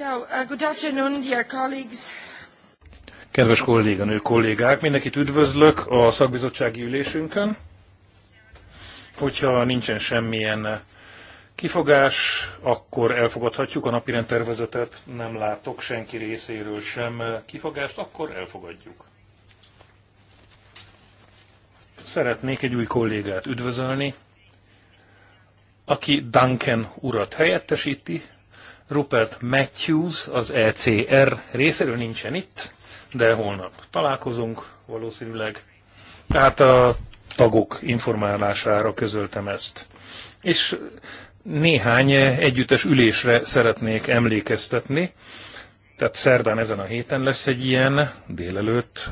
Kedves kolléga, uh, good Kedves kolléganő kollégák, mindenkit üdvözlök a szakbizottsági ülésünkön. Hogyha nincsen semmilyen kifogás, akkor elfogadhatjuk a napirend tervezetet. Nem látok senki részéről sem kifogást, akkor elfogadjuk. Szeretnék egy új kollégát üdvözölni, aki Duncan urat helyettesíti, Rupert Matthews az ECR részéről nincsen itt, de holnap találkozunk valószínűleg. Tehát a tagok informálására közöltem ezt. És néhány együttes ülésre szeretnék emlékeztetni. Tehát szerdán ezen a héten lesz egy ilyen, délelőtt.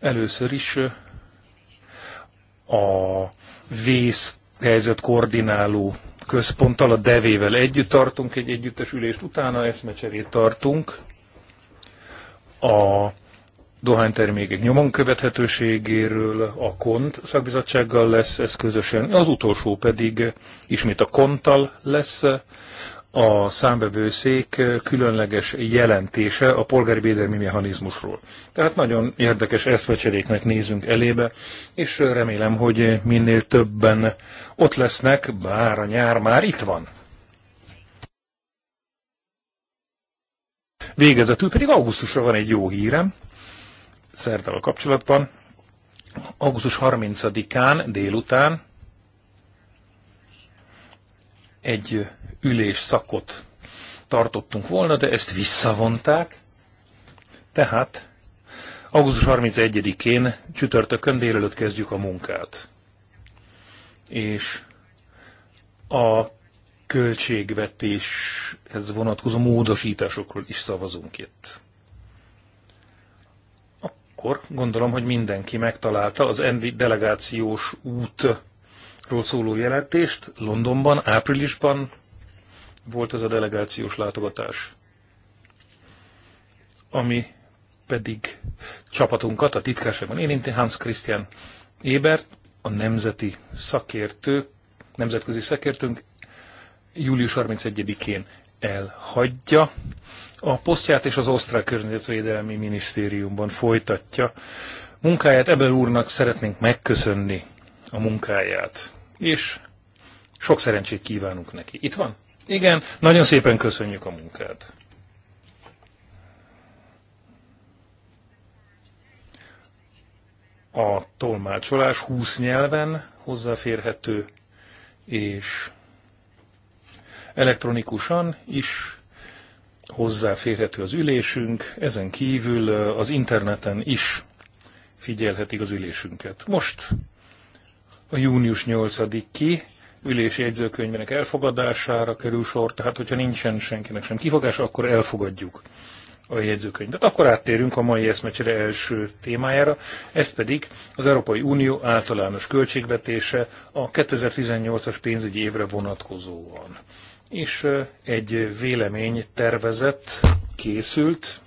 Először is a vész helyzet koordináló központtal, a devével együtt tartunk egy együttes ülést, utána eszmecserét tartunk a dohánytermékek nyomon követhetőségéről, a KONT szakbizottsággal lesz ez közösen, az utolsó pedig ismét a KONTtal lesz, a számbevőszék különleges jelentése a polgári védelmi mechanizmusról. Tehát nagyon érdekes eszvecseréknek nézünk elébe, és remélem, hogy minél többen ott lesznek, bár a nyár már itt van. Végezetül pedig augusztusra van egy jó hírem, szerdával kapcsolatban. Augusztus 30-án délután egy ülés szakot tartottunk volna, de ezt visszavonták. Tehát augusztus 31-én csütörtökön délelőtt kezdjük a munkát. És a költségvetéshez vonatkozó módosításokról is szavazunk itt. Akkor gondolom, hogy mindenki megtalálta az ENVI delegációs út ról szóló jelentést Londonban, áprilisban volt ez a delegációs látogatás, ami pedig csapatunkat, a titkárságban érinti Hans Christian Ébert, a nemzeti szakértő, nemzetközi szakértőnk július 31-én elhagyja a posztját, és az osztrák környezetvédelmi minisztériumban folytatja munkáját. Ebel úrnak szeretnénk megköszönni a munkáját, és sok szerencsét kívánunk neki. Itt van? Igen, nagyon szépen köszönjük a munkát. A tolmácsolás 20 nyelven hozzáférhető, és elektronikusan is hozzáférhető az ülésünk, ezen kívül az interneten is figyelhetik az ülésünket. Most a június 8-i ülési jegyzőkönyvének elfogadására kerül sor, tehát hogyha nincsen senkinek sem kifogás akkor elfogadjuk a jegyzőkönyvet. Akkor áttérünk a mai eszmecsere első témájára, ez pedig az Európai Unió általános költségvetése a 2018-as pénzügyi évre vonatkozóan. És egy vélemény tervezett készült,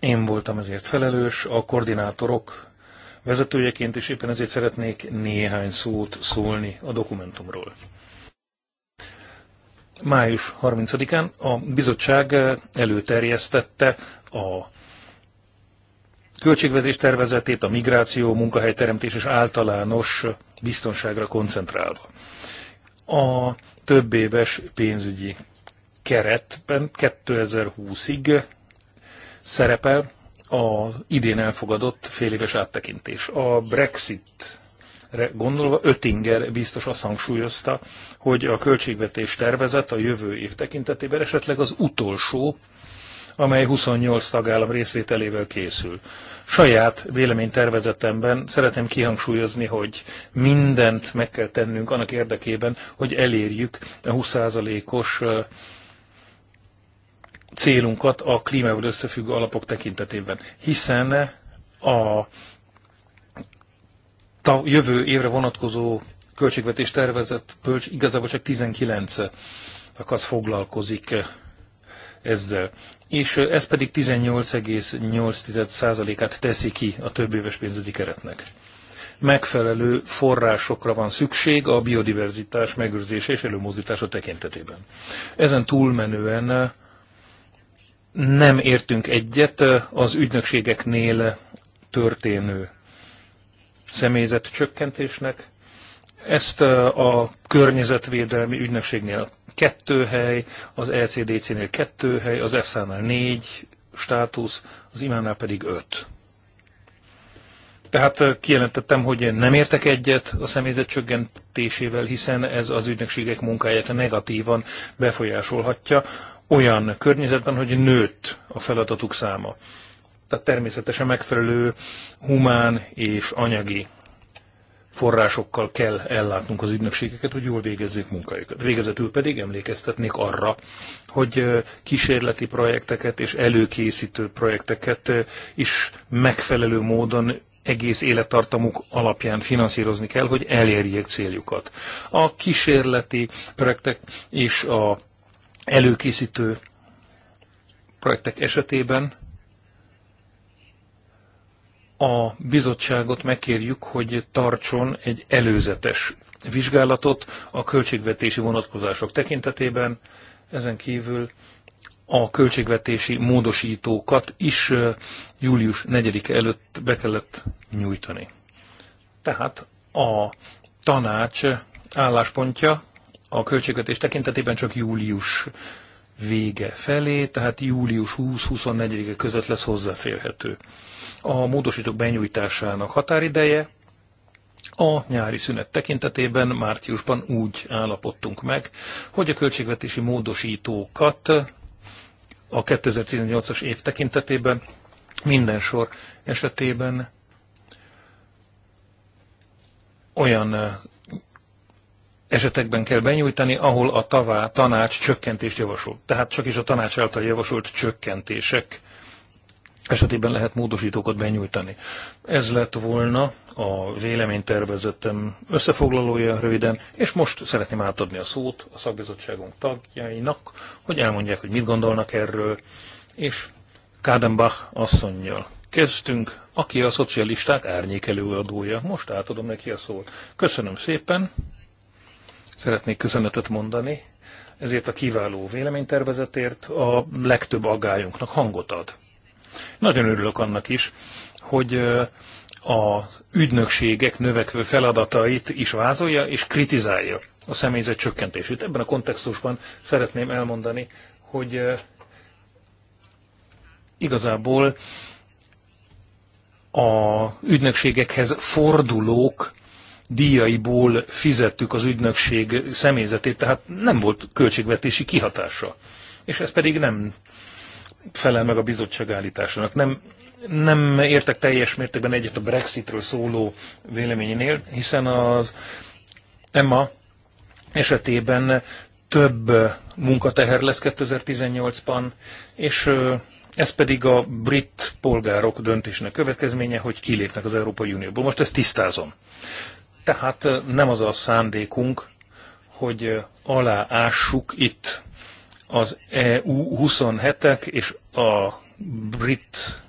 én voltam ezért felelős, a koordinátorok vezetőjeként, és éppen ezért szeretnék néhány szót szólni a dokumentumról. Május 30-án a bizottság előterjesztette a költségvetés tervezetét, a migráció, munkahelyteremtés és általános biztonságra koncentrálva. A több éves pénzügyi keretben 2020-ig szerepel a idén elfogadott féléves áttekintés. A Brexit gondolva Öttinger biztos azt hangsúlyozta, hogy a költségvetés tervezet a jövő év tekintetében esetleg az utolsó, amely 28 tagállam részvételével készül. Saját véleménytervezetemben szeretném kihangsúlyozni, hogy mindent meg kell tennünk annak érdekében, hogy elérjük a 20%-os célunkat a klímával összefüggő alapok tekintetében, hiszen a jövő évre vonatkozó költségvetés tervezetből igazából csak 19 az foglalkozik ezzel. És ez pedig 18,8%-át teszi ki a több éves pénzügyi keretnek. Megfelelő forrásokra van szükség a biodiverzitás megőrzése és előmozdítása tekintetében. Ezen túlmenően nem értünk egyet az ügynökségeknél történő személyzet csökkentésnek. Ezt a környezetvédelmi ügynökségnél kettő hely, az LCDC-nél e kettő hely, az fsa nál négy státusz, az imánál pedig öt. Tehát kijelentettem, hogy nem értek egyet a személyzet csökkentésével, hiszen ez az ügynökségek munkáját negatívan befolyásolhatja, olyan környezetben, hogy nőtt a feladatuk száma. Tehát természetesen megfelelő humán és anyagi forrásokkal kell ellátnunk az ügynökségeket, hogy jól végezzék munkájukat. Végezetül pedig emlékeztetnék arra, hogy kísérleti projekteket és előkészítő projekteket is megfelelő módon egész élettartamuk alapján finanszírozni kell, hogy elérjék céljukat. A kísérleti projektek és a előkészítő projektek esetében a bizottságot megkérjük, hogy tartson egy előzetes vizsgálatot a költségvetési vonatkozások tekintetében, ezen kívül a költségvetési módosítókat is július 4 előtt be kellett nyújtani. Tehát a tanács álláspontja a költségvetés tekintetében csak július vége felé, tehát július 20-24-e között lesz hozzáférhető. A módosítók benyújtásának határideje a nyári szünet tekintetében márciusban úgy állapodtunk meg, hogy a költségvetési módosítókat a 2018-as év tekintetében minden sor esetében olyan esetekben kell benyújtani, ahol a tavá, tanács csökkentést javasol. Tehát csak is a tanács által javasolt csökkentések esetében lehet módosítókat benyújtani. Ez lett volna a véleménytervezetem összefoglalója röviden, és most szeretném átadni a szót a szakbizottságunk tagjainak, hogy elmondják, hogy mit gondolnak erről, és Kádenbach asszonynal kezdtünk, aki a szocialisták árnyékelőadója. Most átadom neki a szót. Köszönöm szépen! Szeretnék köszönetet mondani, ezért a kiváló véleménytervezetért a legtöbb aggályunknak hangot ad. Nagyon örülök annak is, hogy az ügynökségek növekvő feladatait is vázolja és kritizálja a személyzet csökkentését. Ebben a kontextusban szeretném elmondani, hogy igazából a ügynökségekhez fordulók díjaiból fizettük az ügynökség személyzetét, tehát nem volt költségvetési kihatása. És ez pedig nem felel meg a bizottság állításának. Nem, nem értek teljes mértékben egyet a Brexitről szóló véleményénél, hiszen az EMA esetében több munkateher lesz 2018-ban, és ez pedig a brit polgárok döntésnek következménye, hogy kilépnek az Európai Unióból. Most ezt tisztázom. Tehát nem az a szándékunk, hogy aláássuk itt az EU 27-ek és a brit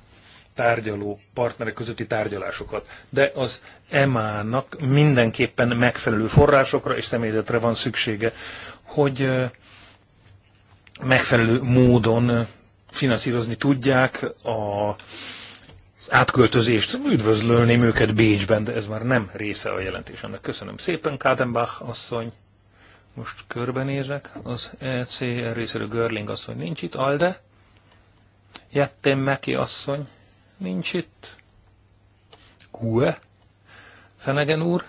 tárgyaló partnerek közötti tárgyalásokat. De az EMA-nak mindenképpen megfelelő forrásokra és személyzetre van szüksége, hogy megfelelő módon finanszírozni tudják a átköltözést. Üdvözlölném őket Bécsben, de ez már nem része a jelentésemnek. Köszönöm szépen, Kádenbach asszony. Most körbenézek. Az ECR részéről Görling asszony nincs itt. Alde? Jettem Meki asszony? Nincs itt. Gue? Fenegen úr?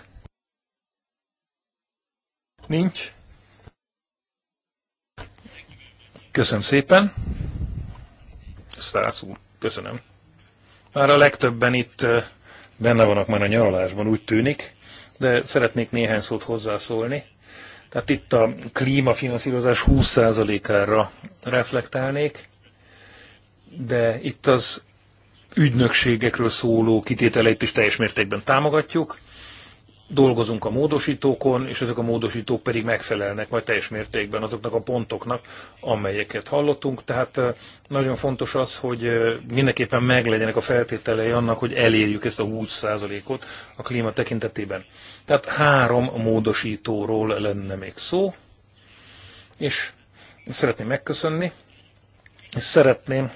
Nincs. Köszönöm szépen. Szász úr, köszönöm. Már a legtöbben itt benne vannak már a nyaralásban, úgy tűnik, de szeretnék néhány szót hozzászólni. Tehát itt a klímafinanszírozás 20%-ára reflektálnék, de itt az ügynökségekről szóló kitételeit is teljes mértékben támogatjuk, dolgozunk a módosítókon, és ezek a módosítók pedig megfelelnek majd teljes mértékben azoknak a pontoknak, amelyeket hallottunk. Tehát nagyon fontos az, hogy mindenképpen meglegyenek a feltételei annak, hogy elérjük ezt a 20%-ot a klíma tekintetében. Tehát három módosítóról lenne még szó, és szeretném megköszönni, és szeretném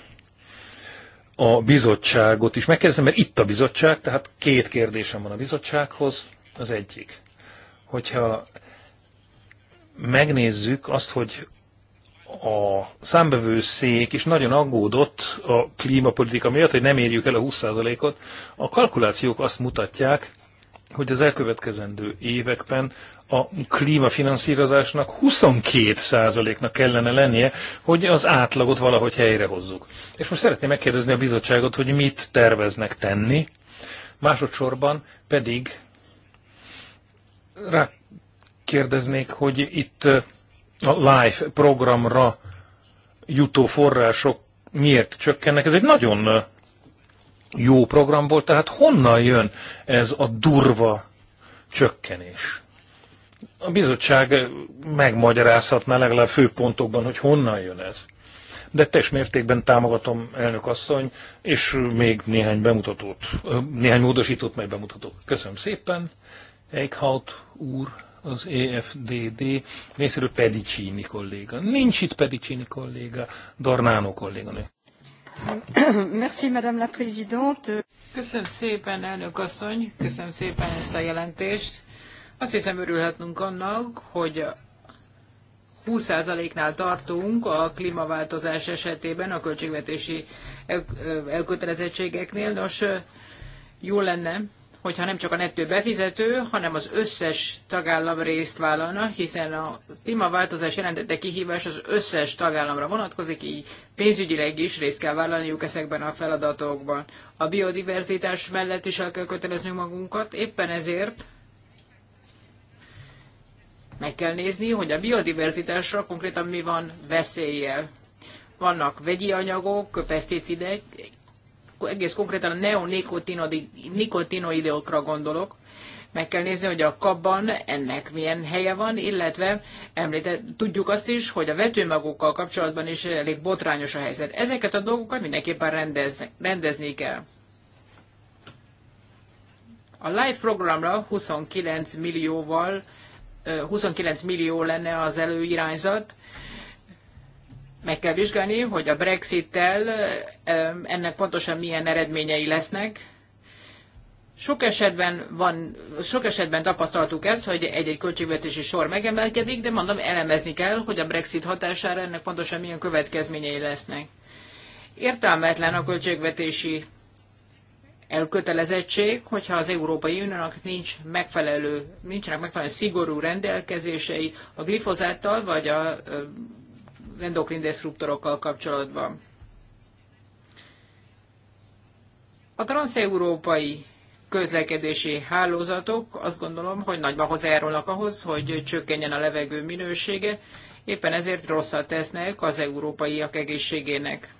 a bizottságot is megkérdezni, mert itt a bizottság, tehát két kérdésem van a bizottsághoz az egyik. Hogyha megnézzük azt, hogy a számbevőszék is nagyon aggódott a klímapolitika miatt, hogy nem érjük el a 20%-ot, a kalkulációk azt mutatják, hogy az elkövetkezendő években a klímafinanszírozásnak 22%-nak kellene lennie, hogy az átlagot valahogy helyrehozzuk. És most szeretném megkérdezni a bizottságot, hogy mit terveznek tenni, másodszorban pedig rá kérdeznék, hogy itt a live programra jutó források miért csökkennek. Ez egy nagyon jó program volt, tehát honnan jön ez a durva csökkenés? A bizottság megmagyarázhatná legalább főpontokban, hogy honnan jön ez. De teljes mértékben támogatom elnök asszony, és még néhány bemutatót, néhány módosítót meg bemutatok. Köszönöm szépen. Eichhout úr, az EFDD részéről Pedicini kolléga. Nincs itt Pedicini kolléga, Dornánó kolléganő. Merci, Madame la Présidente. Köszönöm szépen, elnök asszony, köszönöm szépen ezt a jelentést. Azt hiszem örülhetnünk annak, hogy 20%-nál tartunk a klímaváltozás esetében a költségvetési elkötelezettségeknél. Nos, jó lenne, hogyha nem csak a nettő befizető, hanem az összes tagállam részt vállalna, hiszen a klímaváltozás jelentette kihívás az összes tagállamra vonatkozik, így pénzügyileg is részt kell vállalniuk ezekben a feladatokban. A biodiverzitás mellett is el kell köteleznünk magunkat, éppen ezért meg kell nézni, hogy a biodiverzitásra konkrétan mi van veszélyel. Vannak vegyi anyagok, peszticidek, egész konkrétan a neonikotinoidokra gondolok. Meg kell nézni, hogy a kabban ennek milyen helye van, illetve említ, tudjuk azt is, hogy a vetőmagokkal kapcsolatban is elég botrányos a helyzet. Ezeket a dolgokat mindenképpen rendez, rendezni kell. A live programra 29 millióval, 29 millió lenne az előirányzat, meg kell vizsgálni, hogy a Brexit-tel ennek pontosan milyen eredményei lesznek. Sok esetben, van, sok esetben tapasztaltuk ezt, hogy egy-egy költségvetési sor megemelkedik, de mondom, elemezni kell, hogy a Brexit hatására ennek pontosan milyen következményei lesznek. Értelmetlen a költségvetési elkötelezettség, hogyha az Európai Uniónak nincs megfelelő, nincsenek megfelelő szigorú rendelkezései a glifozáttal, vagy a endokrin disruptorokkal kapcsolatban. A transeurópai közlekedési hálózatok azt gondolom, hogy nagyban hozzájárulnak ahhoz, hogy csökkenjen a levegő minősége, éppen ezért rosszat tesznek az európaiak egészségének.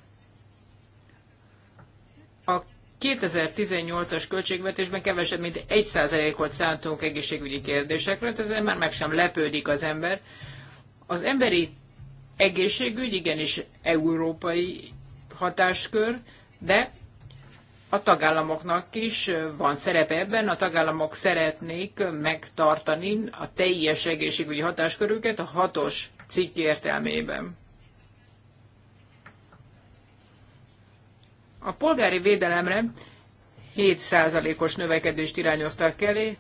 A 2018-as költségvetésben kevesebb, mint 1%-ot szántunk egészségügyi kérdésekre, ezzel már meg sem lepődik az ember. Az emberi egészségügy igenis európai hatáskör, de a tagállamoknak is van szerepe ebben, a tagállamok szeretnék megtartani a teljes egészségügyi hatáskörüket a hatos cikk értelmében. A polgári védelemre 7%-os növekedést irányoztak elé,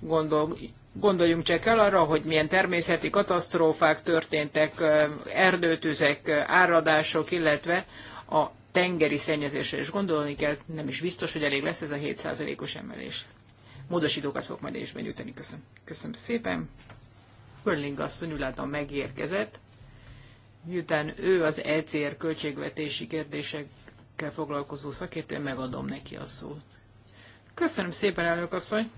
gondol, Gondoljunk csak el arra, hogy milyen természeti katasztrófák történtek, erdőtüzek, áradások, illetve a tengeri szennyezésre is gondolni kell, nem is biztos, hogy elég lesz ez a 7%-os emelés. Módosítókat fogok majd is benyújtani. Köszönöm. Köszönöm szépen. Hörling asszony úgy látom megérkezett, miután ő az ECR költségvetési kérdésekkel foglalkozó szakértő, megadom neki a szót. Köszönöm szépen, elnök asszony!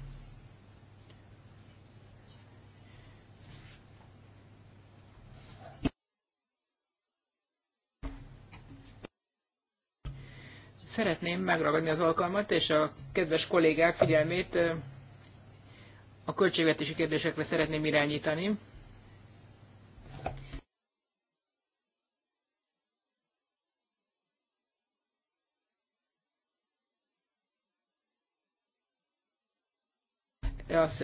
Szeretném megragadni az alkalmat és a kedves kollégák figyelmét a költségvetési kérdésekre szeretném irányítani.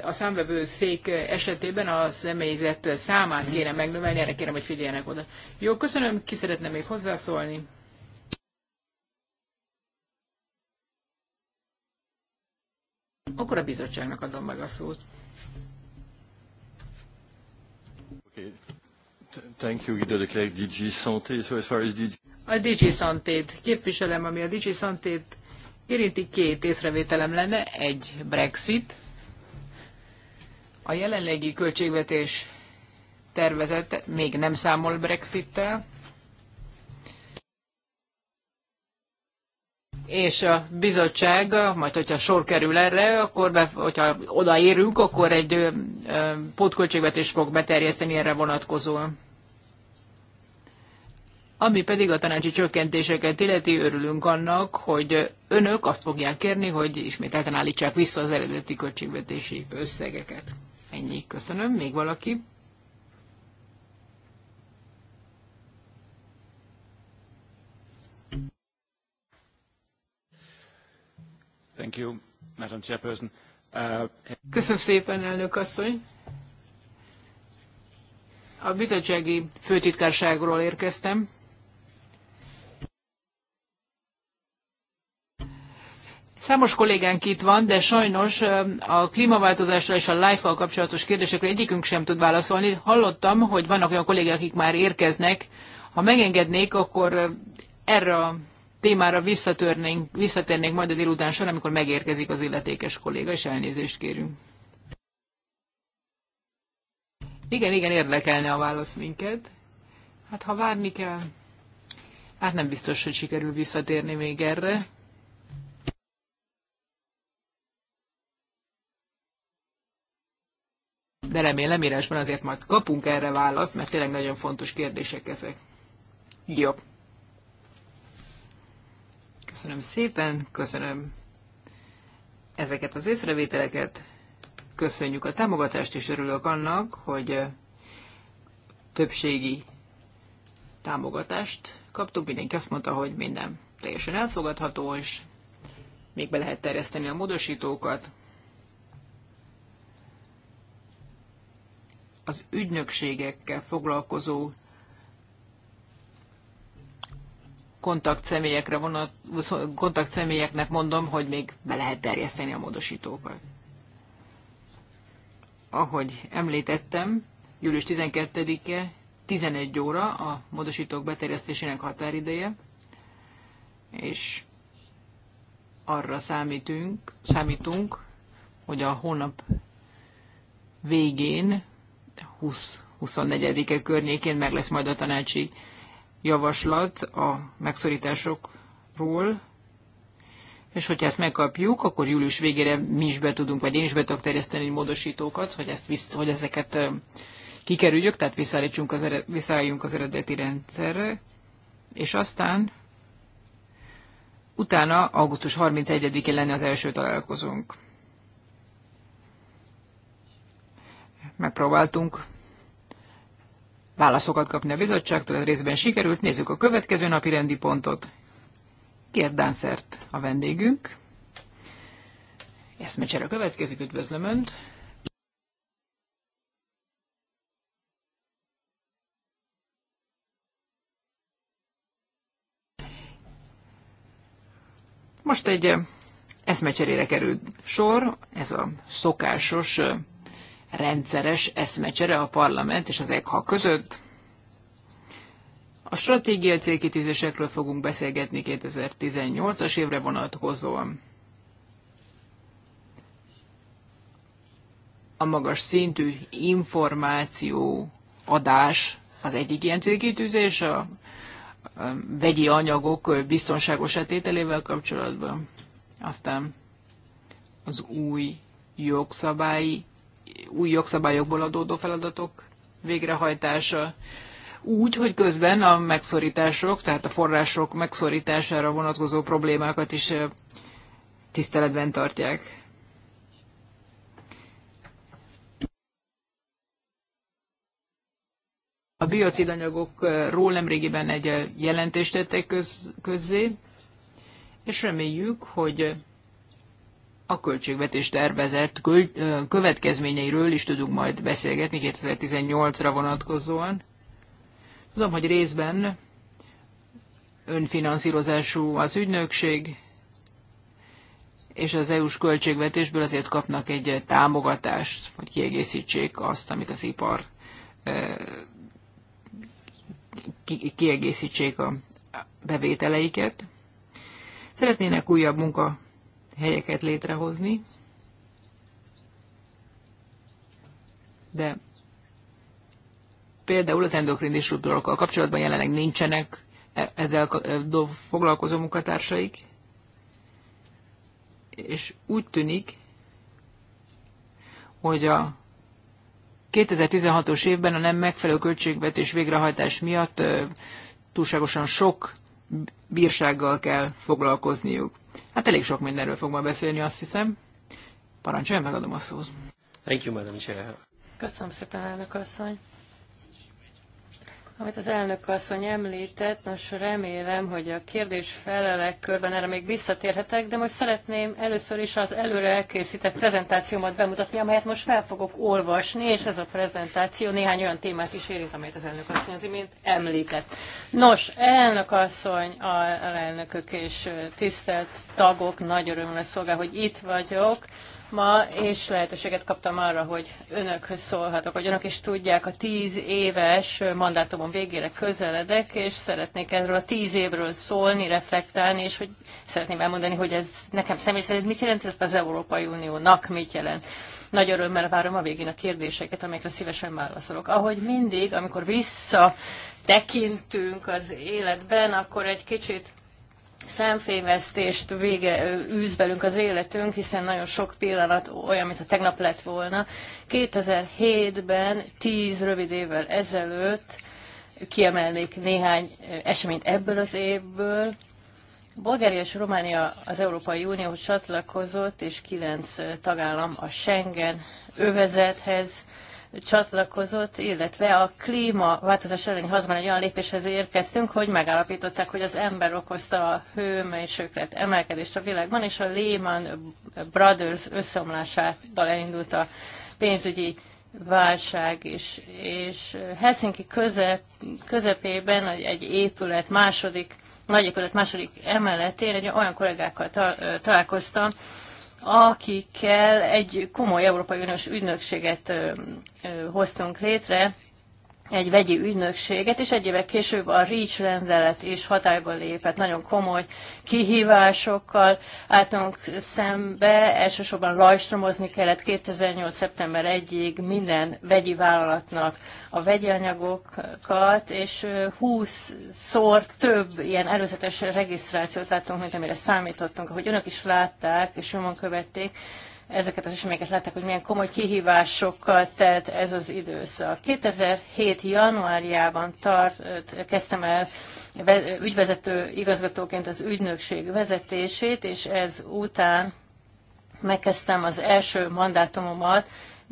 a számvevő szék esetében a személyzet számát kéne megnövelni, erre kérem, hogy figyeljenek oda. Jó, köszönöm, ki szeretne még hozzászólni? Akkor a bizottságnak adom meg a szót. Okay. Thank you, Guido Leclerc, DG Santé. So as far as DG... A DG Santét képviselem, ami a DG Santét érinti két észrevételem lenne. Egy Brexit. A jelenlegi költségvetés tervezet még nem számol Brexittel. és a bizottság, majd hogyha sor kerül erre, akkor be, hogyha odaérünk, akkor egy pótköltségvetés fog beterjeszteni erre vonatkozóan. Ami pedig a tanácsi csökkentéseket illeti, örülünk annak, hogy önök azt fogják kérni, hogy ismételten állítsák vissza az eredeti költségvetési összegeket. Ennyi. Köszönöm. Még valaki? Uh, Köszönöm szépen, elnök asszony. A bizottsági főtitkárságról érkeztem. Számos kollégánk itt van, de sajnos a klímaváltozásra és a life-val kapcsolatos kérdésekre egyikünk sem tud válaszolni. Hallottam, hogy vannak olyan kollégák, akik már érkeznek. Ha megengednék, akkor erre a témára visszatérnénk, visszatérnénk majd a délután során, amikor megérkezik az illetékes kolléga, és elnézést kérünk. Igen, igen, érdekelne a válasz minket. Hát ha várni kell, hát nem biztos, hogy sikerül visszatérni még erre. De remélem írásban azért majd kapunk erre választ, mert tényleg nagyon fontos kérdések ezek. Jó. Köszönöm szépen, köszönöm ezeket az észrevételeket, köszönjük a támogatást, és örülök annak, hogy többségi támogatást kaptuk. Mindenki azt mondta, hogy minden teljesen elfogadható, és még be lehet terjeszteni a módosítókat. Az ügynökségekkel foglalkozó kontakt személyekre vonat, kontakt személyeknek mondom, hogy még be lehet terjeszteni a módosítókat. Ahogy említettem, július 12-e 11 óra a módosítók beterjesztésének határideje, és arra számítunk, számítunk hogy a hónap végén, 20-24-e környékén meg lesz majd a tanácsi javaslat a megszorításokról, és hogyha ezt megkapjuk, akkor július végére mi is be tudunk, vagy én is be tudok terjeszteni módosítókat, hogy, ezt visz, hogy ezeket kikerüljük, tehát visszaálljunk az, ered, visszaálljunk az eredeti rendszerre, és aztán utána augusztus 31-én lenne az első találkozónk. Megpróbáltunk válaszokat kapni a bizottságtól, ez részben sikerült. Nézzük a következő napi rendi pontot. Kérdánszert a vendégünk. Eszmecsere következik, üdvözlöm Önt. Most egy eh, eszmecserére került sor, ez a szokásos eh, rendszeres eszmecsere a parlament és az EGHA között. A stratégiai célkitűzésekről fogunk beszélgetni 2018-as évre vonatkozóan. A magas szintű információ adás az egyik ilyen célkitűzés, a vegyi anyagok biztonságos etételével kapcsolatban. Aztán az új jogszabályi új jogszabályokból adódó feladatok végrehajtása úgy, hogy közben a megszorítások, tehát a források megszorítására vonatkozó problémákat is tiszteletben tartják. A biocidanyagokról nemrégiben egy jelentést tettek köz, közzé, és reméljük, hogy a költségvetés tervezett következményeiről is tudunk majd beszélgetni 2018-ra vonatkozóan. Tudom, hogy részben önfinanszírozású az ügynökség, és az EU-s költségvetésből azért kapnak egy támogatást, hogy kiegészítsék azt, amit az ipar kiegészítsék a bevételeiket. Szeretnének újabb munka helyeket létrehozni, de például az endokrin disruptorokkal kapcsolatban jelenleg nincsenek e- ezzel e- foglalkozó munkatársaik, és úgy tűnik, hogy a 2016-os évben a nem megfelelő költségvetés végrehajtás miatt túlságosan sok bírsággal kell foglalkozniuk. Hát elég sok mindenről fog ma beszélni, azt hiszem. Parancsoljon, megadom a szót. Thank you, Madam Chair. Köszönöm szépen, elnök asszony. Amit az elnök asszony említett, nos remélem, hogy a kérdés-felelek körben erre még visszatérhetek, de most szeretném először is az előre elkészített prezentációmat bemutatni, amelyet most fel fogok olvasni, és ez a prezentáció néhány olyan témát is érint, amelyet az elnök asszony az imént említett. Nos, elnök asszony, a elnökök és tisztelt tagok, nagy örömre szolgál, hogy itt vagyok ma, és lehetőséget kaptam arra, hogy önökhöz szólhatok, hogy önök is tudják, a tíz éves mandátumon végére közeledek, és szeretnék erről a tíz évről szólni, reflektálni, és hogy szeretném elmondani, hogy ez nekem személy szerint mit jelent, illetve az Európai Uniónak mit jelent. Nagy örömmel várom a végén a kérdéseket, amelyekre szívesen válaszolok. Ahogy mindig, amikor vissza tekintünk az életben, akkor egy kicsit szemfényvesztést vége, űz velünk az életünk, hiszen nagyon sok pillanat olyan, mintha tegnap lett volna. 2007-ben, 10 rövid évvel ezelőtt kiemelnék néhány eseményt ebből az évből. Bulgária és Románia az Európai Unióhoz csatlakozott, és kilenc tagállam a Schengen övezethez csatlakozott, illetve a klímaváltozás elleni hazban egy olyan lépéshez érkeztünk, hogy megállapították, hogy az ember okozta a hőmérséklet emelkedést a világban, és a Lehman Brothers összeomlásával elindult a pénzügyi válság is. És Helsinki közep, közepében egy épület második, nagy épület második emeletén egy olyan kollégákkal találkoztam, akikkel egy komoly Európai Uniós ügynökséget hoztunk létre, egy vegyi ügynökséget, és egy évek később a REACH rendelet is hatályba lépett nagyon komoly kihívásokkal. Álltunk szembe, elsősorban lajstromozni kellett 2008. szeptember 1-ig minden vegyi vállalatnak a vegyi anyagokat, és 20-szor több ilyen előzetes regisztrációt láttunk, mint amire számítottunk, ahogy önök is látták, és jomon követték ezeket az eseményeket látták, hogy milyen komoly kihívásokkal telt ez az időszak. 2007. januárjában tart, kezdtem el ügyvezető igazgatóként az ügynökség vezetését, és ez után megkezdtem az első mandátumomat,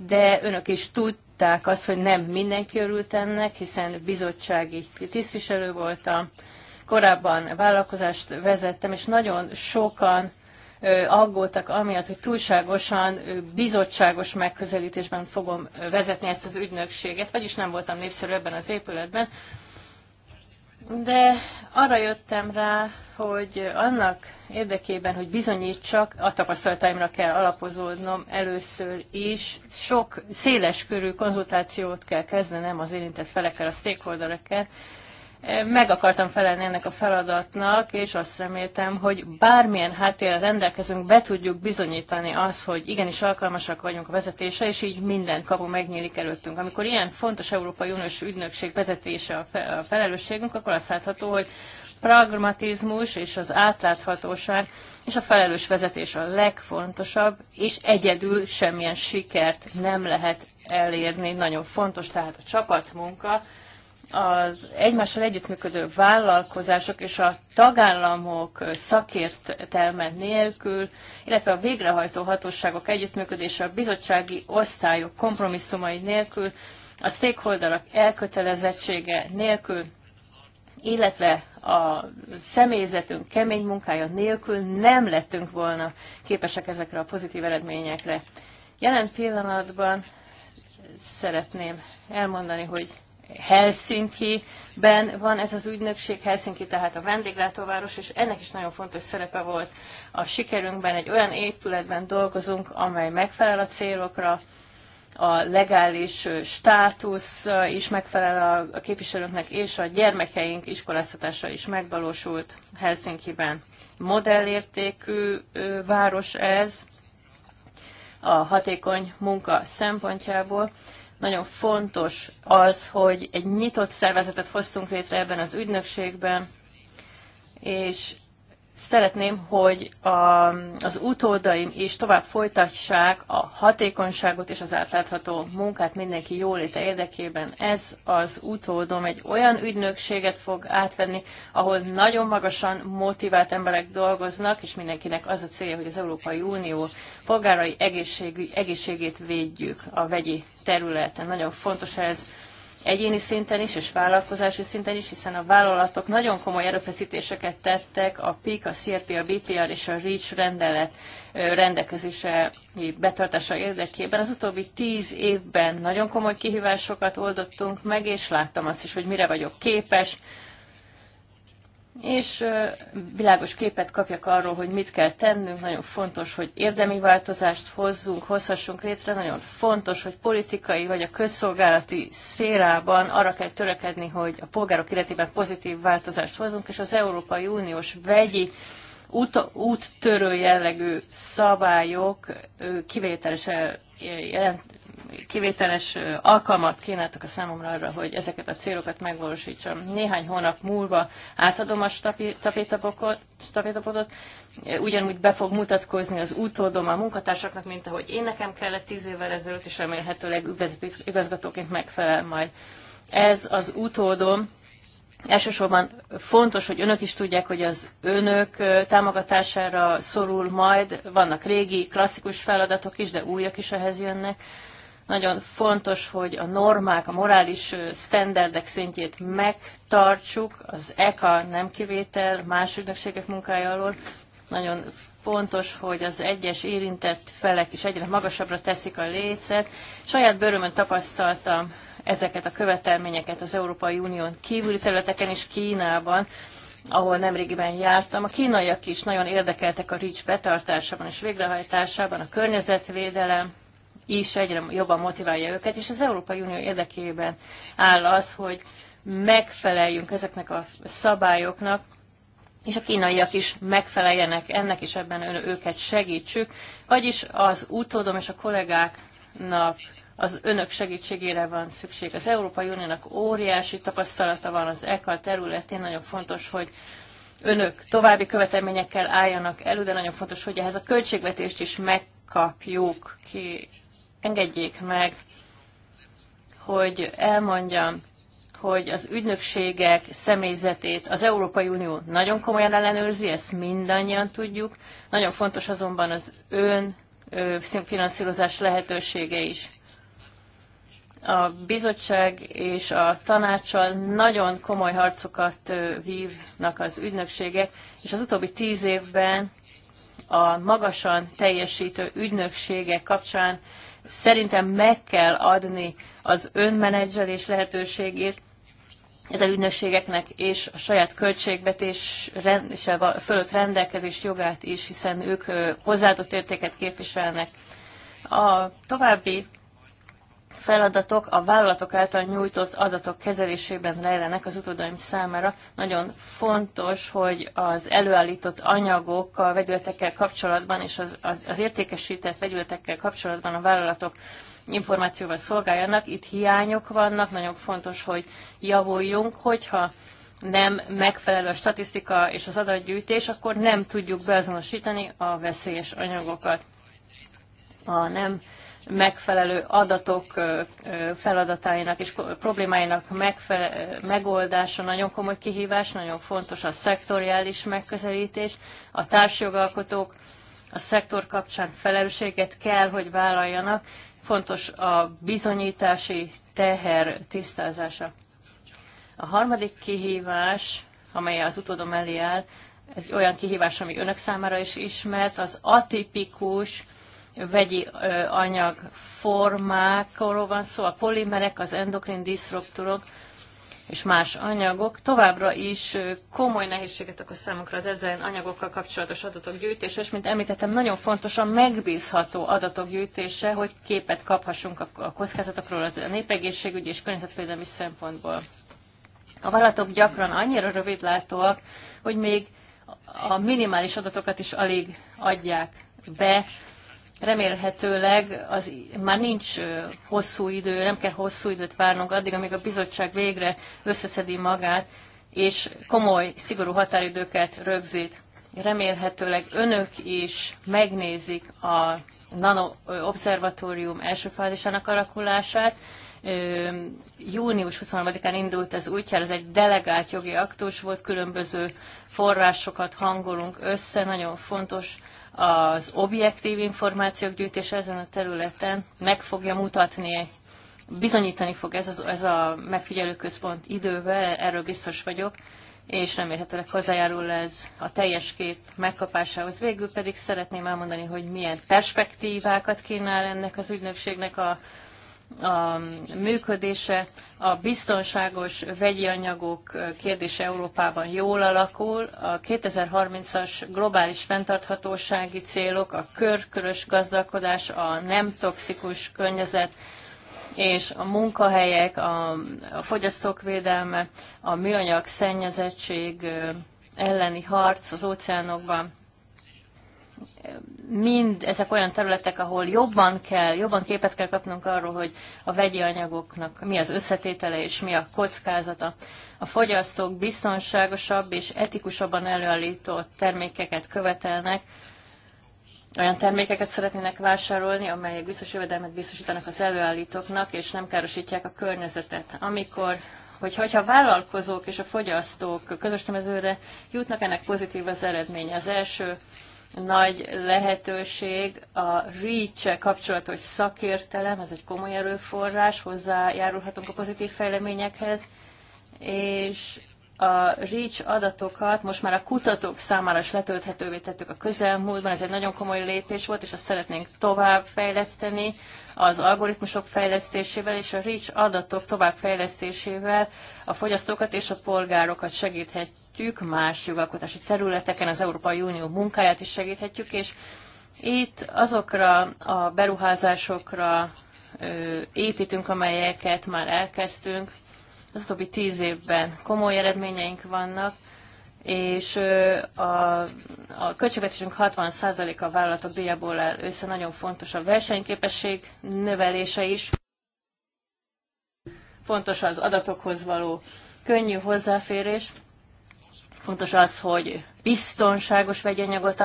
de önök is tudták azt, hogy nem mindenki örült ennek, hiszen bizottsági tisztviselő voltam, korábban vállalkozást vezettem, és nagyon sokan aggódtak amiatt, hogy túlságosan bizottságos megközelítésben fogom vezetni ezt az ügynökséget, vagyis nem voltam népszerű ebben az épületben. De arra jöttem rá, hogy annak érdekében, hogy bizonyítsak, a tapasztalataimra kell alapozódnom először is, sok széles körű konzultációt kell kezdenem az érintett felekkel, a stakeholderekkel, meg akartam felelni ennek a feladatnak, és azt reméltem, hogy bármilyen háttérrel rendelkezünk, be tudjuk bizonyítani azt, hogy igenis alkalmasak vagyunk a vezetése, és így minden kapu megnyílik előttünk. Amikor ilyen fontos Európai Uniós ügynökség vezetése a felelősségünk, akkor azt látható, hogy pragmatizmus és az átláthatóság és a felelős vezetés a legfontosabb, és egyedül semmilyen sikert nem lehet elérni. Nagyon fontos tehát a csapatmunka, az egymással együttműködő vállalkozások és a tagállamok szakértelme nélkül, illetve a végrehajtó hatóságok együttműködése a bizottsági osztályok kompromisszumai nélkül, a stakeholderek elkötelezettsége nélkül, illetve a személyzetünk kemény munkája nélkül nem lettünk volna képesek ezekre a pozitív eredményekre. Jelen pillanatban szeretném elmondani, hogy Helsinki-ben van ez az ügynökség, Helsinki tehát a vendéglátóváros, és ennek is nagyon fontos szerepe volt a sikerünkben. Egy olyan épületben dolgozunk, amely megfelel a célokra, a legális státusz is megfelel a képviselőknek, és a gyermekeink iskoláztatása is megvalósult Helsinki-ben. Modellértékű város ez a hatékony munka szempontjából, nagyon fontos az, hogy egy nyitott szervezetet hoztunk létre ebben az ügynökségben, és szeretném, hogy a, az utódaim is tovább folytassák a hatékonyságot és az átlátható munkát mindenki jóléte érdekében. Ez az utódom egy olyan ügynökséget fog átvenni, ahol nagyon magasan motivált emberek dolgoznak, és mindenkinek az a célja, hogy az Európai Unió polgárai egészségügy, egészségét védjük a vegyi területen. Nagyon fontos ez egyéni szinten is, és vállalkozási szinten is, hiszen a vállalatok nagyon komoly erőfeszítéseket tettek a PIK, a CRP, a BPR és a REACH rendelet rendelkezése betartása érdekében. Az utóbbi tíz évben nagyon komoly kihívásokat oldottunk meg, és láttam azt is, hogy mire vagyok képes, és világos képet kapjak arról, hogy mit kell tennünk. Nagyon fontos, hogy érdemi változást hozzunk, hozhassunk létre. Nagyon fontos, hogy politikai vagy a közszolgálati szférában arra kell törekedni, hogy a polgárok életében pozitív változást hozzunk, és az Európai Uniós vegyi út, úttörő jellegű szabályok kivételesen kivételes alkalmat kínáltak a számomra arra, hogy ezeket a célokat megvalósítsam. Néhány hónap múlva átadom a stafétabotot, ugyanúgy be fog mutatkozni az utódom a munkatársaknak, mint ahogy én nekem kellett tíz évvel ezelőtt, és remélhetőleg igazgatóként megfelel majd. Ez az utódom, Elsősorban fontos, hogy önök is tudják, hogy az önök támogatására szorul majd, vannak régi, klasszikus feladatok is, de újak is ehhez jönnek. Nagyon fontos, hogy a normák, a morális sztenderdek szintjét megtartsuk, az ECA nem kivétel más ügynökségek munkája alól. Nagyon fontos, hogy az egyes érintett felek is egyre magasabbra teszik a lécet. Saját bőrömön tapasztaltam ezeket a követelményeket az Európai Unión kívüli területeken és Kínában, ahol nemrégiben jártam. A kínaiak is nagyon érdekeltek a RICS betartásában és végrehajtásában, a környezetvédelem, is egyre jobban motiválja őket, és az Európai Unió érdekében áll az, hogy megfeleljünk ezeknek a szabályoknak, és a kínaiak is megfeleljenek ennek, és ebben őket segítsük. Vagyis az utódom és a kollégáknak az önök segítségére van szükség. Az Európai Uniónak óriási tapasztalata van az ECA területén, nagyon fontos, hogy önök további követelményekkel álljanak elő, de nagyon fontos, hogy ehhez a költségvetést is megkapjuk ki engedjék meg, hogy elmondjam, hogy az ügynökségek személyzetét az Európai Unió nagyon komolyan ellenőrzi, ezt mindannyian tudjuk. Nagyon fontos azonban az ön finanszírozás lehetősége is. A bizottság és a tanácssal nagyon komoly harcokat vívnak az ügynökségek, és az utóbbi tíz évben a magasan teljesítő ügynökségek kapcsán Szerintem meg kell adni az önmenedzselés lehetőségét ez a ügynökségeknek és a saját költségvetés rend, fölött rendelkezés jogát is, hiszen ők hozzáadott értéket képviselnek. A további feladatok a vállalatok által nyújtott adatok kezelésében rejlenek az utódaim számára. Nagyon fontos, hogy az előállított anyagok a vegyületekkel kapcsolatban és az, az, az értékesített vegyületekkel kapcsolatban a vállalatok információval szolgáljanak. Itt hiányok vannak, nagyon fontos, hogy javuljunk, hogyha nem megfelelő a statisztika és az adatgyűjtés, akkor nem tudjuk beazonosítani a veszélyes anyagokat. A nem megfelelő adatok feladatainak és problémáinak megoldása nagyon komoly kihívás, nagyon fontos a szektoriális megközelítés. A társjogalkotók a szektor kapcsán felelősséget kell, hogy vállaljanak. Fontos a bizonyítási teher tisztázása. A harmadik kihívás, amely az utódom elé áll, egy olyan kihívás, ami önök számára is ismert, az atipikus vegyi anyag formákról van szó, a polimerek, az endokrin diszruptorok és más anyagok. Továbbra is komoly nehézséget okoz számunkra az ezen anyagokkal kapcsolatos adatok gyűjtése, és mint említettem, nagyon fontos a megbízható adatok gyűjtése, hogy képet kaphassunk a kockázatokról az a népegészségügyi és környezetvédelmi szempontból. A vállalatok gyakran annyira rövidlátóak, hogy még a minimális adatokat is alig adják be, remélhetőleg az már nincs hosszú idő, nem kell hosszú időt várnunk addig, amíg a bizottság végre összeszedi magát, és komoly, szigorú határidőket rögzít. Remélhetőleg önök is megnézik a Nano Observatórium első fázisának alakulását. Június 23-án indult ez útjára, ez egy delegált jogi aktus volt, különböző forrásokat hangolunk össze, nagyon fontos az objektív információk gyűjtése ezen a területen meg fogja mutatni, bizonyítani fog ez, az, ez a megfigyelőközpont idővel, erről biztos vagyok, és remélhetőleg hozzájárul ez a teljes kép megkapásához. Végül pedig szeretném elmondani, hogy milyen perspektívákat kínál ennek az ügynökségnek a a működése, a biztonságos vegyi anyagok kérdése Európában jól alakul, a 2030-as globális fenntarthatósági célok, a körkörös gazdálkodás, a nem toxikus környezet, és a munkahelyek, a, a fogyasztók védelme, a műanyag szennyezettség elleni harc az óceánokban, mind ezek olyan területek, ahol jobban kell, jobban képet kell kapnunk arról, hogy a vegyi anyagoknak mi az összetétele és mi a kockázata. A fogyasztók biztonságosabb és etikusabban előállított termékeket követelnek, olyan termékeket szeretnének vásárolni, amelyek biztos jövedelmet biztosítanak az előállítóknak, és nem károsítják a környezetet. Amikor hogy, hogyha a vállalkozók és a fogyasztók közös mezőre jutnak, ennek pozitív az eredménye. Az első nagy lehetőség a reach kapcsolatos szakértelem, ez egy komoly erőforrás, hozzájárulhatunk a pozitív fejleményekhez, és a REACH adatokat most már a kutatók számára is letölthetővé tettük a közelmúltban, ez egy nagyon komoly lépés volt, és azt szeretnénk tovább fejleszteni az algoritmusok fejlesztésével, és a REACH adatok továbbfejlesztésével a fogyasztókat és a polgárokat segíthet, segíthetjük, más jogalkotási területeken az Európai Unió munkáját is segíthetjük, és itt azokra a beruházásokra építünk, amelyeket már elkezdtünk. Az utóbbi tíz évben komoly eredményeink vannak, és a, a költségvetésünk 60%-a vállalatok díjából áll össze, nagyon fontos a versenyképesség növelése is. Fontos az adatokhoz való könnyű hozzáférés, Fontos az, hogy biztonságos vegyanyagot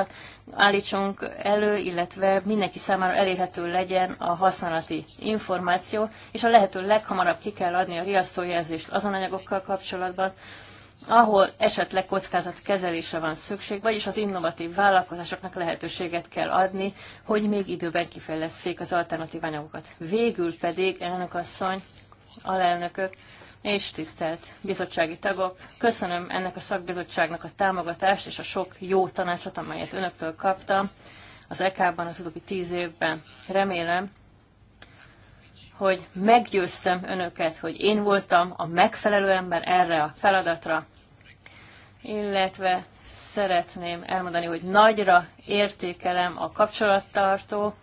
állítsunk elő, illetve mindenki számára elérhető legyen a használati információ, és a lehető leghamarabb ki kell adni a riasztójelzést azon anyagokkal kapcsolatban, ahol esetleg kezelése van szükség, vagyis az innovatív vállalkozásoknak lehetőséget kell adni, hogy még időben kifejleszék az alternatív anyagokat. Végül pedig, elnök asszony, alelnökök, és tisztelt bizottsági tagok, köszönöm ennek a szakbizottságnak a támogatást és a sok jó tanácsot, amelyet önöktől kaptam az EK-ban az utóbbi tíz évben. Remélem, hogy meggyőztem önöket, hogy én voltam a megfelelő ember erre a feladatra, illetve szeretném elmondani, hogy nagyra értékelem a kapcsolattartó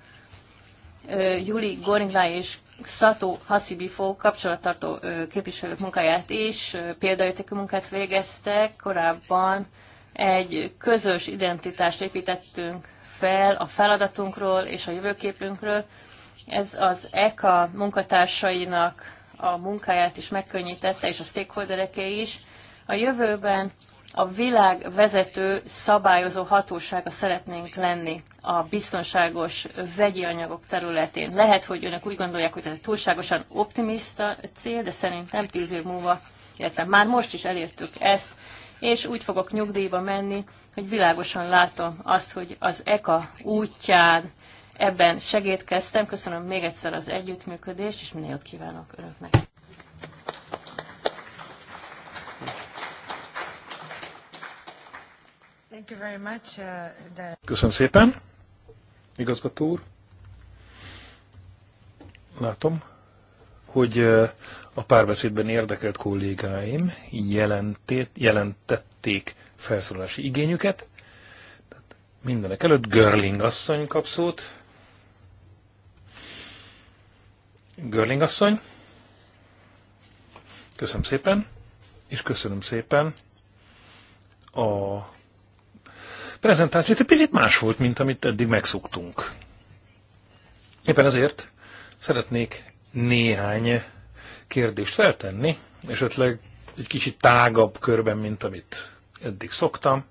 Juli Goringlá és Szató Haszibifó kapcsolattartó képviselők munkáját is, példaértékű munkát végeztek. Korábban egy közös identitást építettünk fel a feladatunkról és a jövőképünkről. Ez az ECA munkatársainak a munkáját is megkönnyítette, és a stakeholdereké is. A jövőben a világ vezető szabályozó hatósága szeretnénk lenni a biztonságos vegyi anyagok területén. Lehet, hogy önök úgy gondolják, hogy ez egy túlságosan optimista cél, de szerintem tíz év múlva, illetve már most is elértük ezt, és úgy fogok nyugdíjba menni, hogy világosan látom azt, hogy az ECA útján ebben segítkeztem. Köszönöm még egyszer az együttműködést, és minél jót kívánok önöknek. Uh, köszönöm szépen, igazgató úr. Látom, hogy uh, a párbeszédben érdekelt kollégáim jelentét, jelentették felszólalási igényüket. Tehát mindenek előtt Görling asszony kap szót. Görling asszony, köszönöm szépen, és köszönöm szépen a prezentációt egy picit más volt, mint amit eddig megszoktunk. Éppen ezért szeretnék néhány kérdést feltenni, esetleg egy kicsit tágabb körben, mint amit eddig szoktam.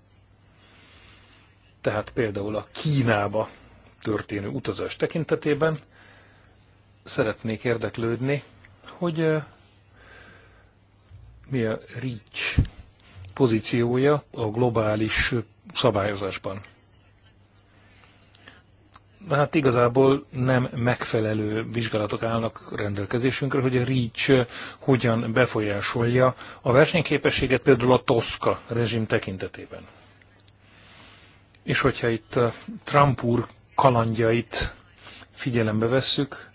Tehát például a Kínába történő utazás tekintetében szeretnék érdeklődni, hogy mi a REACH pozíciója a globális szabályozásban. De hát igazából nem megfelelő vizsgálatok állnak rendelkezésünkre, hogy a REACH hogyan befolyásolja a versenyképességet például a TOSZKA rezsim tekintetében. És hogyha itt Trump úr kalandjait figyelembe vesszük,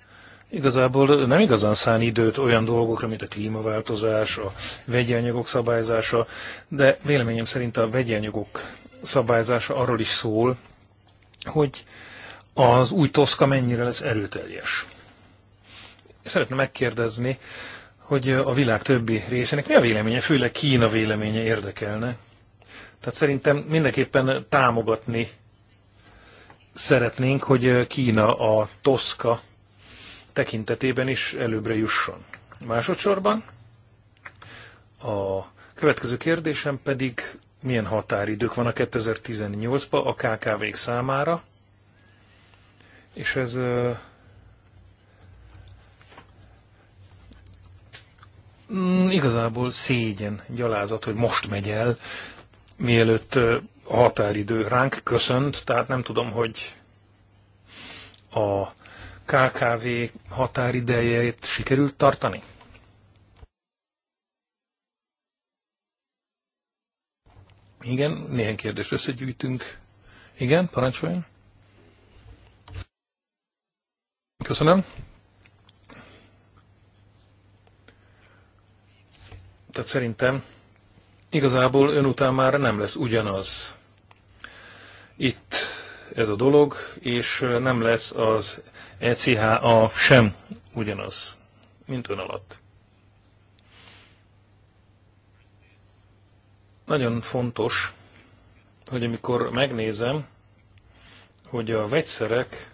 igazából nem igazán szán időt olyan dolgokra, mint a klímaváltozás, a vegyi anyagok szabályzása, de véleményem szerint a vegyi anyagok szabályzása arról is szól, hogy az új Toszka mennyire lesz erőteljes. Szeretném megkérdezni, hogy a világ többi részének mi a véleménye, főleg Kína véleménye érdekelne. Tehát szerintem mindenképpen támogatni szeretnénk, hogy Kína a Toszka tekintetében is előbbre jusson. Másodszorban a következő kérdésem pedig milyen határidők vannak 2018-ban a KKV-k számára, és ez uh, igazából szégyen, gyalázat, hogy most megy el, mielőtt a határidő ránk köszönt, tehát nem tudom, hogy a KKV határidejét sikerült tartani? Igen, néhány kérdést összegyűjtünk. Igen, parancsoljon. Köszönöm. Tehát szerintem igazából ön után már nem lesz ugyanaz. Itt ez a dolog, és nem lesz az ECHA sem ugyanaz, mint ön alatt. Nagyon fontos, hogy amikor megnézem, hogy a vegyszerek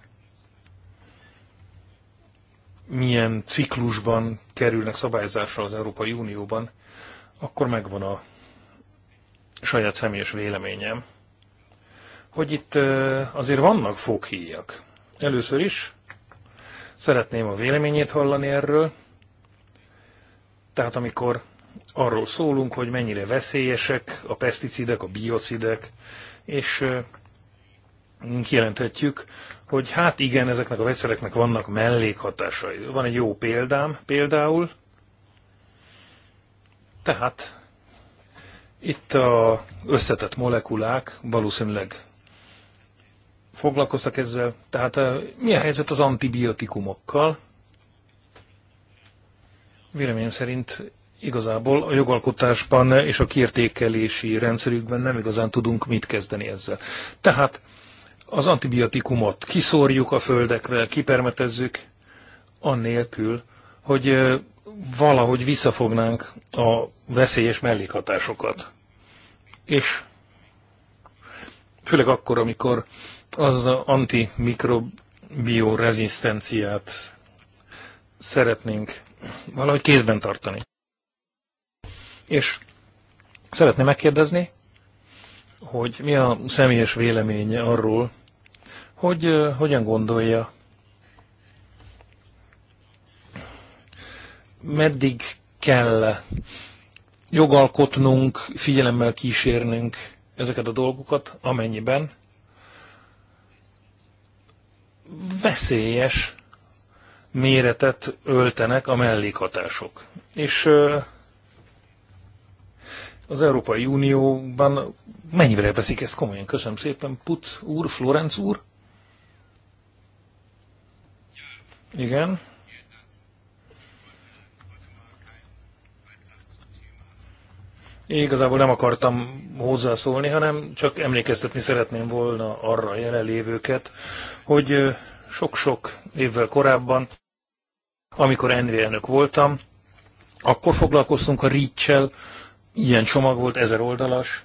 milyen ciklusban kerülnek szabályozásra az Európai Unióban, akkor megvan a saját személyes véleményem, hogy itt azért vannak foghíjak. Először is szeretném a véleményét hallani erről, tehát amikor arról szólunk, hogy mennyire veszélyesek a peszticidek, a biocidek, és kijelenthetjük, hogy hát igen, ezeknek a vegyszereknek vannak mellékhatásai. Van egy jó példám például, tehát itt a összetett molekulák valószínűleg foglalkoztak ezzel. Tehát mi a helyzet az antibiotikumokkal? Véleményem szerint igazából a jogalkotásban és a kértékelési rendszerükben nem igazán tudunk mit kezdeni ezzel. Tehát az antibiotikumot kiszórjuk a földekre, kipermetezzük, annélkül, hogy valahogy visszafognánk a veszélyes mellékhatásokat. És főleg akkor, amikor az antimikrobiorezisztenciát szeretnénk valahogy kézben tartani. És szeretném megkérdezni, hogy mi a személyes véleménye arról, hogy hogyan gondolja, meddig kell jogalkotnunk, figyelemmel kísérnünk ezeket a dolgokat, amennyiben veszélyes méretet öltenek a mellékhatások. És az Európai Unióban mennyire veszik ezt komolyan? Köszönöm szépen, Putz úr, Florenc úr. Igen. Én igazából nem akartam hozzászólni, hanem csak emlékeztetni szeretném volna arra a jelenlévőket, hogy sok-sok évvel korábban, amikor NV elnök voltam, akkor foglalkoztunk a reach ilyen csomag volt, ezer oldalas,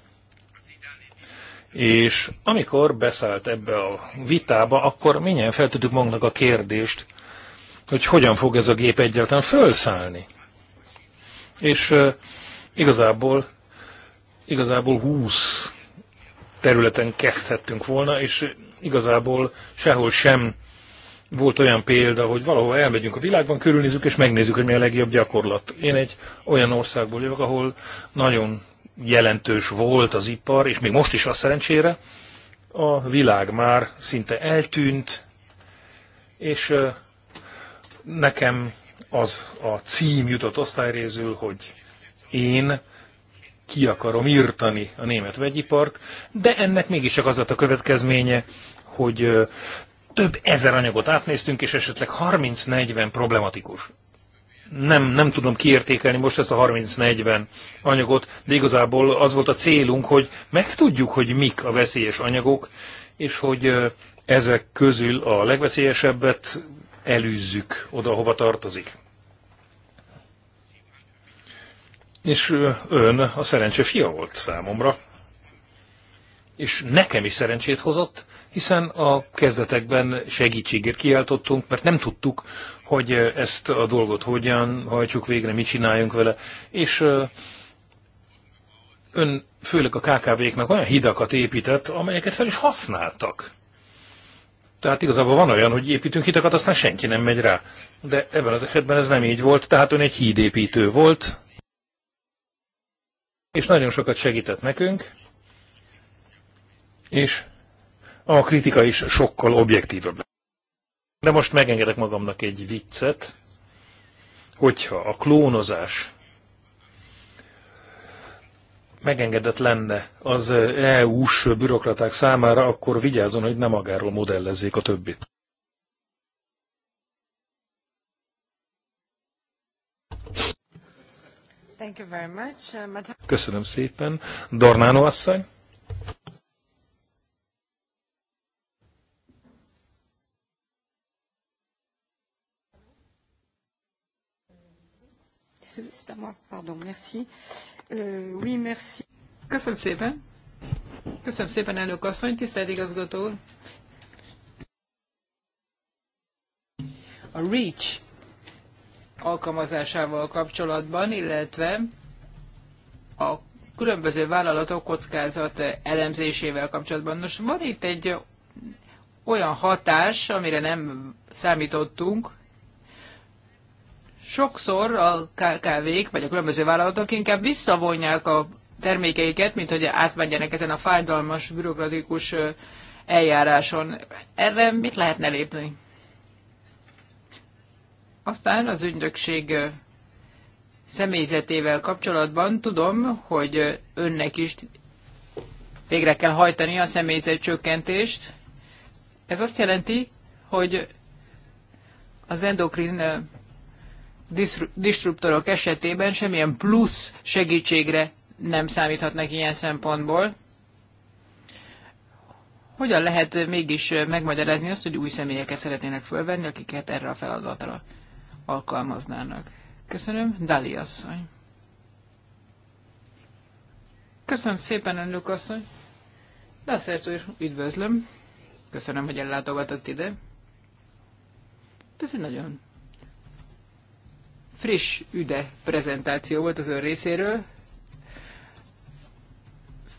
és amikor beszállt ebbe a vitába, akkor mindjárt feltettük magunknak a kérdést, hogy hogyan fog ez a gép egyáltalán felszállni. És uh, igazából, igazából 20 területen kezdhettünk volna, és igazából sehol sem volt olyan példa, hogy valahol elmegyünk a világban, körülnézzük és megnézzük, hogy mi a legjobb gyakorlat. Én egy olyan országból jövök, ahol nagyon jelentős volt az ipar, és még most is a szerencsére, a világ már szinte eltűnt, és nekem az a cím jutott osztályrészül, hogy én ki akarom írtani a német vegyipart, de ennek mégiscsak az lett a következménye, hogy több ezer anyagot átnéztünk, és esetleg 30-40 problematikus. Nem, nem tudom kiértékelni most ezt a 30-40 anyagot, de igazából az volt a célunk, hogy megtudjuk, hogy mik a veszélyes anyagok, és hogy ezek közül a legveszélyesebbet elűzzük oda, hova tartozik. És ön a szerencse fia volt számomra és nekem is szerencsét hozott, hiszen a kezdetekben segítségért kiáltottunk, mert nem tudtuk, hogy ezt a dolgot hogyan hajtsuk végre, mit csináljunk vele, és ön főleg a KKV-knak olyan hidakat épített, amelyeket fel is használtak. Tehát igazából van olyan, hogy építünk hitakat, aztán senki nem megy rá. De ebben az esetben ez nem így volt, tehát ön egy hídépítő volt, és nagyon sokat segített nekünk, és a kritika is sokkal objektívebb. De most megengedek magamnak egy viccet, hogyha a klónozás megengedett lenne az EU-s bürokraták számára, akkor vigyázzon, hogy nem magáról modellezzék a többit. Uh, Köszönöm szépen. Dornánó asszony? c'est à moi, pardon, merci. Euh, oui, merci. Köszönöm szépen. Köszönöm szépen, elnök asszony, tisztelt igazgató úr. A REACH alkalmazásával kapcsolatban, illetve a különböző vállalatok kockázat elemzésével kapcsolatban. Nos, van itt egy olyan hatás, amire nem számítottunk, sokszor a KKV-k, vagy a különböző vállalatok inkább visszavonják a termékeiket, mint hogy átmenjenek ezen a fájdalmas, bürokratikus eljáráson. Erre mit lehetne lépni? Aztán az ügynökség személyzetével kapcsolatban tudom, hogy önnek is végre kell hajtani a személyzet csökkentést. Ez azt jelenti, hogy az endokrin disruptorok esetében semmilyen plusz segítségre nem számíthatnak ilyen szempontból. Hogyan lehet mégis megmagyarázni azt, hogy új személyeket szeretnének fölvenni, akiket erre a feladatra alkalmaznának? Köszönöm, Dali asszony. Köszönöm szépen, önök asszony. Dasszert úr, üdvözlöm. Köszönöm, hogy ellátogatott ide. Ez egy nagyon friss üde prezentáció volt az ön részéről,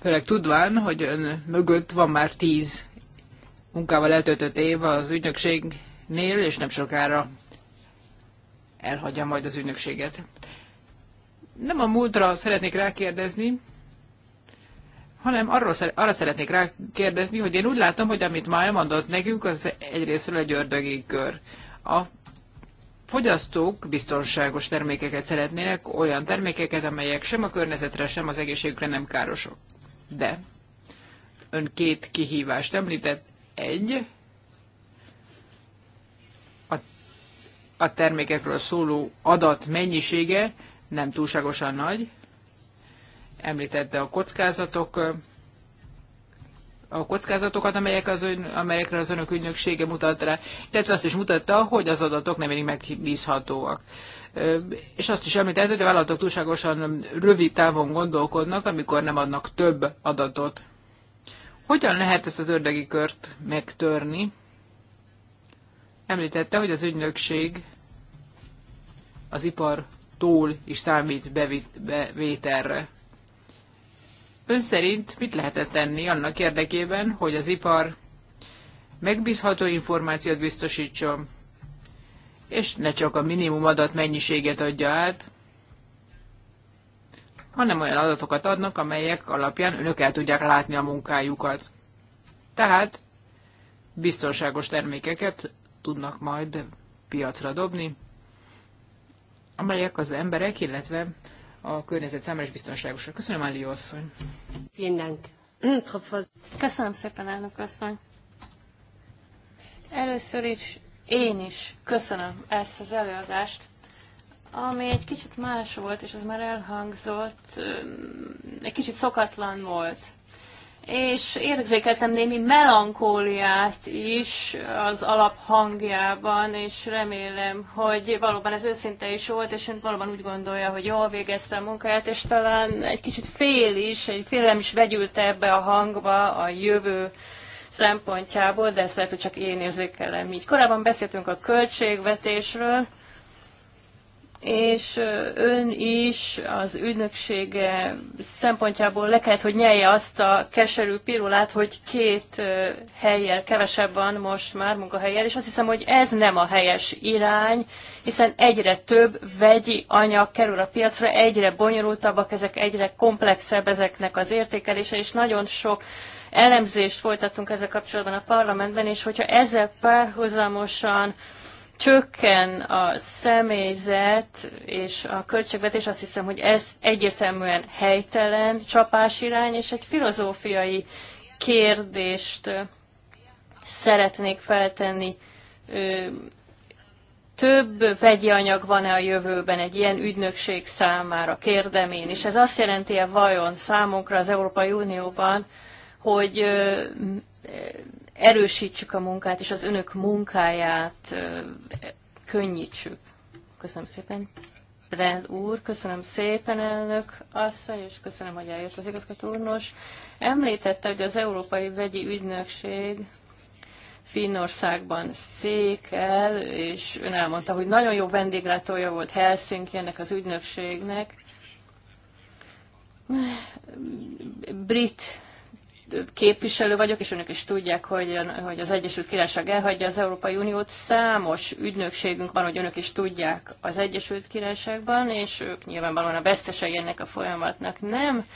főleg tudván, hogy ön mögött van már tíz munkával eltöltött év az ügynökségnél, és nem sokára elhagyja majd az ügynökséget. Nem a múltra szeretnék rákérdezni, hanem arról, arra szeretnék rákérdezni, hogy én úgy látom, hogy amit már elmondott nekünk, az egyrésztről egy ördögi kör. A fogyasztók biztonságos termékeket szeretnének, olyan termékeket, amelyek sem a környezetre, sem az egészségükre nem károsok. De ön két kihívást említett. Egy, a, a termékekről szóló adat mennyisége nem túlságosan nagy. Említette a kockázatok a kockázatokat, amelyek az ön, amelyekre az önök ügynöksége mutat rá, illetve azt is mutatta, hogy az adatok nem mindig megbízhatóak. És azt is említett, hogy a vállalatok túlságosan rövid távon gondolkodnak, amikor nem adnak több adatot. Hogyan lehet ezt az ördögi kört megtörni? Említette, hogy az ügynökség az ipar ipartól is számít bevit, bevételre. Ön szerint mit lehetett tenni annak érdekében, hogy az ipar megbízható információt biztosítson, és ne csak a minimum adat mennyiséget adja át, hanem olyan adatokat adnak, amelyek alapján önök el tudják látni a munkájukat. Tehát biztonságos termékeket tudnak majd piacra dobni, amelyek az emberek, illetve a környezet számára is biztonságosra. Köszönöm, Áli asszony. Köszönöm szépen, elnök asszony. Először is én is köszönöm ezt az előadást, ami egy kicsit más volt, és ez már elhangzott, egy kicsit szokatlan volt és érzékeltem némi melankóliát is az alaphangjában, és remélem, hogy valóban ez őszinte is volt, és ön valóban úgy gondolja, hogy jól végezte a munkáját, és talán egy kicsit fél is, egy félelem is vegyült ebbe a hangba a jövő szempontjából, de ezt lehet, hogy csak én érzékelem így. Korábban beszéltünk a költségvetésről, és ön is az ügynöksége szempontjából le kellett, hogy nyelje azt a keserű pirulát, hogy két helyjel kevesebb van most már munkahelyjel, és azt hiszem, hogy ez nem a helyes irány, hiszen egyre több vegyi anyag kerül a piacra, egyre bonyolultabbak ezek, egyre komplexebb ezeknek az értékelése, és nagyon sok elemzést folytatunk ezzel kapcsolatban a parlamentben, és hogyha ezzel párhuzamosan csökken a személyzet és a költségvetés, azt hiszem, hogy ez egyértelműen helytelen csapásirány, és egy filozófiai kérdést szeretnék feltenni. Több vegyi anyag van-e a jövőben egy ilyen ügynökség számára? Kérdem én is. Ez azt jelenti-e vajon számunkra az Európai Unióban, hogy erősítsük a munkát, és az önök munkáját könnyítsük. Köszönöm szépen. Brel úr, köszönöm szépen elnök asszony, és köszönöm, hogy eljött az igazgató úrnos. Említette, hogy az Európai Vegyi Ügynökség Finnországban székel, és ön elmondta, hogy nagyon jó vendéglátója volt Helsinki ennek az ügynökségnek. Brit képviselő vagyok, és önök is tudják, hogy, hogy az Egyesült Királyság elhagyja az Európai Uniót. Számos ügynökségünk van, hogy önök is tudják az Egyesült Királyságban, és ők nyilvánvalóan a vesztesei ennek a folyamatnak. Nem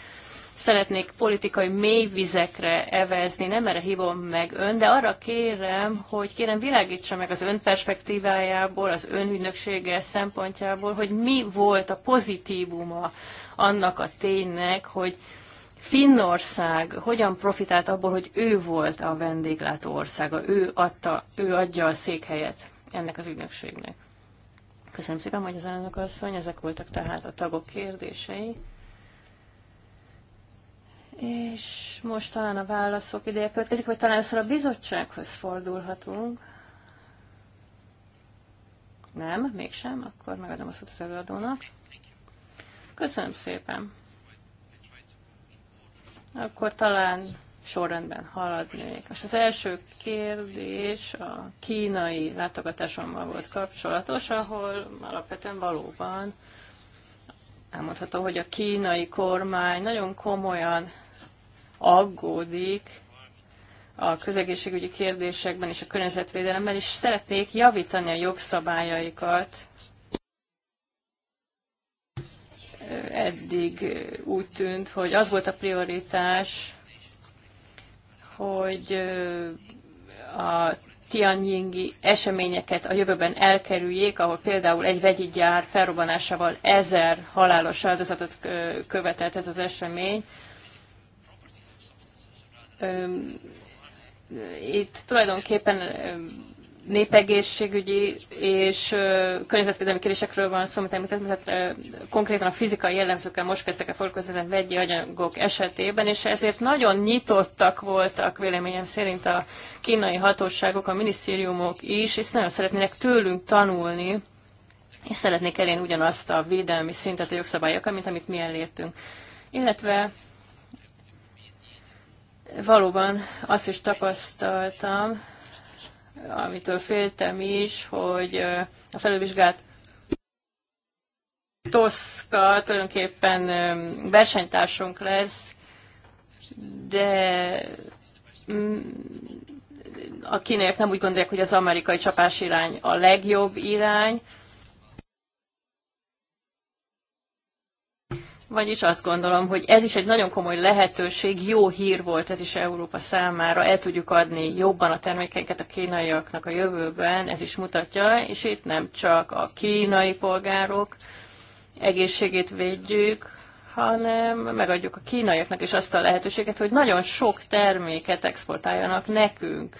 szeretnék politikai mélyvizekre evezni, nem erre hívom meg ön, de arra kérem, hogy kérem világítsa meg az ön perspektívájából, az ön ügynöksége szempontjából, hogy mi volt a pozitívuma annak a ténynek, hogy Finnország hogyan profitált abból, hogy ő volt a vendéglátó országa, ő, adta, ő adja a székhelyet ennek az ügynökségnek. Köszönöm szépen, hogy az elnök asszony, ezek voltak tehát a tagok kérdései. És most talán a válaszok ideje következik, vagy talán a bizottsághoz fordulhatunk. Nem, mégsem, akkor megadom a szót az előadónak. Köszönöm szépen akkor talán sorrendben haladnék. Most az első kérdés a kínai látogatásommal volt kapcsolatos, ahol alapvetően valóban elmondható, hogy a kínai kormány nagyon komolyan aggódik a közegészségügyi kérdésekben és a környezetvédelemben, és szeretnék javítani a jogszabályaikat eddig úgy tűnt, hogy az volt a prioritás, hogy a Tianjingi eseményeket a jövőben elkerüljék, ahol például egy vegyi gyár felrobbanásával ezer halálos áldozatot követelt ez az esemény. Itt tulajdonképpen népegészségügyi és környezetvédelmi kérdésekről van szó, amit említettem, tehát konkrétan a fizikai jellemzőkkel most kezdtek el foglalkozni ezen vegyi anyagok esetében, és ezért nagyon nyitottak voltak véleményem szerint a kínai hatóságok, a minisztériumok is, és nagyon szeretnének tőlünk tanulni, és szeretnék elérni ugyanazt a védelmi szintet a jogszabályokkal, mint amit mi elértünk. Illetve valóban azt is tapasztaltam, amitől féltem is, hogy a felülvizsgált Toszka tulajdonképpen versenytársunk lesz, de mm, a kínaiak nem úgy gondolják, hogy az amerikai csapás irány a legjobb irány, Vagyis azt gondolom, hogy ez is egy nagyon komoly lehetőség, jó hír volt ez is Európa számára, el tudjuk adni jobban a termékeinket a kínaiaknak a jövőben, ez is mutatja, és itt nem csak a kínai polgárok egészségét védjük, hanem megadjuk a kínaiaknak is azt a lehetőséget, hogy nagyon sok terméket exportáljanak nekünk.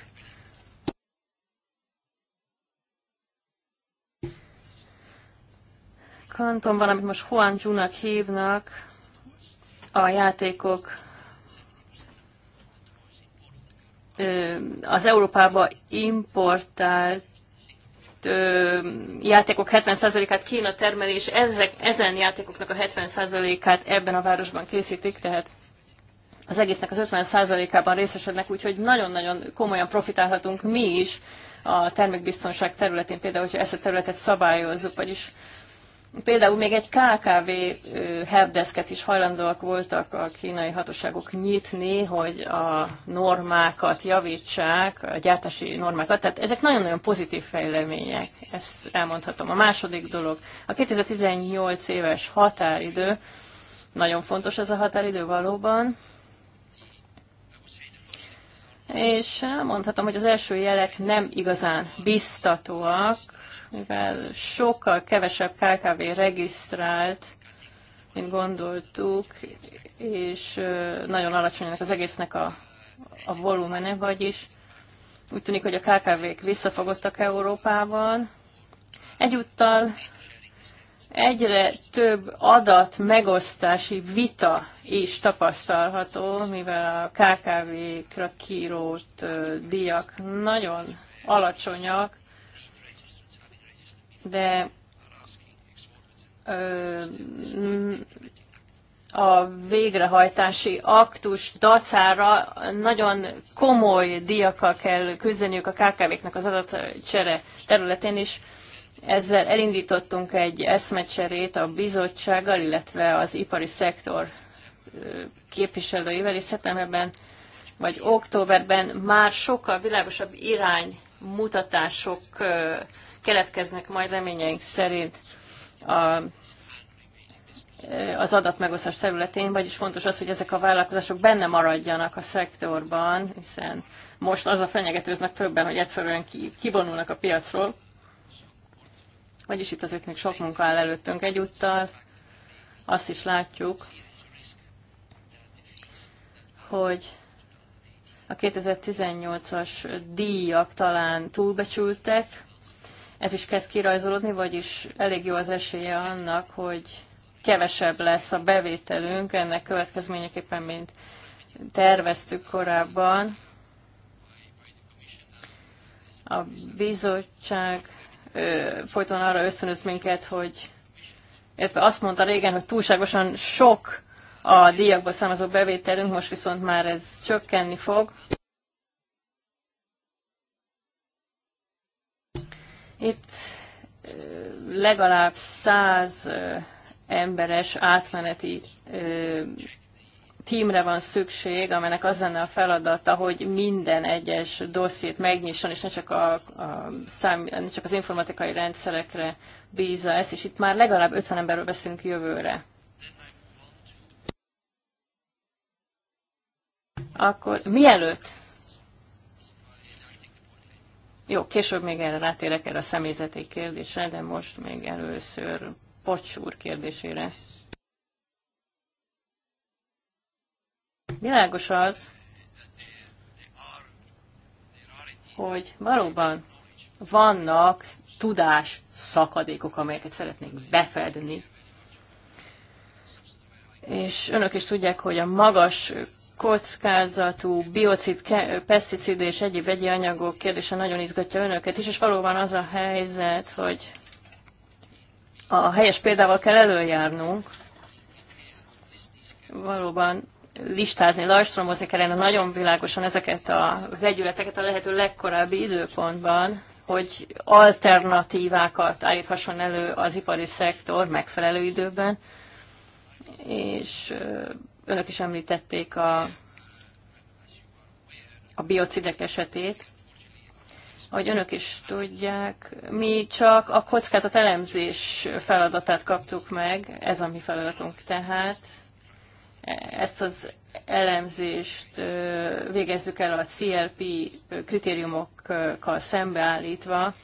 van, amit most Juan Junak hívnak, a játékok az Európába importált játékok 70%-át Kína termeli, és ezek, ezen játékoknak a 70%-át ebben a városban készítik, tehát az egésznek az 50%-ában részesednek, úgyhogy nagyon-nagyon komolyan profitálhatunk mi is a termékbiztonság területén, például, hogyha ezt a területet szabályozzuk, vagyis Például még egy KKV helpdesket is hajlandóak voltak a kínai hatóságok nyitni, hogy a normákat javítsák, a gyártási normákat. Tehát ezek nagyon-nagyon pozitív fejlemények, ezt elmondhatom. A második dolog, a 2018 éves határidő, nagyon fontos ez a határidő valóban, és mondhatom, hogy az első jelek nem igazán biztatóak, mivel sokkal kevesebb KKV regisztrált, mint gondoltuk, és nagyon alacsony az egésznek a, a volumene, vagyis úgy tűnik, hogy a KKV-k visszafogottak Európában. Egyúttal egyre több adat megosztási vita is tapasztalható, mivel a KKV-kra kírót díjak nagyon alacsonyak, de a végrehajtási aktus dacára nagyon komoly diakkal kell küzdeniük a KKV-knak az adatcsere területén is. Ezzel elindítottunk egy eszmecserét a bizottsággal, illetve az ipari szektor képviselőivel, és szeptemberben vagy októberben már sokkal világosabb iránymutatások mutatások keletkeznek majd reményeink szerint a, az adatmegosztás területén, vagyis fontos az, hogy ezek a vállalkozások benne maradjanak a szektorban, hiszen most az a fenyegetőznek többen, hogy egyszerűen kivonulnak a piacról. Vagyis itt azért még sok munka áll előttünk egyúttal. Azt is látjuk, hogy a 2018-as díjak talán túlbecsültek, ez is kezd kirajzolódni, vagyis elég jó az esélye annak, hogy kevesebb lesz a bevételünk ennek következményeképpen, mint terveztük korábban. A bizottság ö, folyton arra ösztönöz minket, hogy illetve azt mondta régen, hogy túlságosan sok a díjakból származó bevételünk, most viszont már ez csökkenni fog. Itt legalább száz emberes átmeneti tímre van szükség, amelynek az lenne a feladata, hogy minden egyes dossziét megnyisson, és ne csak, a, a szám, ne csak az informatikai rendszerekre bízza ezt, és itt már legalább 50 emberről beszélünk jövőre. Akkor mielőtt jó, később még erre rátérek erre a személyzeti kérdésre, de most még először Pocsúr kérdésére. Világos az, hogy valóban vannak tudás szakadékok, amelyeket szeretnénk befedni. És önök is tudják, hogy a magas kockázatú biocid, pesticid és egyéb egyi anyagok kérdése nagyon izgatja önöket is, és valóban az a helyzet, hogy a helyes példával kell előjárnunk. Valóban listázni, lajstromozni kellene nagyon világosan ezeket a vegyületeket a lehető legkorábbi időpontban, hogy alternatívákat állíthasson elő az ipari szektor megfelelő időben, és önök is említették a, a biocidek esetét. Ahogy önök is tudják, mi csak a kockázat elemzés feladatát kaptuk meg, ez a mi feladatunk tehát. Ezt az elemzést végezzük el a CLP kritériumokkal szembeállítva,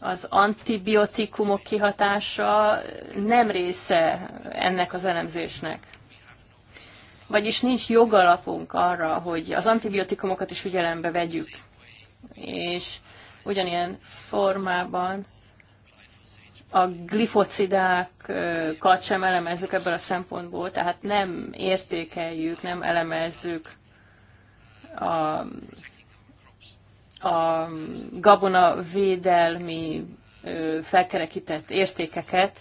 az antibiotikumok kihatása nem része ennek az elemzésnek vagyis nincs jogalapunk arra, hogy az antibiotikumokat is figyelembe vegyük. És ugyanilyen formában a glifocidákat sem elemezzük ebből a szempontból, tehát nem értékeljük, nem elemezzük a, a gabonavédelmi felkerekített értékeket.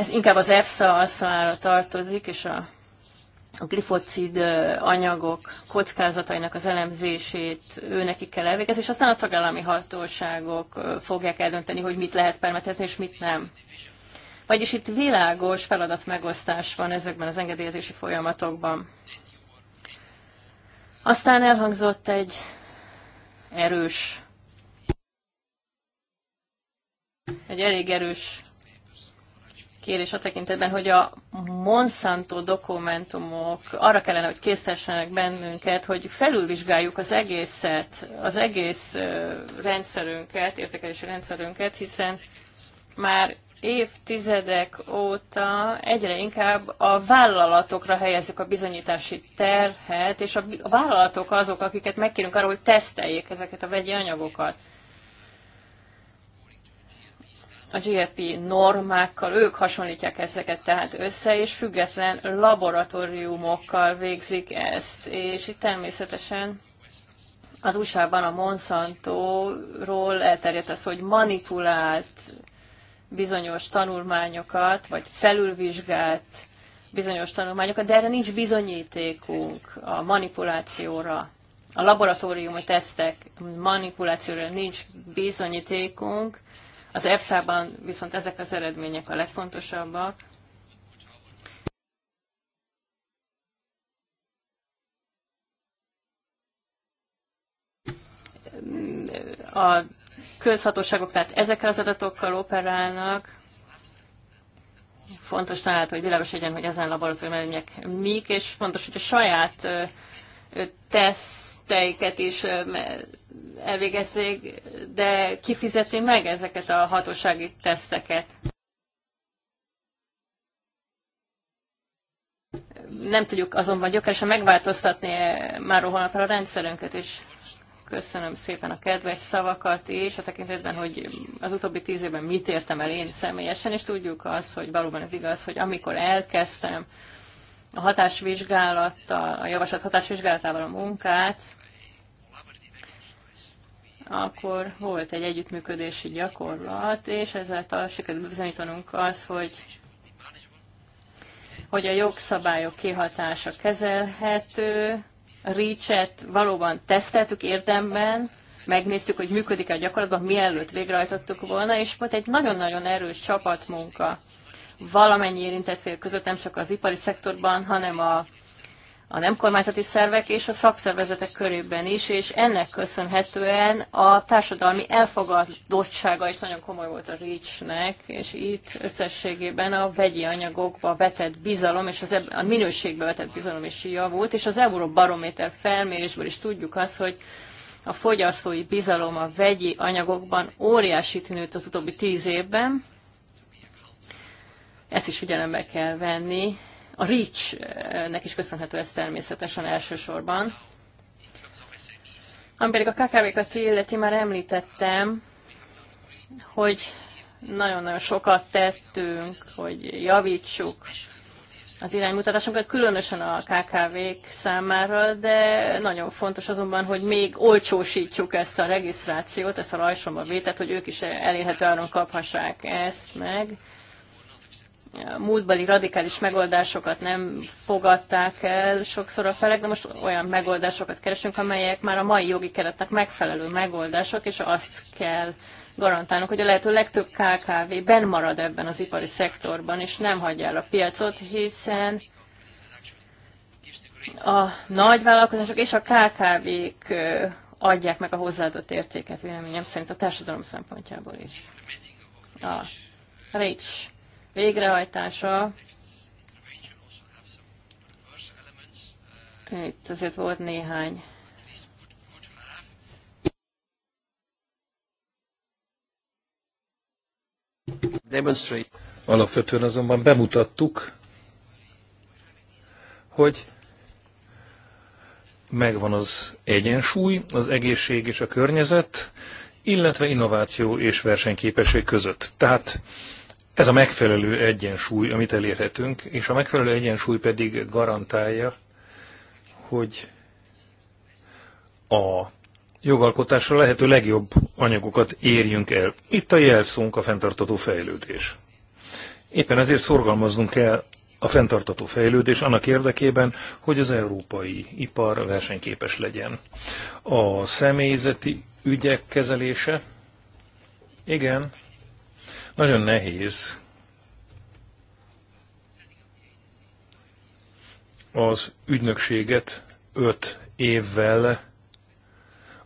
Ez inkább az EFSA asztalára tartozik, és a, a glifocid anyagok kockázatainak az elemzését neki kell elvégezni, és aztán a tagállami hatóságok fogják eldönteni, hogy mit lehet permetezni, és mit nem. Vagyis itt világos feladatmegosztás van ezekben az engedélyezési folyamatokban. Aztán elhangzott egy erős, egy elég erős kérés a tekintetben, hogy a Monsanto dokumentumok arra kellene, hogy késztessenek bennünket, hogy felülvizsgáljuk az egészet, az egész rendszerünket, értékelési rendszerünket, hiszen már évtizedek óta egyre inkább a vállalatokra helyezzük a bizonyítási terhet, és a vállalatok azok, akiket megkérünk arról hogy teszteljék ezeket a vegyi anyagokat a GLP normákkal, ők hasonlítják ezeket tehát össze, és független laboratóriumokkal végzik ezt. És itt természetesen az USA-ban a Monsanto-ról elterjedt az, hogy manipulált bizonyos tanulmányokat, vagy felülvizsgált bizonyos tanulmányokat, de erre nincs bizonyítékunk a manipulációra. A laboratóriumi tesztek manipulációra nincs bizonyítékunk, az EFSA-ban viszont ezek az eredmények a legfontosabbak, a közhatóságok tehát ezekkel az adatokkal operálnak. Fontos tehát, hogy világos legyen, hogy ezen laboratóriumi eredmények mik, és fontos, hogy a saját teszteiket is elvégezzék, de kifizeti meg ezeket a hatósági teszteket? Nem tudjuk azonban gyökeresen megváltoztatni már holnapra a rendszerünket, és köszönöm szépen a kedves szavakat és a tekintetben, hogy az utóbbi tíz évben mit értem el én személyesen, és tudjuk azt, hogy valóban ez igaz, hogy amikor elkezdtem a hatásvizsgálattal, a javaslat hatásvizsgálatával a munkát, akkor volt egy együttműködési gyakorlat, és ezáltal sikerült bizonyítanunk az, hogy hogy a jogszabályok kihatása kezelhető, ricset valóban teszteltük érdemben, megnéztük, hogy működik-e a gyakorlatban, mielőtt végrehajtottuk volna, és volt egy nagyon-nagyon erős csapatmunka valamennyi érintett fél között, nem csak az ipari szektorban, hanem a a nem kormányzati szervek és a szakszervezetek körében is, és ennek köszönhetően a társadalmi elfogadottsága is nagyon komoly volt a REACH-nek, és itt összességében a vegyi anyagokba vetett bizalom és az, a minőségbe vetett bizalom is javult, és az Euróbarométer felmérésből is tudjuk azt, hogy a fogyasztói bizalom a vegyi anyagokban óriási tűnőt az utóbbi tíz évben, ezt is figyelembe kell venni, a REACH-nek is köszönhető ez természetesen elsősorban. Ami pedig a KKV-kat illeti, már említettem, hogy nagyon-nagyon sokat tettünk, hogy javítsuk az iránymutatásunkat, különösen a KKV-k számára, de nagyon fontos azonban, hogy még olcsósítsuk ezt a regisztrációt, ezt a rajsomba vétet, hogy ők is elérhető áron kaphassák ezt meg múltbeli radikális megoldásokat nem fogadták el sokszor a felek, de most olyan megoldásokat keresünk, amelyek már a mai jogi keretnek megfelelő megoldások, és azt kell garantálnunk, hogy a lehető legtöbb KKV ben marad ebben az ipari szektorban, és nem hagyja el a piacot, hiszen a nagyvállalkozások és a KKV-k adják meg a hozzáadott értéket, véleményem szerint a társadalom szempontjából is. A REACH végrehajtása. Itt azért volt néhány Alapvetően azonban bemutattuk, hogy megvan az egyensúly, az egészség és a környezet, illetve innováció és versenyképesség között. Tehát ez a megfelelő egyensúly, amit elérhetünk, és a megfelelő egyensúly pedig garantálja, hogy a jogalkotásra lehető legjobb anyagokat érjünk el. Itt a jelszónk a fenntartató fejlődés. Éppen ezért szorgalmaznunk kell a fenntartató fejlődés annak érdekében, hogy az európai ipar versenyképes legyen. A személyzeti ügyek kezelése, igen, nagyon nehéz az ügynökséget öt évvel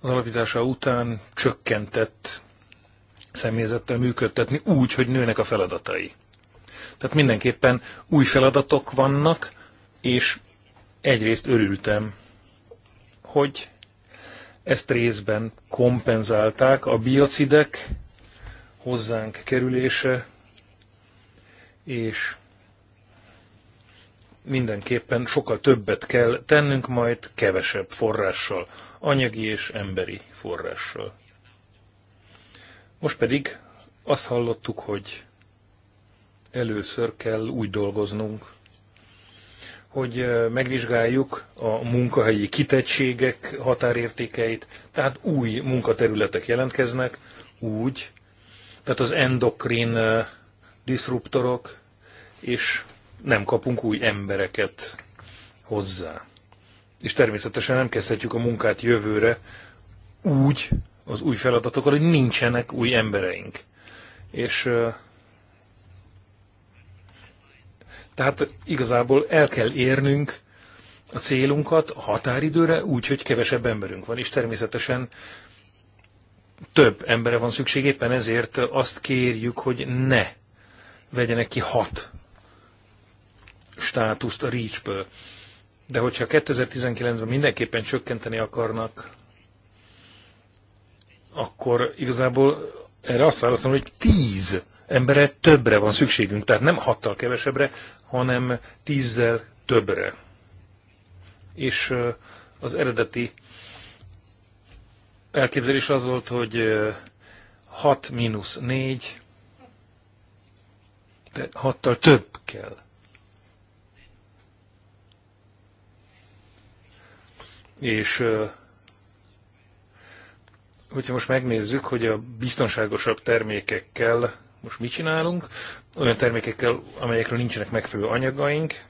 az alapítása után csökkentett személyzettel működtetni úgy, hogy nőnek a feladatai. Tehát mindenképpen új feladatok vannak, és egyrészt örültem, hogy ezt részben kompenzálták a biocidek hozzánk kerülése, és mindenképpen sokkal többet kell tennünk majd kevesebb forrással, anyagi és emberi forrással. Most pedig azt hallottuk, hogy először kell úgy dolgoznunk, hogy megvizsgáljuk a munkahelyi kitettségek határértékeit, tehát új munkaterületek jelentkeznek úgy, tehát az endokrin diszruptorok, és nem kapunk új embereket hozzá. És természetesen nem kezdhetjük a munkát jövőre úgy az új feladatokkal, hogy nincsenek új embereink. És tehát igazából el kell érnünk a célunkat a határidőre úgy, hogy kevesebb emberünk van, és természetesen több embere van szükség, éppen ezért azt kérjük, hogy ne vegyenek ki hat státuszt a reach De hogyha 2019-ben mindenképpen csökkenteni akarnak, akkor igazából erre azt válaszolom, hogy tíz emberre többre van szükségünk. Tehát nem hattal kevesebbre, hanem tízzel többre. És az eredeti elképzelés az volt, hogy 6 mínusz 4, de 6-tal több kell. És hogyha most megnézzük, hogy a biztonságosabb termékekkel most mit csinálunk, olyan termékekkel, amelyekről nincsenek megfelelő anyagaink,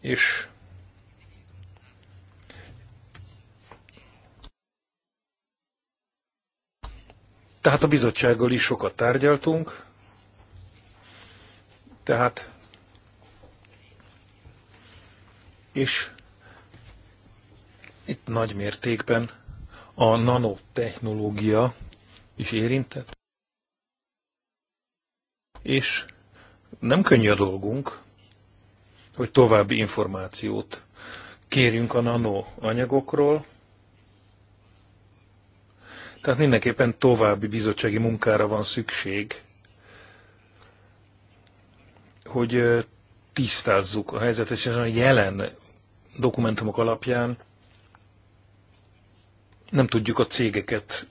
és Tehát a bizottsággal is sokat tárgyaltunk, tehát és itt nagy mértékben a nanotechnológia is érintett. És nem könnyű a dolgunk, hogy további információt kérjünk a nano anyagokról, tehát mindenképpen további bizottsági munkára van szükség, hogy tisztázzuk a helyzetet, és a jelen dokumentumok alapján nem tudjuk a cégeket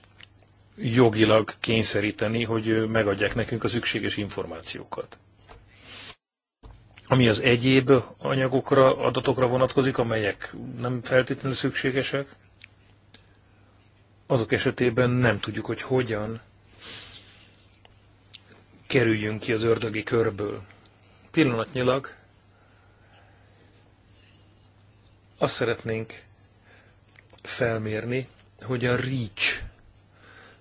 jogilag kényszeríteni, hogy megadják nekünk a szükséges információkat. Ami az egyéb anyagokra, adatokra vonatkozik, amelyek nem feltétlenül szükségesek, azok esetében nem tudjuk, hogy hogyan kerüljünk ki az ördögi körből. Pillanatnyilag azt szeretnénk felmérni, hogy a reach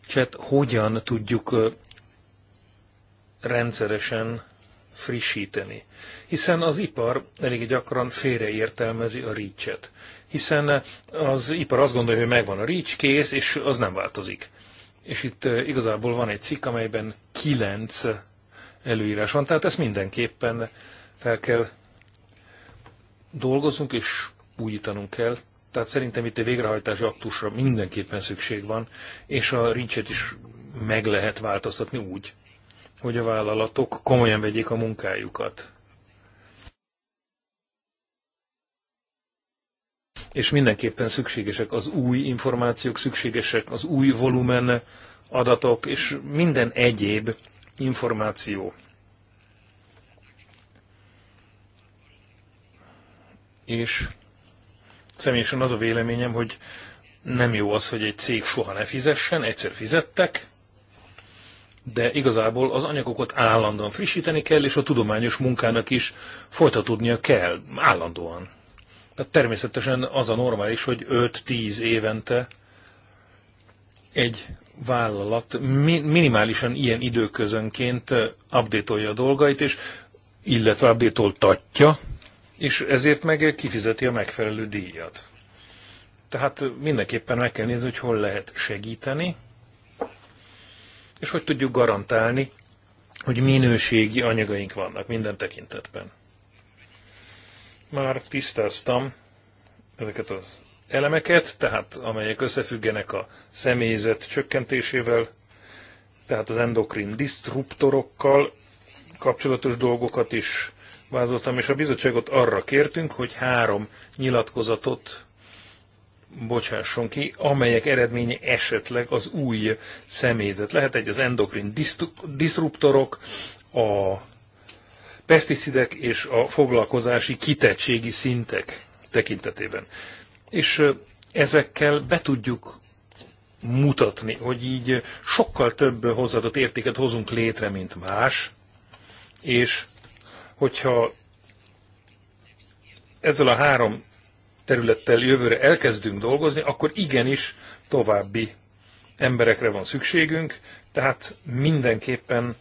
cset hogyan tudjuk rendszeresen frissíteni. Hiszen az ipar elég gyakran félreértelmezi a rícset. Hiszen az ipar azt gondolja, hogy megvan a rics kész, és az nem változik. És itt eh, igazából van egy cikk, amelyben kilenc előírás van, tehát ezt mindenképpen fel kell dolgozunk, és újítanunk kell. Tehát szerintem itt a végrehajtási aktusra mindenképpen szükség van, és a rincset is meg lehet változtatni úgy, hogy a vállalatok komolyan vegyék a munkájukat. És mindenképpen szükségesek az új információk, szükségesek az új volumen adatok, és minden egyéb információ. És személyesen az a véleményem, hogy nem jó az, hogy egy cég soha ne fizessen, egyszer fizettek, de igazából az anyagokat állandóan frissíteni kell, és a tudományos munkának is folytatódnia kell, állandóan. Tehát természetesen az a normális, hogy 5-10 évente egy vállalat minimálisan ilyen időközönként updatolja a dolgait, és illetve updatoltatja, és ezért meg kifizeti a megfelelő díjat. Tehát mindenképpen meg kell nézni, hogy hol lehet segíteni, és hogy tudjuk garantálni, hogy minőségi anyagaink vannak minden tekintetben. Már tisztáztam ezeket az elemeket, tehát amelyek összefüggenek a személyzet csökkentésével, tehát az endokrin disruptorokkal kapcsolatos dolgokat is vázoltam, és a bizottságot arra kértünk, hogy három nyilatkozatot bocsásson ki, amelyek eredménye esetleg az új személyzet. Lehet egy az endokrin diszruptorok, a peszticidek és a foglalkozási kitettségi szintek tekintetében. És ezekkel be tudjuk mutatni, hogy így sokkal több hozzáadott értéket hozunk létre, mint más, és hogyha ezzel a három területtel jövőre elkezdünk dolgozni, akkor igenis további emberekre van szükségünk, tehát mindenképpen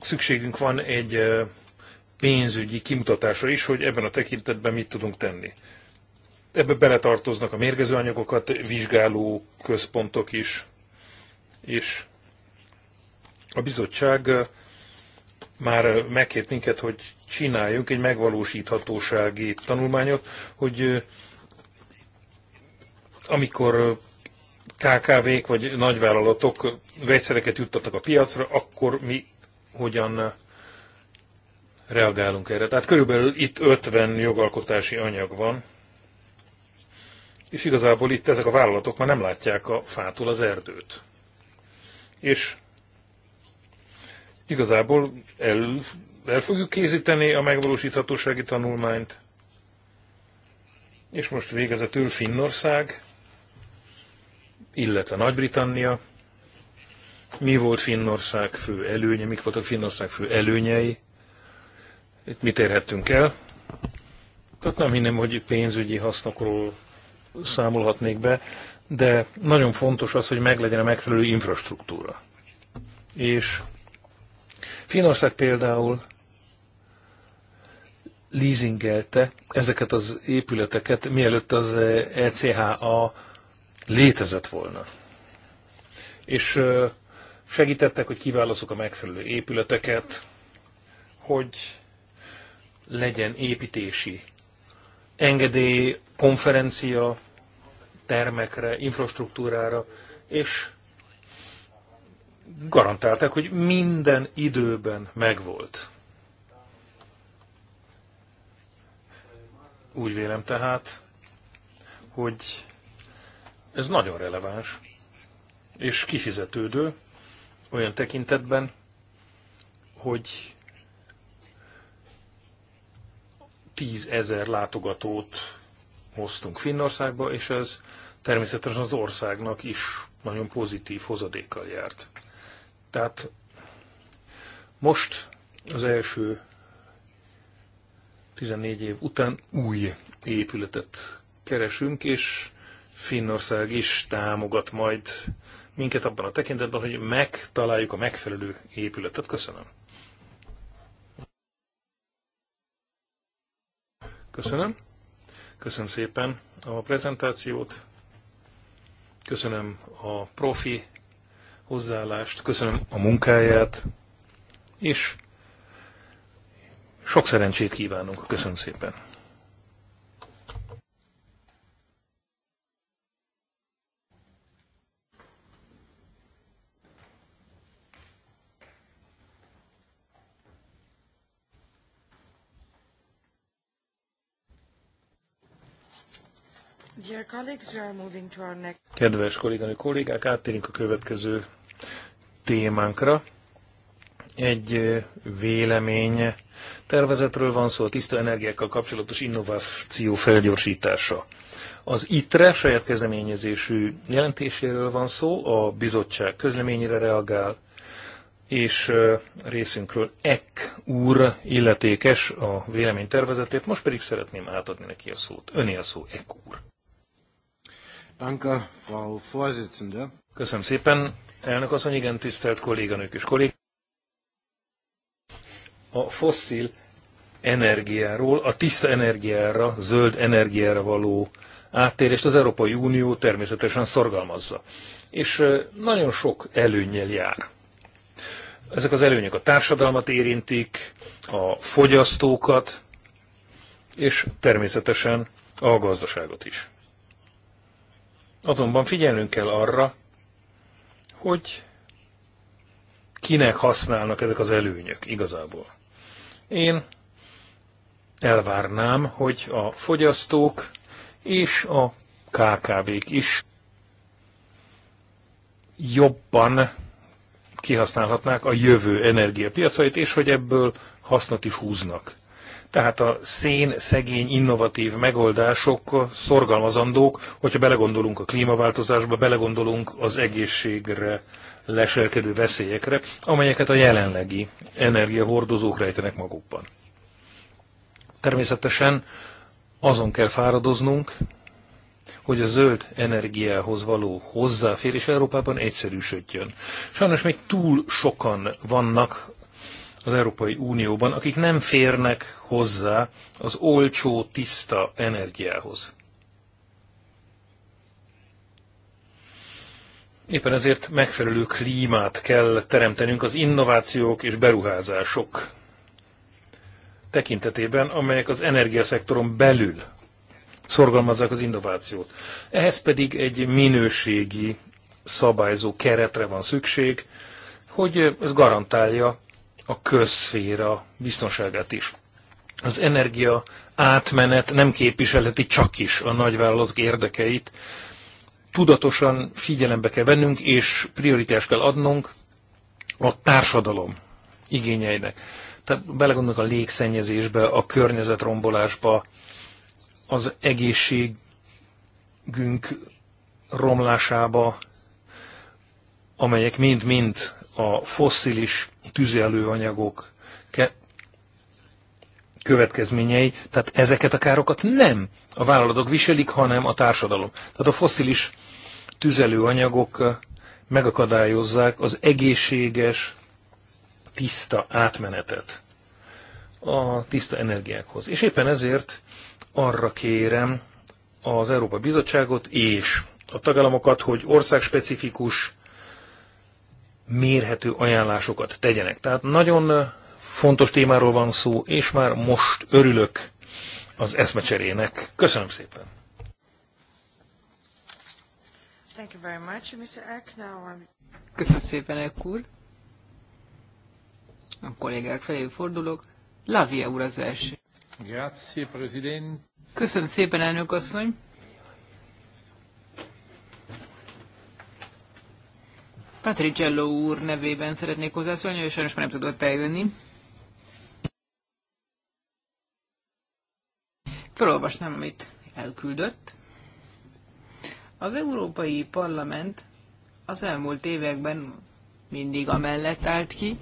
szükségünk van egy pénzügyi kimutatásra is, hogy ebben a tekintetben mit tudunk tenni. Ebbe beletartoznak a mérgező anyagokat vizsgáló központok is, és a bizottság már megkért minket, hogy csináljunk egy megvalósíthatósági tanulmányot, hogy amikor KKV-k vagy nagyvállalatok vegyszereket juttatnak a piacra, akkor mi hogyan reagálunk erre. Tehát körülbelül itt 50 jogalkotási anyag van, és igazából itt ezek a vállalatok már nem látják a fától az erdőt. És Igazából el, el fogjuk készíteni a megvalósíthatósági tanulmányt. És most végezetül Finnország, illetve Nagy-Britannia. Mi volt Finnország fő előnye, mik voltak Finnország fő előnyei, itt mit érhettünk el. Tehát nem hinném, hogy pénzügyi hasznokról számolhatnék be, de nagyon fontos az, hogy meglegyen a megfelelő infrastruktúra. És Finország például leasingelte ezeket az épületeket, mielőtt az ECHA létezett volna. És segítettek, hogy kiválaszok a megfelelő épületeket, hogy legyen építési engedély, konferencia, termekre, infrastruktúrára, és garantálták, hogy minden időben megvolt. Úgy vélem tehát, hogy ez nagyon releváns és kifizetődő olyan tekintetben, hogy tízezer látogatót hoztunk Finnországba, és ez természetesen az országnak is nagyon pozitív hozadékkal járt. Tehát most az első 14 év után új épületet keresünk, és Finnország is támogat majd minket abban a tekintetben, hogy megtaláljuk a megfelelő épületet. Köszönöm. Köszönöm. Köszönöm szépen a prezentációt. Köszönöm a profi hozzáállást, köszönöm a munkáját, és sok szerencsét kívánunk. Köszönöm szépen. Kedves kolléganő kollégák, áttérünk a következő témánkra. Egy vélemény tervezetről van szó, a tiszta energiákkal kapcsolatos innováció felgyorsítása. Az ITRE saját kezdeményezésű jelentéséről van szó, a bizottság közleményére reagál, és részünkről EK úr illetékes a tervezetét. most pedig szeretném átadni neki a szót. Öné a szó, EK úr. Danke, Frau Vorsitzende. Köszönöm szépen, Elnök asszony, igen, tisztelt kolléganők és kollég. A fosszil energiáról, a tiszta energiára, zöld energiára való áttérést az Európai Unió természetesen szorgalmazza. És nagyon sok előnyel jár. Ezek az előnyök a társadalmat érintik, a fogyasztókat, és természetesen a gazdaságot is. Azonban figyelnünk kell arra, hogy kinek használnak ezek az előnyök igazából. Én elvárnám, hogy a fogyasztók és a KKV-k is jobban kihasználhatnák a jövő energiapiacait, és hogy ebből hasznot is húznak. Tehát a szén szegény innovatív megoldások szorgalmazandók, hogyha belegondolunk a klímaváltozásba, belegondolunk az egészségre leselkedő veszélyekre, amelyeket a jelenlegi energiahordozók rejtenek magukban. Természetesen azon kell fáradoznunk, hogy a zöld energiához való hozzáférés Európában egyszerűsödjön. Sajnos még túl sokan vannak, az Európai Unióban, akik nem férnek hozzá az olcsó, tiszta energiához. Éppen ezért megfelelő klímát kell teremtenünk az innovációk és beruházások tekintetében, amelyek az energiaszektoron belül szorgalmazzák az innovációt. Ehhez pedig egy minőségi szabályzó keretre van szükség, hogy ez garantálja a közszféra biztonságát is. Az energia átmenet nem képviselheti csak is a nagyvállalatok érdekeit. Tudatosan figyelembe kell vennünk, és prioritást kell adnunk a társadalom igényeinek. Tehát belegondolunk a légszennyezésbe, a környezetrombolásba, az egészségünk romlásába, amelyek mind-mind a fosszilis tüzelőanyagok következményei, tehát ezeket a károkat nem a vállalatok viselik, hanem a társadalom. Tehát a foszilis tüzelőanyagok eh, megakadályozzák az egészséges, tiszta átmenetet a tiszta energiákhoz. És éppen ezért arra kérem az Európa Bizottságot és a tagállamokat, hogy országspecifikus mérhető ajánlásokat tegyenek. Tehát nagyon fontos témáról van szó, és már most örülök az eszmecserének. Köszönöm szépen! Köszönöm szépen, Eck úr. A kollégák felé fordulok. Lavia úr az első. Grazie, Köszönöm szépen, elnök asszony. Patricello úr nevében szeretnék hozzászólni, és sajnos már nem tudott eljönni. Felolvasnám, amit elküldött. Az Európai Parlament az elmúlt években mindig amellett állt ki,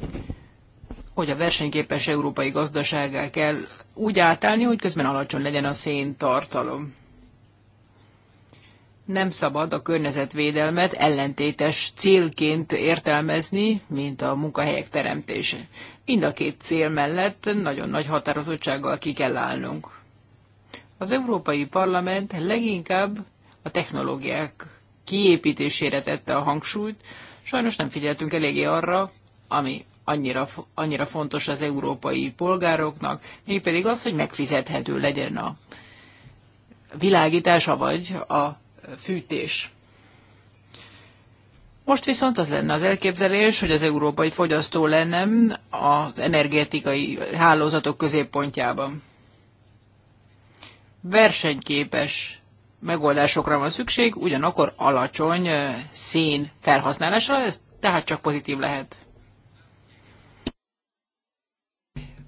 hogy a versenyképes európai gazdaságá kell úgy átállni, hogy közben alacsony legyen a szén tartalom nem szabad a környezetvédelmet ellentétes célként értelmezni, mint a munkahelyek teremtése. Mind a két cél mellett nagyon nagy határozottsággal ki kell állnunk. Az Európai Parlament leginkább a technológiák kiépítésére tette a hangsúlyt, sajnos nem figyeltünk eléggé arra, ami annyira, annyira fontos az európai polgároknak, mégpedig az, hogy megfizethető legyen a világítása vagy a fűtés. Most viszont az lenne az elképzelés, hogy az európai fogyasztó lenne az energetikai hálózatok középpontjában. Versenyképes megoldásokra van szükség, ugyanakkor alacsony szén felhasználásra, ez tehát csak pozitív lehet.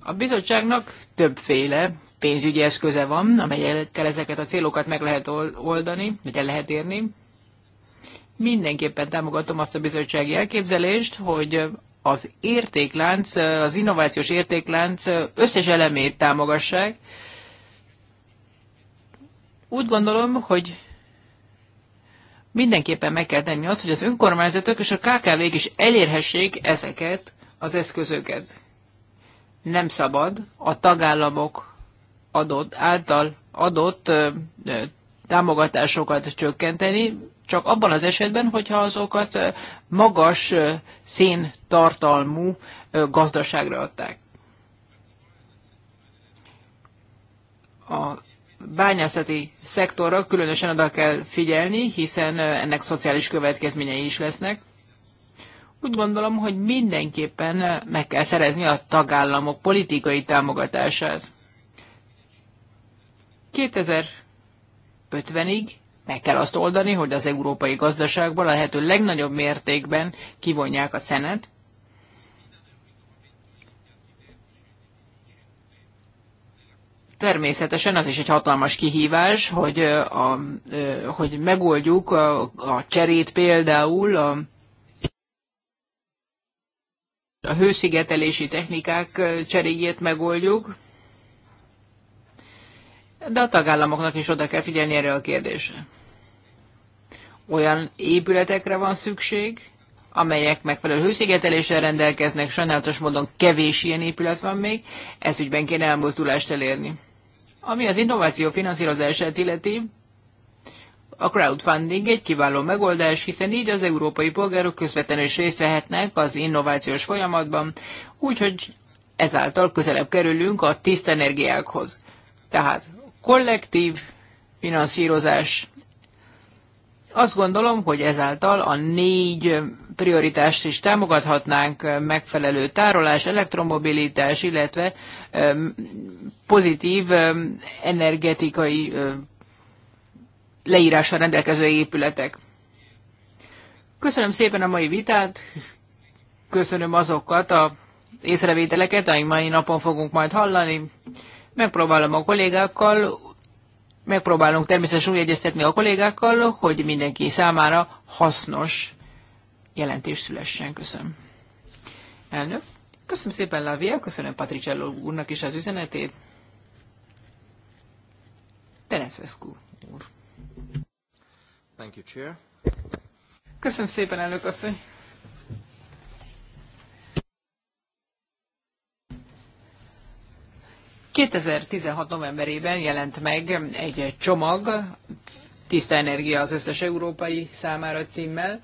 A bizottságnak többféle pénzügyi eszköze van, amelyekkel ezeket a célokat meg lehet oldani, vagy el lehet érni. Mindenképpen támogatom azt a bizottsági elképzelést, hogy az értéklánc, az innovációs értéklánc összes elemét támogassák. Úgy gondolom, hogy mindenképpen meg kell tenni azt, hogy az önkormányzatok és a KKV-k is elérhessék ezeket az eszközöket. Nem szabad a tagállamok adott, által adott ö, ö, támogatásokat csökkenteni, csak abban az esetben, hogyha azokat magas széntartalmú gazdaságra adták. A bányászati szektorra különösen oda kell figyelni, hiszen ennek szociális következményei is lesznek. Úgy gondolom, hogy mindenképpen meg kell szerezni a tagállamok politikai támogatását. 2050-ig meg kell azt oldani, hogy az európai gazdaságban a lehető legnagyobb mértékben kivonják a szenet. Természetesen az is egy hatalmas kihívás, hogy, a, hogy megoldjuk a, a cserét például a, a hőszigetelési technikák cseréjét megoldjuk de a tagállamoknak is oda kell figyelni erre a kérdésre. Olyan épületekre van szükség, amelyek megfelelő hőszigeteléssel rendelkeznek, sajnálatos módon kevés ilyen épület van még, ez ügyben kéne elmozdulást elérni. Ami az innováció finanszírozását illeti, a crowdfunding egy kiváló megoldás, hiszen így az európai polgárok közvetlenül is részt vehetnek az innovációs folyamatban, úgyhogy ezáltal közelebb kerülünk a tiszta energiákhoz. Tehát kollektív finanszírozás. Azt gondolom, hogy ezáltal a négy prioritást is támogathatnánk, megfelelő tárolás, elektromobilitás, illetve pozitív energetikai leírással rendelkező épületek. Köszönöm szépen a mai vitát, köszönöm azokat a észrevételeket, amik mai napon fogunk majd hallani. Megpróbálom a kollégákkal, megpróbálunk természetesen úgy egyeztetni a kollégákkal, hogy mindenki számára hasznos jelentés szülessen. Köszönöm. Elnök. Köszönöm szépen, Lavia, köszönöm Patricello úrnak is az üzenetét. Tereszeszkú úr. Thank you, Chair. Köszönöm szépen, elnök asszony. 2016. novemberében jelent meg egy csomag, Tiszta Energia az összes európai számára címmel.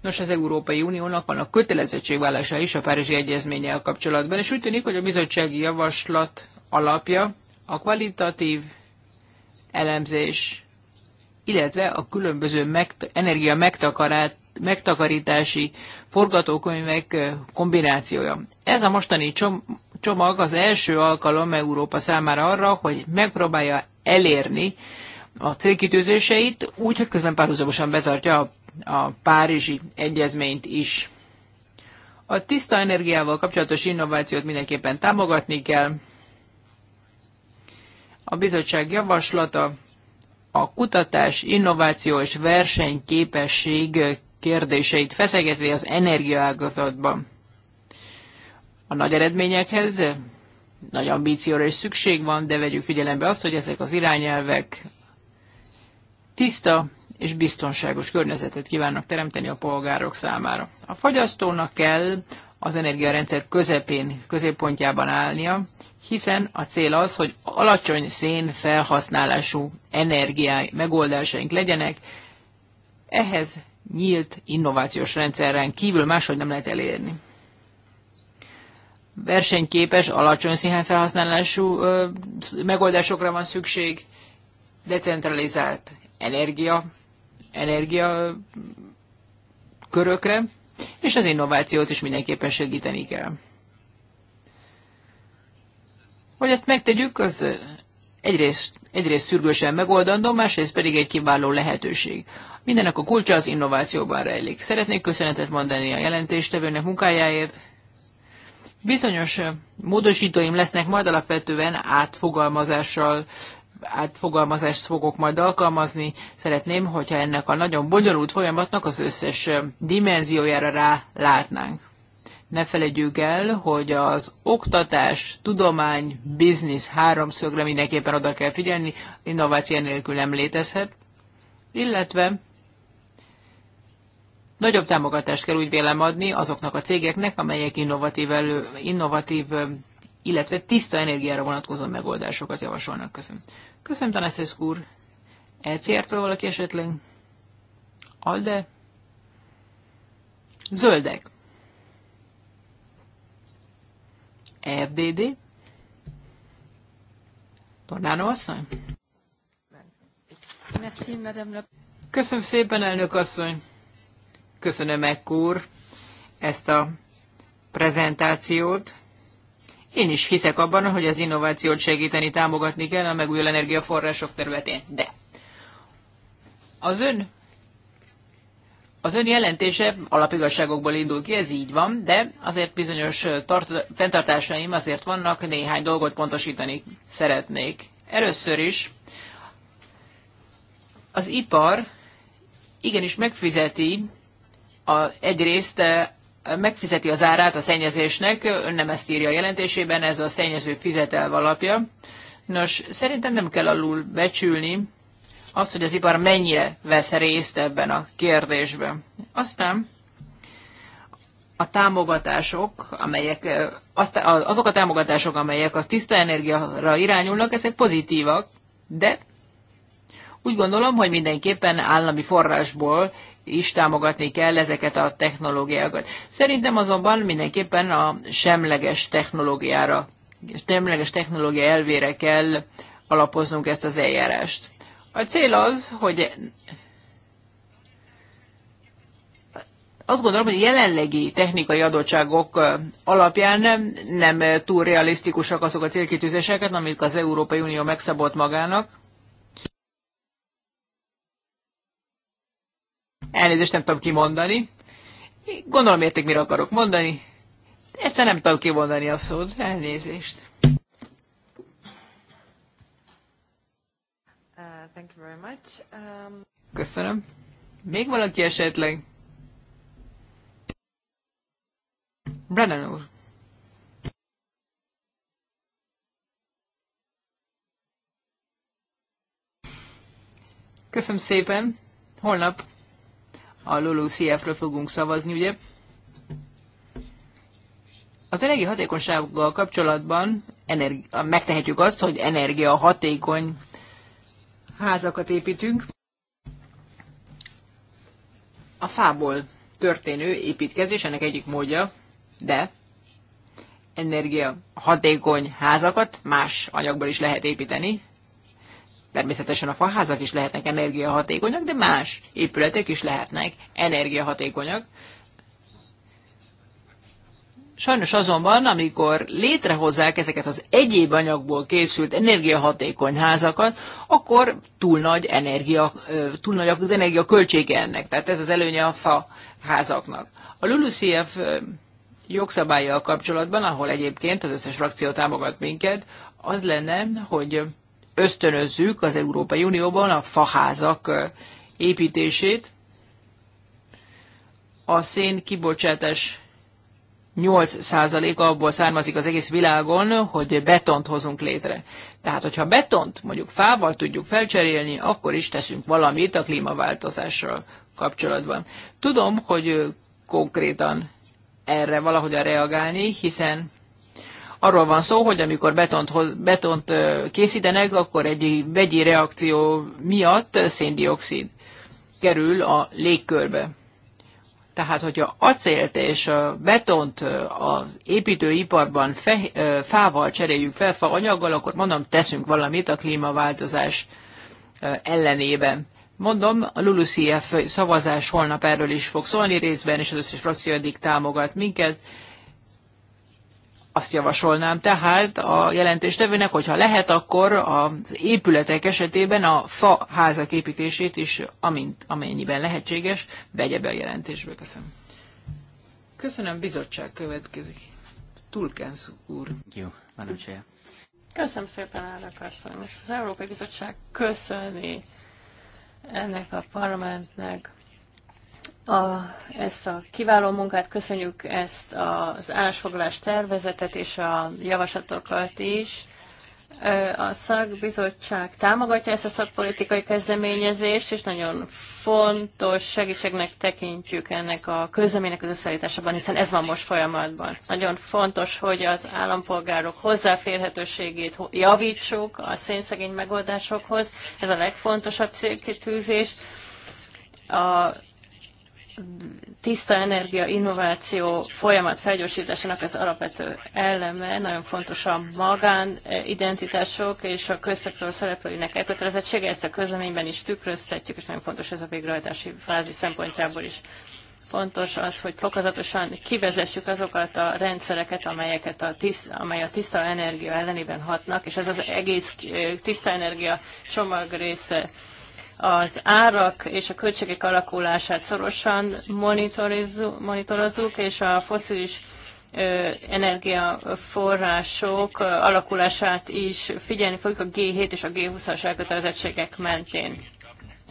Nos, az Európai Uniónak van a kötelezettségvállása is a Párizsi Egyezménnyel kapcsolatban, és úgy tűnik, hogy a bizottsági javaslat alapja a kvalitatív elemzés, illetve a különböző megt- energia megtakarát, megtakarítási forgatókönyvek kombinációja. Ez a mostani csom- csomag az első alkalom Európa számára arra, hogy megpróbálja elérni a célkitűzéseit, úgy, hogy közben párhuzamosan betartja a, a Párizsi Egyezményt is. A tiszta energiával kapcsolatos innovációt mindenképpen támogatni kell. A bizottság javaslata a kutatás, innováció és versenyképesség kérdéseit feszegeti az energiaágazatban a nagy eredményekhez, nagy ambícióra is szükség van, de vegyük figyelembe azt, hogy ezek az irányelvek tiszta és biztonságos környezetet kívánnak teremteni a polgárok számára. A fogyasztónak kell az energiarendszer közepén, középpontjában állnia, hiszen a cél az, hogy alacsony szén felhasználású energiái megoldásaink legyenek, ehhez nyílt innovációs rendszeren kívül máshogy nem lehet elérni versenyképes, alacsony ö, megoldásokra van szükség, decentralizált energia, energia körökre, és az innovációt is mindenképpen segíteni kell. Hogy ezt megtegyük, az egyrészt, egyrészt szürgősen megoldandó, másrészt pedig egy kiváló lehetőség. Mindenek a kulcsa az innovációban rejlik. Szeretnék köszönetet mondani a jelentéstevőnek munkájáért, Bizonyos módosítóim lesznek, majd alapvetően átfogalmazással átfogalmazást fogok majd alkalmazni. Szeretném, hogyha ennek a nagyon bonyolult folyamatnak az összes dimenziójára rá látnánk. Ne felejtjük el, hogy az oktatás, tudomány, biznisz háromszögre mindenképpen oda kell figyelni, innováció nélkül nem létezhet, illetve Nagyobb támogatást kell úgy vélem adni azoknak a cégeknek, amelyek innovatív, elő, innovatív illetve tiszta energiára vonatkozó megoldásokat javasolnak. Köszönöm. Köszönöm, Tanaszesz úr. ecr valaki esetleg? Alde? Zöldek. FDD? Tornáno asszony? Köszönöm szépen, elnök asszony. Köszönöm, ekkor ezt a prezentációt. Én is hiszek abban, hogy az innovációt segíteni, támogatni kell a megújuló energiaforrások területén. De az ön az ön jelentése alapigazságokból indul ki, ez így van, de azért bizonyos tart- fenntartásaim azért vannak, néhány dolgot pontosítani szeretnék. Először is az ipar igenis megfizeti a, egyrészt e, megfizeti az árát a szennyezésnek, ön nem ezt írja a jelentésében, ez a szennyező fizetel alapja. Nos, szerintem nem kell alul becsülni azt, hogy az ipar mennyire vesz részt ebben a kérdésben. Aztán a támogatások, amelyek, e, azok a támogatások, amelyek a tiszta energiára irányulnak, ezek pozitívak, de úgy gondolom, hogy mindenképpen állami forrásból is támogatni kell ezeket a technológiákat. Szerintem azonban mindenképpen a semleges technológiára, semleges technológia elvére kell alapoznunk ezt az eljárást. A cél az, hogy azt gondolom, hogy jelenlegi technikai adottságok alapján nem, nem túl realisztikusak azok a célkitűzéseket, amik az Európai Unió megszabott magának. elnézést nem tudom kimondani. Gondolom érték, mire akarok mondani. Egyszer nem tudom kimondani a szót, elnézést. Uh, thank you very much. Um... Köszönöm. Még valaki esetleg? Brennan úr. Köszönöm szépen. Holnap a LULUCF-ről fogunk szavazni, ugye? Az energiahatékonysággal kapcsolatban energi- megtehetjük azt, hogy energiahatékony házakat építünk. A fából történő építkezés ennek egyik módja, de energia hatékony házakat más anyagból is lehet építeni, Természetesen a faházak is lehetnek energiahatékonyak, de más épületek is lehetnek energiahatékonyak. Sajnos azonban, amikor létrehozzák ezeket az egyéb anyagból készült energiahatékony házakat, akkor túl nagy, energia, túl nagy az energia költsége ennek. Tehát ez az előnye a fa házaknak. A LULUCF jogszabályjal kapcsolatban, ahol egyébként az összes frakció támogat minket, az lenne, hogy ösztönözzük az Európai Unióban a faházak építését. A szén kibocsátás 8%-a abból származik az egész világon, hogy betont hozunk létre. Tehát, hogyha betont mondjuk fával tudjuk felcserélni, akkor is teszünk valamit a klímaváltozással kapcsolatban. Tudom, hogy konkrétan erre valahogy reagálni, hiszen arról van szó, hogy amikor betont, betont készítenek, akkor egy vegyi reakció miatt széndiokszid kerül a légkörbe. Tehát, hogyha acélt és a betont az építőiparban fe, fával cseréljük fel, fa anyaggal, akkor mondom, teszünk valamit a klímaváltozás ellenében. Mondom, a LULUCF szavazás holnap erről is fog szólni részben, és az összes frakció eddig támogat minket azt javasolnám tehát a jelentéstevőnek, hogyha lehet, akkor az épületek esetében a fa házak építését is, amint, amennyiben lehetséges, vegye be a jelentésbe. Köszönöm. Köszönöm, bizottság következik. Tulkens úr. Jó, Madam Chair. Köszönöm szépen, elnök asszony. És az Európai Bizottság köszöni ennek a parlamentnek a, ezt a kiváló munkát, köszönjük ezt az állásfoglalás tervezetet és a javaslatokat is. A szakbizottság támogatja ezt a szakpolitikai kezdeményezést, és nagyon fontos segítségnek tekintjük ennek a közleménynek az összeállításában, hiszen ez van most folyamatban. Nagyon fontos, hogy az állampolgárok hozzáférhetőségét javítsuk a szénszegény megoldásokhoz. Ez a legfontosabb célkitűzés. A tiszta energia, innováció folyamat felgyorsításának az alapvető eleme, nagyon fontos a magánidentitások eh, és a közszektor szereplőinek elkötelezettsége, ezt a közleményben is tükröztetjük, és nagyon fontos ez a végrehajtási fázis szempontjából is. Fontos az, hogy fokozatosan kivezessük azokat a rendszereket, amelyeket a tiszt, amely a tiszta energia ellenében hatnak, és ez az egész eh, tiszta energia csomag része az árak és a költségek alakulását szorosan monitorozzuk, és a foszilis energiaforrások alakulását is figyelni fogjuk a G7 és a G20-as elkötelezettségek mentén.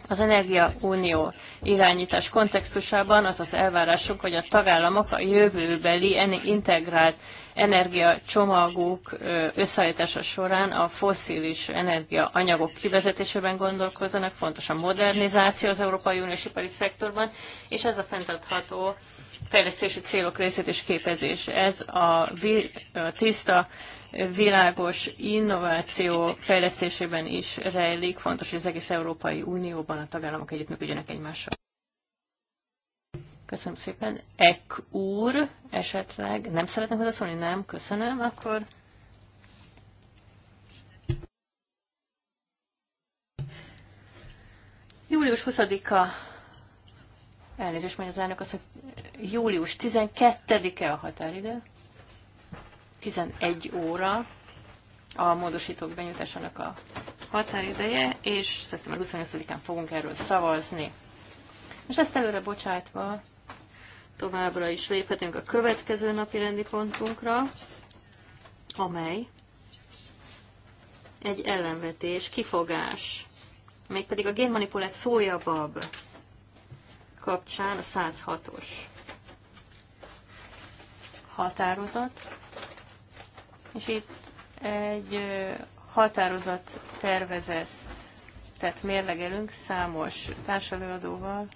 Az Energia Unió irányítás kontextusában az az elvárásuk, hogy a tagállamok a jövőbeli integrált energiacsomagok összeállítása során a fosszilis energiaanyagok kivezetésében gondolkozzanak, fontos a modernizáció az Európai Uniós ipari szektorban, és ez a fenntartható fejlesztési célok részét is képezés. Ez a, tiszta világos innováció fejlesztésében is rejlik. Fontos, hogy az egész Európai Unióban a tagállamok együttműködjenek egymással. Köszönöm szépen. Ek úr esetleg nem szeretném hozzászólni? Nem? Köszönöm. Akkor Július 20-a, elnézést, majd az elnök az, hogy július 12-e a határidő. 11 óra a módosítók benyújtásának a határideje, és szeptember 28-án fogunk erről szavazni. És ezt előre bocsátva továbbra is léphetünk a következő napi rendi pontunkra, amely egy ellenvetés, kifogás, mégpedig a génmanipulált szójabab kapcsán a 106-os határozat. És itt egy határozat tervezet, tehát mérlegelünk számos társelőadóval,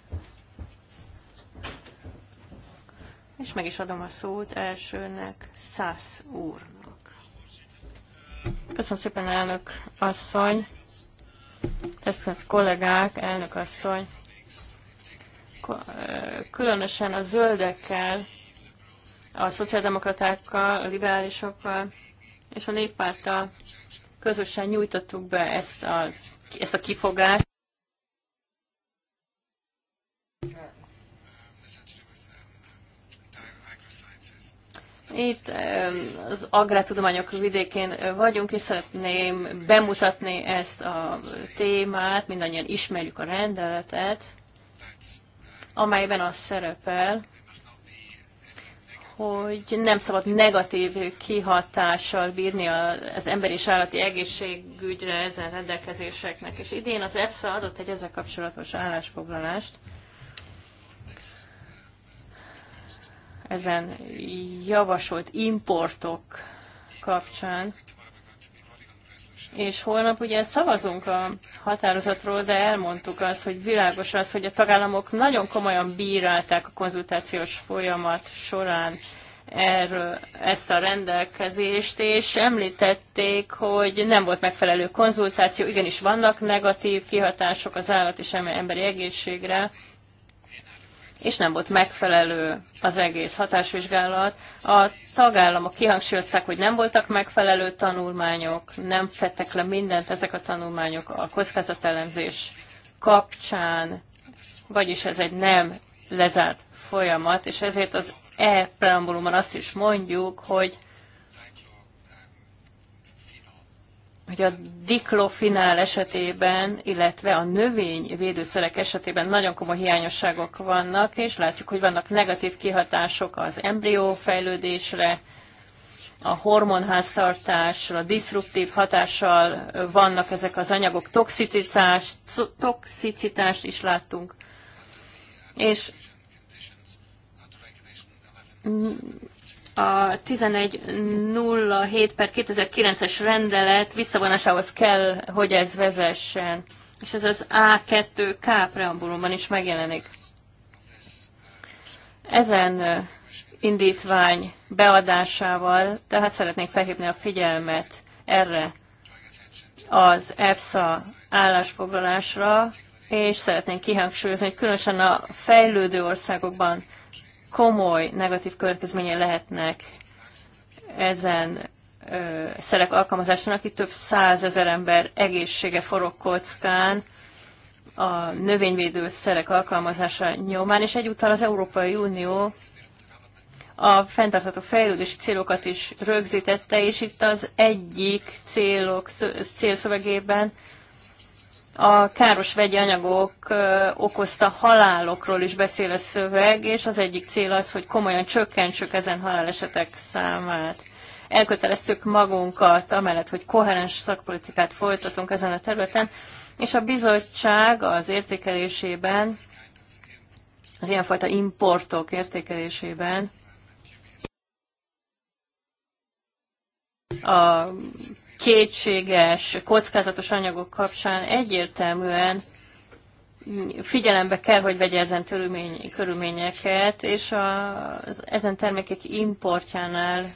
és meg is adom a szót elsőnek Szász úrnak. Köszönöm szépen, elnök asszony, tisztelt kollégák, elnök asszony. Különösen a zöldekkel, a szociáldemokratákkal, a liberálisokkal és a néppárttal közösen nyújtottuk be ezt, a, ezt a kifogást. Itt az agrártudományok vidékén vagyunk, és szeretném bemutatni ezt a témát, mindannyian ismerjük a rendeletet, amelyben az szerepel, hogy nem szabad negatív kihatással bírni az ember és állati egészségügyre ezen rendelkezéseknek. És idén az EFSA adott egy ezzel kapcsolatos állásfoglalást. Ezen javasolt importok kapcsán és holnap ugye szavazunk a határozatról, de elmondtuk azt, hogy világos az, hogy a tagállamok nagyon komolyan bírálták a konzultációs folyamat során erről, ezt a rendelkezést, és említették, hogy nem volt megfelelő konzultáció, igenis vannak negatív kihatások az állat és emberi egészségre, és nem volt megfelelő az egész hatásvizsgálat. A tagállamok kihangsúlyozták, hogy nem voltak megfelelő tanulmányok, nem fettek le mindent ezek a tanulmányok a kockázatelemzés kapcsán, vagyis ez egy nem lezárt folyamat, és ezért az e preambulumon azt is mondjuk, hogy hogy a diklofinál esetében, illetve a növényvédőszerek esetében nagyon komoly hiányosságok vannak, és látjuk, hogy vannak negatív kihatások az embrió fejlődésre, a hormonháztartásra, a diszruptív hatással vannak ezek az anyagok, toxicitást, toxicitást is láttunk. És a 1107 per 2009-es rendelet visszavonásához kell, hogy ez vezessen. És ez az A2K preambulumban is megjelenik. Ezen indítvány beadásával, tehát szeretnék felhívni a figyelmet erre az EFSA állásfoglalásra, és szeretnénk kihangsúlyozni, hogy különösen a fejlődő országokban komoly negatív következményei lehetnek ezen ö, szerek alkalmazásának. Itt több százezer ember egészsége forog kockán a szerek alkalmazása nyomán, és egyúttal az Európai Unió a fenntartható fejlődési célokat is rögzítette, és itt az egyik célok, célszövegében a káros vegyi anyagok okozta halálokról is beszél a szöveg, és az egyik cél az, hogy komolyan csökkentsük ezen halálesetek számát. Elköteleztük magunkat, amellett, hogy koherens szakpolitikát folytatunk ezen a területen, és a bizottság az értékelésében, az ilyenfajta importok értékelésében a kétséges, kockázatos anyagok kapcsán egyértelműen figyelembe kell, hogy vegye ezen törülmény, körülményeket, és a, az, ezen termékek importjánál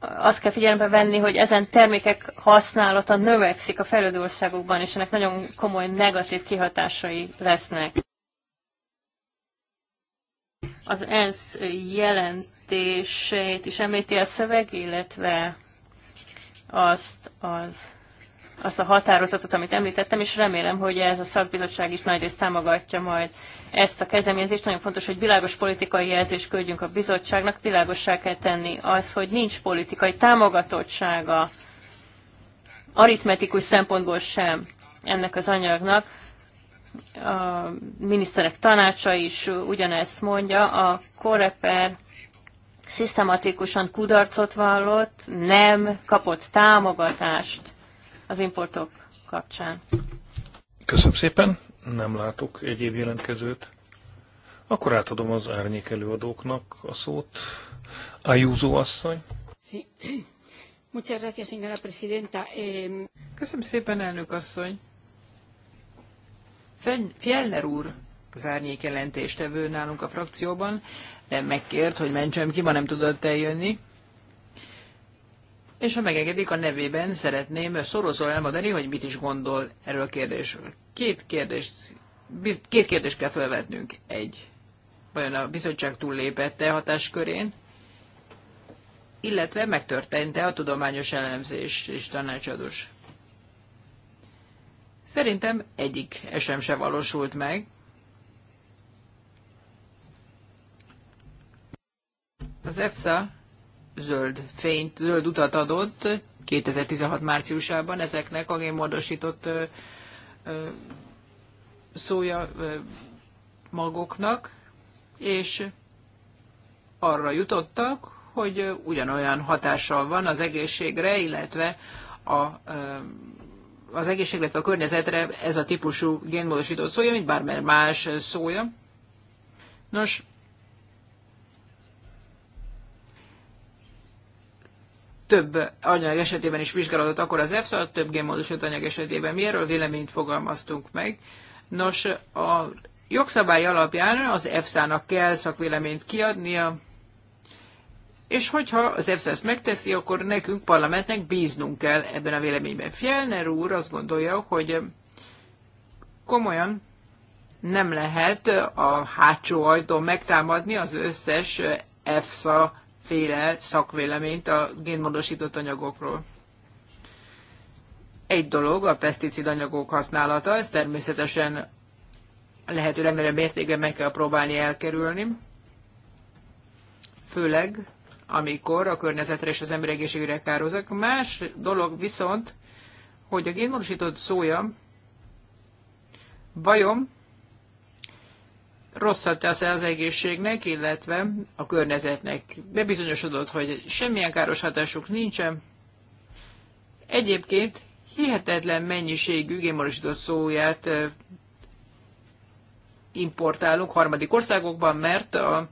azt kell figyelembe venni, hogy ezen termékek használata növekszik a fejlődő országokban, és ennek nagyon komoly negatív kihatásai lesznek. Az ENSZ jelent említését is említi a szöveg, illetve azt az azt a határozatot, amit említettem, és remélem, hogy ez a szakbizottság is nagyrészt támogatja majd ezt a kezdeményezést. Nagyon fontos, hogy világos politikai jelzést küldjünk a bizottságnak, világossá kell tenni az, hogy nincs politikai támogatottsága aritmetikus szempontból sem ennek az anyagnak. A miniszterek tanácsa is ugyanezt mondja, a Koreper szisztematikusan kudarcot vallott, nem kapott támogatást az importok kapcsán. Köszönöm szépen, nem látok egyéb jelentkezőt. Akkor átadom az árnyék előadóknak a szót. Ajúzó asszony. Sí. Muchas gracias, señora presidenta. Köszönöm szépen, elnök asszony. Fjellner úr az árnyék jelentéstevő nálunk a frakcióban nem megkért, hogy mentsem ki, ma nem tudott eljönni. És ha megengedik, a nevében szeretném szorozó elmondani, hogy mit is gondol erről a kérdésről. Két kérdést, két kérdést kell felvetnünk. Egy, vajon a bizottság túllépette hatáskörén, illetve megtörtént-e a tudományos elemzés és tanácsadós. Szerintem egyik esem se valósult meg, Az EFSA zöld fényt, zöld utat adott 2016 márciusában ezeknek a génmódosított szója magoknak, és arra jutottak, hogy ugyanolyan hatással van az egészségre, illetve a, az egészségre, illetve a környezetre ez a típusú génmódosított szója, mint bármely más szója. Nos, több anyag esetében is vizsgálódott, akkor az EFSA a több génmódosított anyag esetében mi erről véleményt fogalmaztunk meg. Nos, a jogszabály alapján az EFSA-nak kell szakvéleményt kiadnia, és hogyha az EFSA ezt megteszi, akkor nekünk, parlamentnek bíznunk kell ebben a véleményben. Fjellner úr azt gondolja, hogy komolyan nem lehet a hátsó ajtón megtámadni az összes EFSA féle szakvéleményt a génmódosított anyagokról. Egy dolog a anyagok használata, ez természetesen lehető legnagyobb mértékben meg kell próbálni elkerülni, főleg amikor a környezetre és az ember egészségére kározak. Más dolog viszont, hogy a génmódosított szója vajon rosszat tesz az egészségnek, illetve a környezetnek. Bebizonyosodott, hogy semmilyen káros hatásuk nincsen. Egyébként hihetetlen mennyiségű gémorosított szóját importálunk harmadik országokban, mert a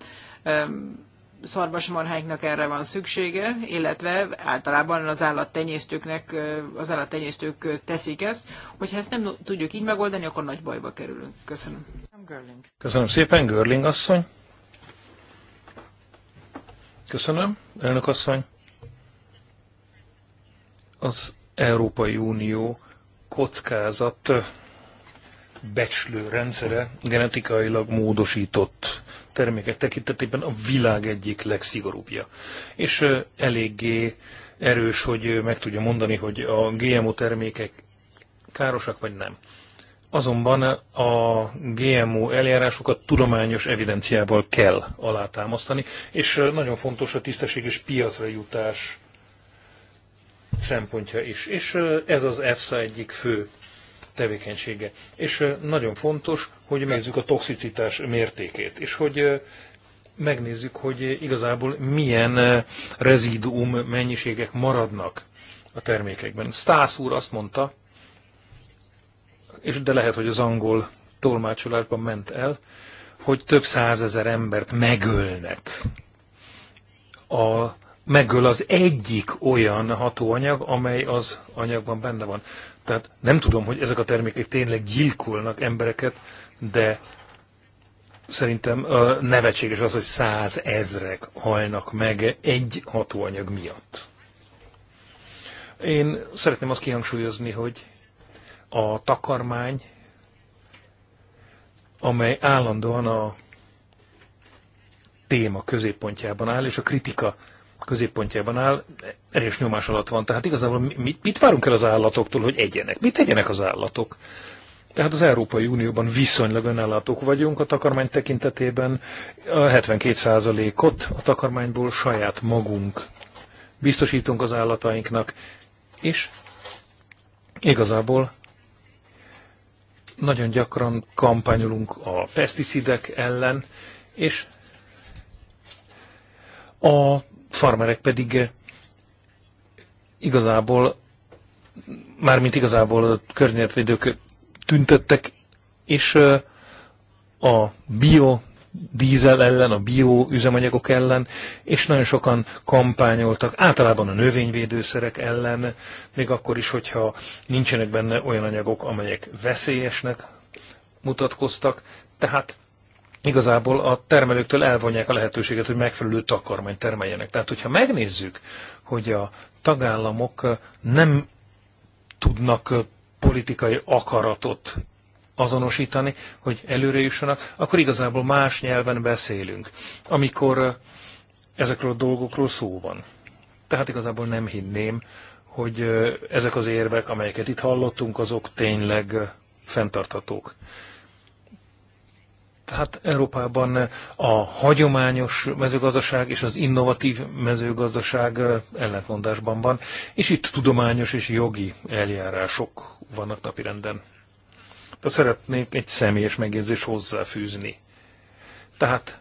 szarvasmarháknak erre van szüksége, illetve általában az állattenyésztőknek, az állattenyésztők teszik ezt. Hogyha ezt nem tudjuk így megoldani, akkor nagy bajba kerülünk. Köszönöm. Köszönöm szépen, Görling asszony. Köszönöm, elnök asszony. Az Európai Unió kockázat becslő rendszere genetikailag módosított termékek tekintetében a világ egyik legszigorúbbja. És eléggé erős, hogy meg tudja mondani, hogy a GMO termékek károsak vagy nem. Azonban a GMO eljárásokat tudományos evidenciával kell alátámasztani, és nagyon fontos a tisztességes piacra jutás szempontja is. És ez az EFSA egyik fő tevékenysége. És nagyon fontos, hogy megnézzük a toxicitás mértékét, és hogy megnézzük, hogy igazából milyen reziduum mennyiségek maradnak a termékekben. Stász úr azt mondta, és de lehet, hogy az angol tolmácsolásban ment el, hogy több százezer embert megölnek. A, megöl az egyik olyan hatóanyag, amely az anyagban benne van. Tehát nem tudom, hogy ezek a termékek tényleg gyilkolnak embereket, de szerintem uh, nevetséges az, hogy százezrek halnak meg egy hatóanyag miatt. Én szeretném azt kihangsúlyozni, hogy a takarmány, amely állandóan a téma középpontjában áll, és a kritika középpontjában áll, erős nyomás alatt van. Tehát igazából mit, mit várunk el az állatoktól, hogy egyenek? Mit tegyenek az állatok? Tehát az Európai Unióban viszonylag önállatok vagyunk a takarmány tekintetében. A 72%-ot a takarmányból saját magunk biztosítunk az állatainknak, és igazából nagyon gyakran kampányolunk a peszticidek ellen, és a farmerek pedig igazából, mármint igazából környezetvédők tüntettek, és a bio dízel ellen, a üzemanyagok ellen, és nagyon sokan kampányoltak, általában a növényvédőszerek ellen, még akkor is, hogyha nincsenek benne olyan anyagok, amelyek veszélyesnek mutatkoztak, tehát igazából a termelőktől elvonják a lehetőséget, hogy megfelelő takarmány termeljenek. Tehát, hogyha megnézzük, hogy a tagállamok nem tudnak politikai akaratot azonosítani, hogy előre jussanak, akkor igazából más nyelven beszélünk, amikor ezekről a dolgokról szó van. Tehát igazából nem hinném, hogy ezek az érvek, amelyeket itt hallottunk, azok tényleg fenntarthatók. Tehát Európában a hagyományos mezőgazdaság és az innovatív mezőgazdaság ellentmondásban van, és itt tudományos és jogi eljárások vannak napirenden. De szeretnék egy személyes megjegyzés hozzáfűzni. Tehát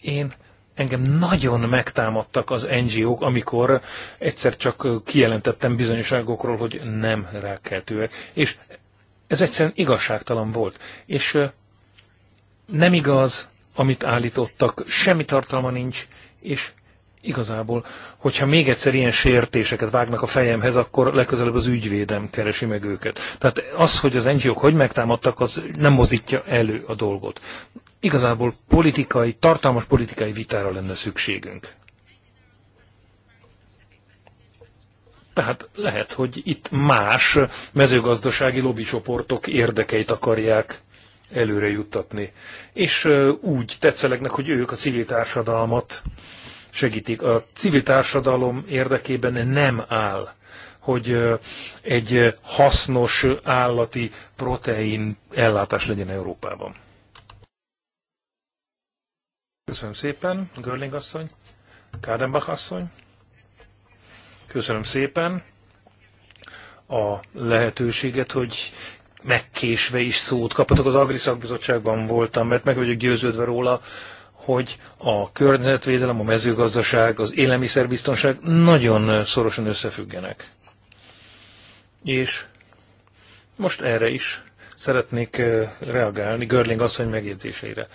én engem nagyon megtámadtak az NGO-k, amikor egyszer csak kijelentettem bizonyoságokról, hogy nem rákeltőek. És ez egyszerűen igazságtalan volt. És nem igaz, amit állítottak, semmi tartalma nincs, és Igazából, hogyha még egyszer ilyen sértéseket vágnak a fejemhez, akkor legközelebb az ügyvédem keresi meg őket. Tehát az, hogy az NGO-k hogy megtámadtak, az nem mozítja elő a dolgot. Igazából politikai, tartalmas politikai vitára lenne szükségünk. Tehát lehet, hogy itt más mezőgazdasági lobbycsoportok érdekeit akarják előre juttatni. És úgy tetszelegnek, hogy ők a civil társadalmat segítik. A civil társadalom érdekében nem áll, hogy egy hasznos állati protein ellátás legyen Európában. Köszönöm szépen, Görling asszony, Kádenbach asszony. Köszönöm szépen a lehetőséget, hogy megkésve is szót kaphatok. Az Agri voltam, mert meg vagyok győződve róla, hogy a környezetvédelem, a mezőgazdaság, az élelmiszerbiztonság nagyon szorosan összefüggenek. És most erre is szeretnék eh, reagálni Görling asszony megjegyzéseire.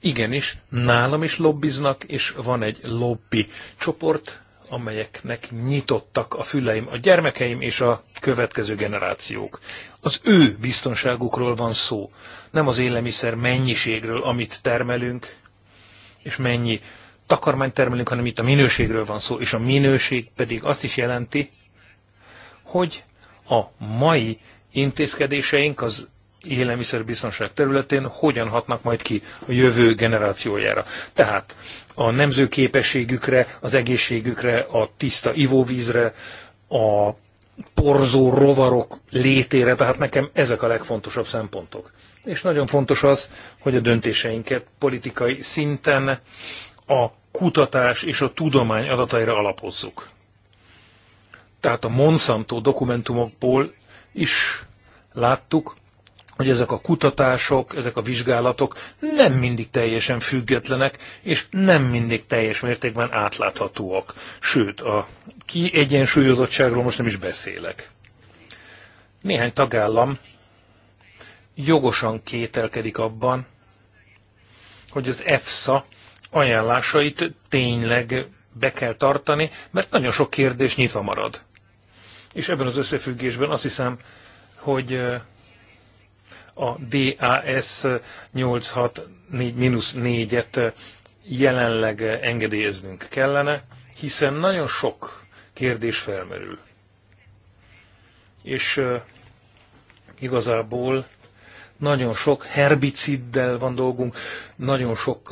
Igenis, nálam is lobbiznak, és van egy lobby csoport, amelyeknek nyitottak a füleim, a gyermekeim és a következő generációk. Az ő biztonságukról van szó, nem az élelmiszer mennyiségről, amit termelünk, és mennyi takarmányt termelünk, hanem itt a minőségről van szó, és a minőség pedig azt is jelenti, hogy a mai intézkedéseink az élelmiszerbiztonság területén hogyan hatnak majd ki a jövő generációjára. Tehát a nemzőképességükre, az egészségükre, a tiszta ivóvízre, a porzó rovarok létére, tehát nekem ezek a legfontosabb szempontok és nagyon fontos az, hogy a döntéseinket politikai szinten a kutatás és a tudomány adataira alapozzuk. Tehát a Monsanto dokumentumokból is láttuk, hogy ezek a kutatások, ezek a vizsgálatok nem mindig teljesen függetlenek, és nem mindig teljes mértékben átláthatóak. Sőt, a kiegyensúlyozottságról most nem is beszélek. Néhány tagállam jogosan kételkedik abban, hogy az EFSA ajánlásait tényleg be kell tartani, mert nagyon sok kérdés nyitva marad. És ebben az összefüggésben azt hiszem, hogy eh, a DAS 864-4-et eh, jelenleg engedélyeznünk kellene, hiszen nagyon sok kérdés felmerül. És eh, igazából nagyon sok herbiciddel van dolgunk, nagyon sok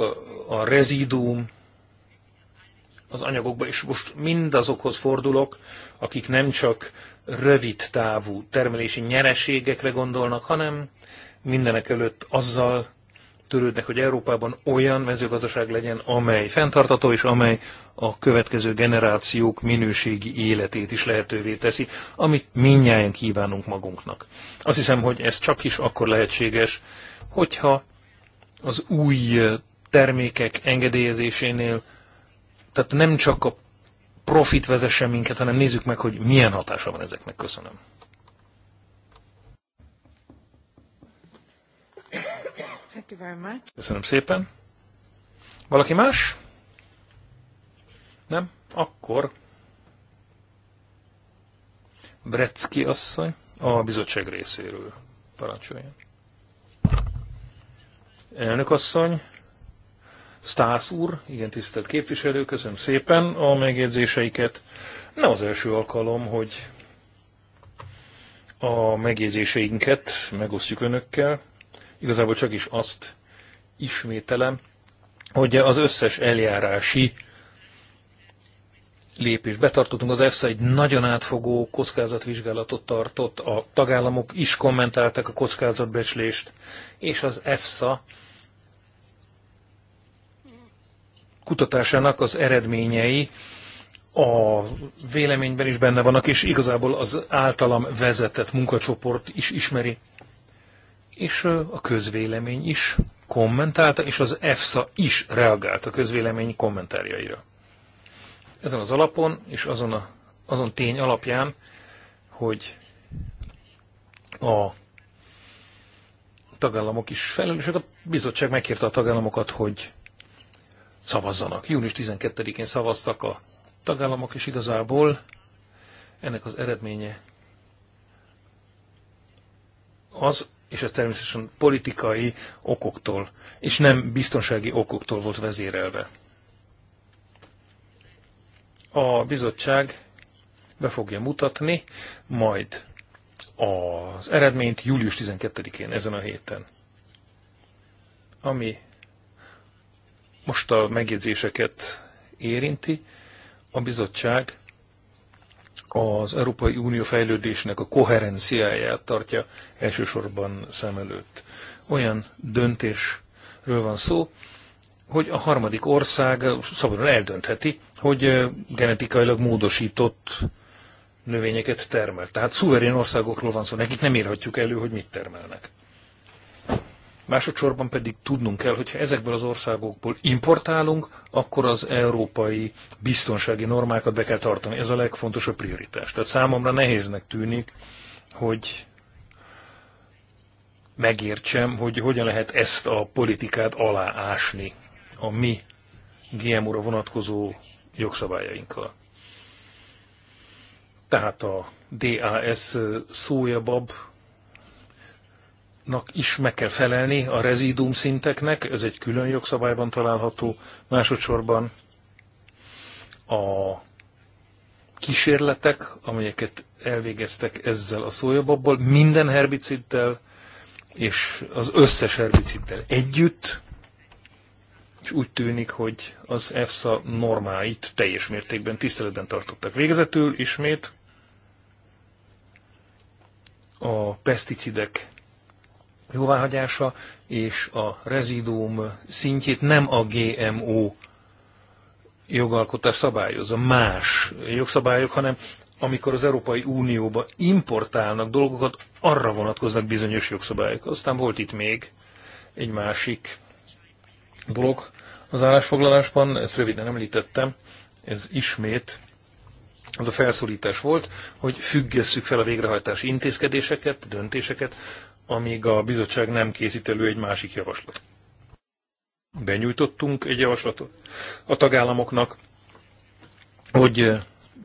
a rezidúm az anyagokban, és most mindazokhoz fordulok, akik nem csak rövid távú termelési nyereségekre gondolnak, hanem mindenek előtt azzal törődnek, hogy Európában olyan mezőgazdaság legyen, amely fenntartató, és amely a következő generációk minőségi életét is lehetővé teszi, amit minnyáján kívánunk magunknak. Azt hiszem, hogy ez csak is akkor lehetséges, hogyha az új termékek engedélyezésénél, tehát nem csak a profit vezesse minket, hanem nézzük meg, hogy milyen hatása van ezeknek. Köszönöm. Köszönöm szépen. Valaki más? Nem? Akkor Brecki asszony a bizottság részéről parancsoljon. Elnök asszony, Stász úr, igen tisztelt képviselő, köszönöm szépen a megjegyzéseiket. Nem az első alkalom, hogy a megjegyzéseinket megosztjuk önökkel igazából csak is azt ismételem, hogy az összes eljárási lépés betartottunk. Az EFSA egy nagyon átfogó kockázatvizsgálatot tartott, a tagállamok is kommentálták a kockázatbecslést, és az EFSA kutatásának az eredményei a véleményben is benne vannak, és igazából az általam vezetett munkacsoport is ismeri és a közvélemény is kommentálta, és az EFSA is reagált a közvélemény kommentárjaira. Ezen az alapon, és azon, a, azon tény alapján, hogy a tagállamok is felelősek, a bizottság megkérte a tagállamokat, hogy szavazzanak. Június 12-én szavaztak a tagállamok, és igazából ennek az eredménye az, és ez természetesen politikai okoktól, és nem biztonsági okoktól volt vezérelve. A bizottság be fogja mutatni majd az eredményt július 12-én, ezen a héten. Ami most a megjegyzéseket érinti, a bizottság az Európai Unió fejlődésnek a koherenciáját tartja elsősorban szem előtt. Olyan döntésről van szó, hogy a harmadik ország szabadon eldöntheti, hogy genetikailag módosított növényeket termel. Tehát szuverén országokról van szó, nekik nem írhatjuk elő, hogy mit termelnek. Másodszorban pedig tudnunk kell, hogyha ezekből az országokból importálunk, akkor az európai biztonsági normákat be kell tartani. Ez a legfontosabb prioritás. Tehát számomra nehéznek tűnik, hogy megértsem, hogy hogyan lehet ezt a politikát aláásni a mi GMO-ra vonatkozó jogszabályainkkal. Tehát a DAS bab, is meg kell felelni a rezidum szinteknek, ez egy külön jogszabályban található, másodszorban a kísérletek, amelyeket elvégeztek ezzel a szójababbal, minden herbiciddel és az összes herbiciddel együtt, és úgy tűnik, hogy az EFSA normáit teljes mértékben tiszteletben tartottak. Végezetül ismét a peszticidek jóváhagyása és a rezidum szintjét nem a GMO jogalkotás szabályozza, más jogszabályok, hanem amikor az Európai Unióba importálnak dolgokat, arra vonatkoznak bizonyos jogszabályok. Aztán volt itt még egy másik dolog az állásfoglalásban, ezt röviden említettem, ez ismét az a felszólítás volt, hogy függesszük fel a végrehajtási intézkedéseket, döntéseket amíg a bizottság nem készít elő egy másik javaslatot. Benyújtottunk egy javaslatot a tagállamoknak, hogy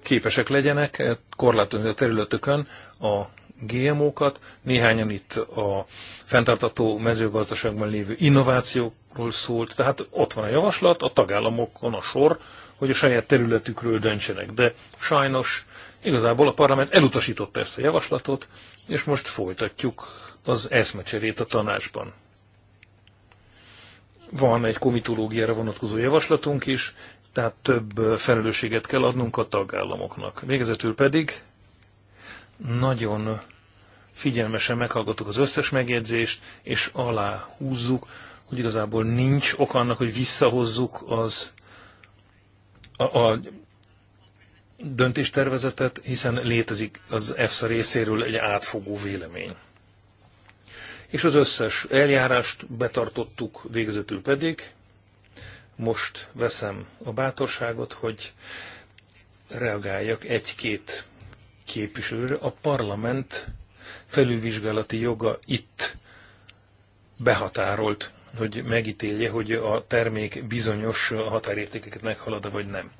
képesek legyenek korlátozni a területökön a GMO-kat, néhányan itt a fenntartató mezőgazdaságban lévő innovációkról szólt, tehát ott van a javaslat, a tagállamokon a sor, hogy a saját területükről döntsenek, de sajnos igazából a parlament elutasította ezt a javaslatot, és most folytatjuk az eszmecserét a tanácsban. Van egy komitológiára vonatkozó javaslatunk is, tehát több felelősséget kell adnunk a tagállamoknak. Végezetül pedig nagyon figyelmesen meghallgattuk az összes megjegyzést, és aláhúzzuk, hogy igazából nincs ok annak, hogy visszahozzuk az a, a döntéstervezetet, hiszen létezik az EFSA részéről egy átfogó vélemény és az összes eljárást betartottuk, végzetül pedig most veszem a bátorságot, hogy reagáljak egy-két képviselőre. A parlament felülvizsgálati joga itt behatárolt, hogy megítélje, hogy a termék bizonyos határértékeket meghalad vagy nem.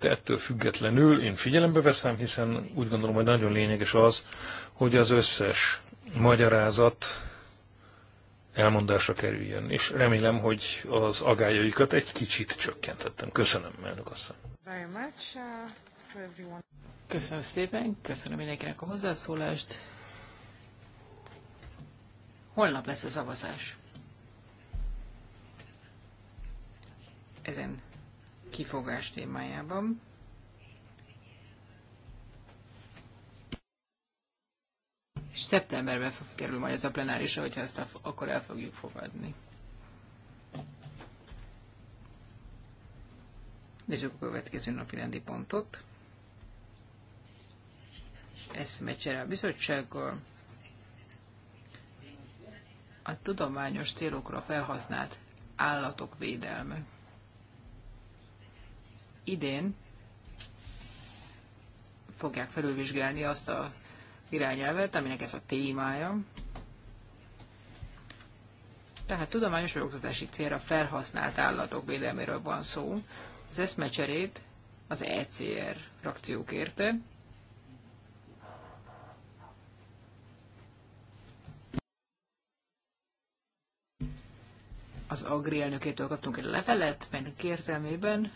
De ettől függetlenül én figyelembe veszem, hiszen úgy gondolom, hogy nagyon lényeges az, hogy az összes magyarázat elmondásra kerüljön, és remélem, hogy az agályaikat egy kicsit csökkentettem. Köszönöm, elnök asszony. Uh, köszönöm szépen, köszönöm mindenkinek a hozzászólást. Holnap lesz a szavazás. Ezen kifogás témájában. és szeptemberben kerül majd ez a plenárisra, hogyha ezt akkor el fogjuk fogadni. Nézzük a következő napi rendi pontot. Eszmecsere a bizottsággal. A tudományos célokra felhasznált állatok védelme. Idén fogják felülvizsgálni azt a irányelvet, aminek ez a témája. Tehát tudományos vagy oktatási célra felhasznált állatok védelméről van szó. Az eszmecserét az ECR frakciók érte. Az Agri elnökétől kaptunk egy levelet, melynek értelmében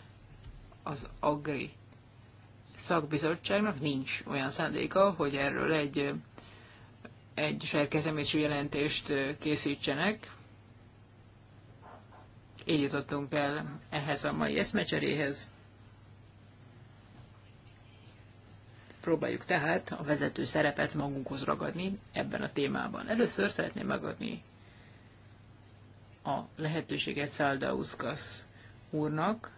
az Agri szakbizottságnak nincs olyan szándéka, hogy erről egy, egy serkezemésű jelentést készítsenek. Így jutottunk el ehhez a mai eszmecseréhez. Próbáljuk tehát a vezető szerepet magunkhoz ragadni ebben a témában. Először szeretném megadni a lehetőséget Szálda úrnak,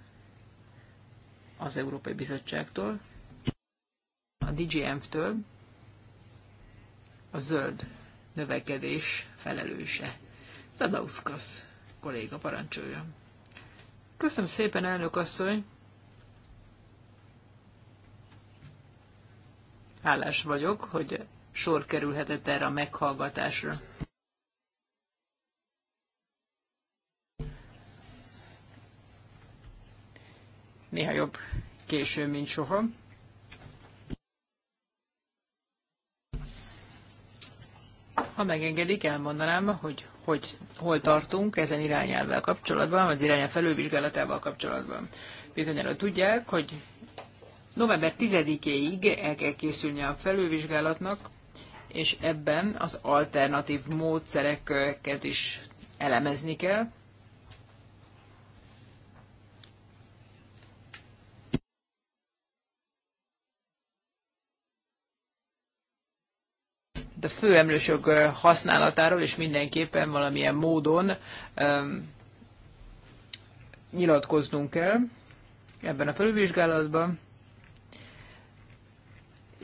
az Európai Bizottságtól, a dgm től a zöld növekedés felelőse. Zadauskas kolléga parancsolja. Köszönöm szépen, elnök asszony! Hálás vagyok, hogy sor kerülhetett erre a meghallgatásra. Néha jobb késő, mint soha. Ha megengedik, elmondanám, hogy, hogy hol tartunk ezen irányelvvel kapcsolatban, az irányelv felülvizsgálatával kapcsolatban. Bizonyára tudják, hogy november 10-éig el kell készülni a felülvizsgálatnak, és ebben az alternatív módszereket is elemezni kell. a főemlősök használatáról, és mindenképpen valamilyen módon nyilatkoznunk kell ebben a felülvizsgálatban.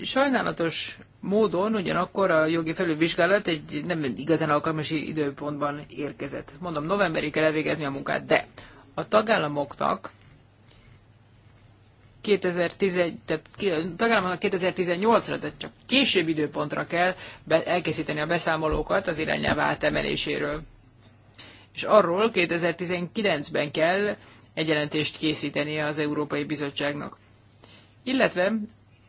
Sajnálatos módon ugyanakkor a jogi felülvizsgálat egy nem igazán alkalmas időpontban érkezett. Mondom, novemberig kell elvégezni a munkát, de a tagállamoknak 2010, tehát 2018-ra, tehát csak később időpontra kell elkészíteni a beszámolókat az irányelv átemeléséről. És arról 2019-ben kell egy jelentést készíteni az Európai Bizottságnak. Illetve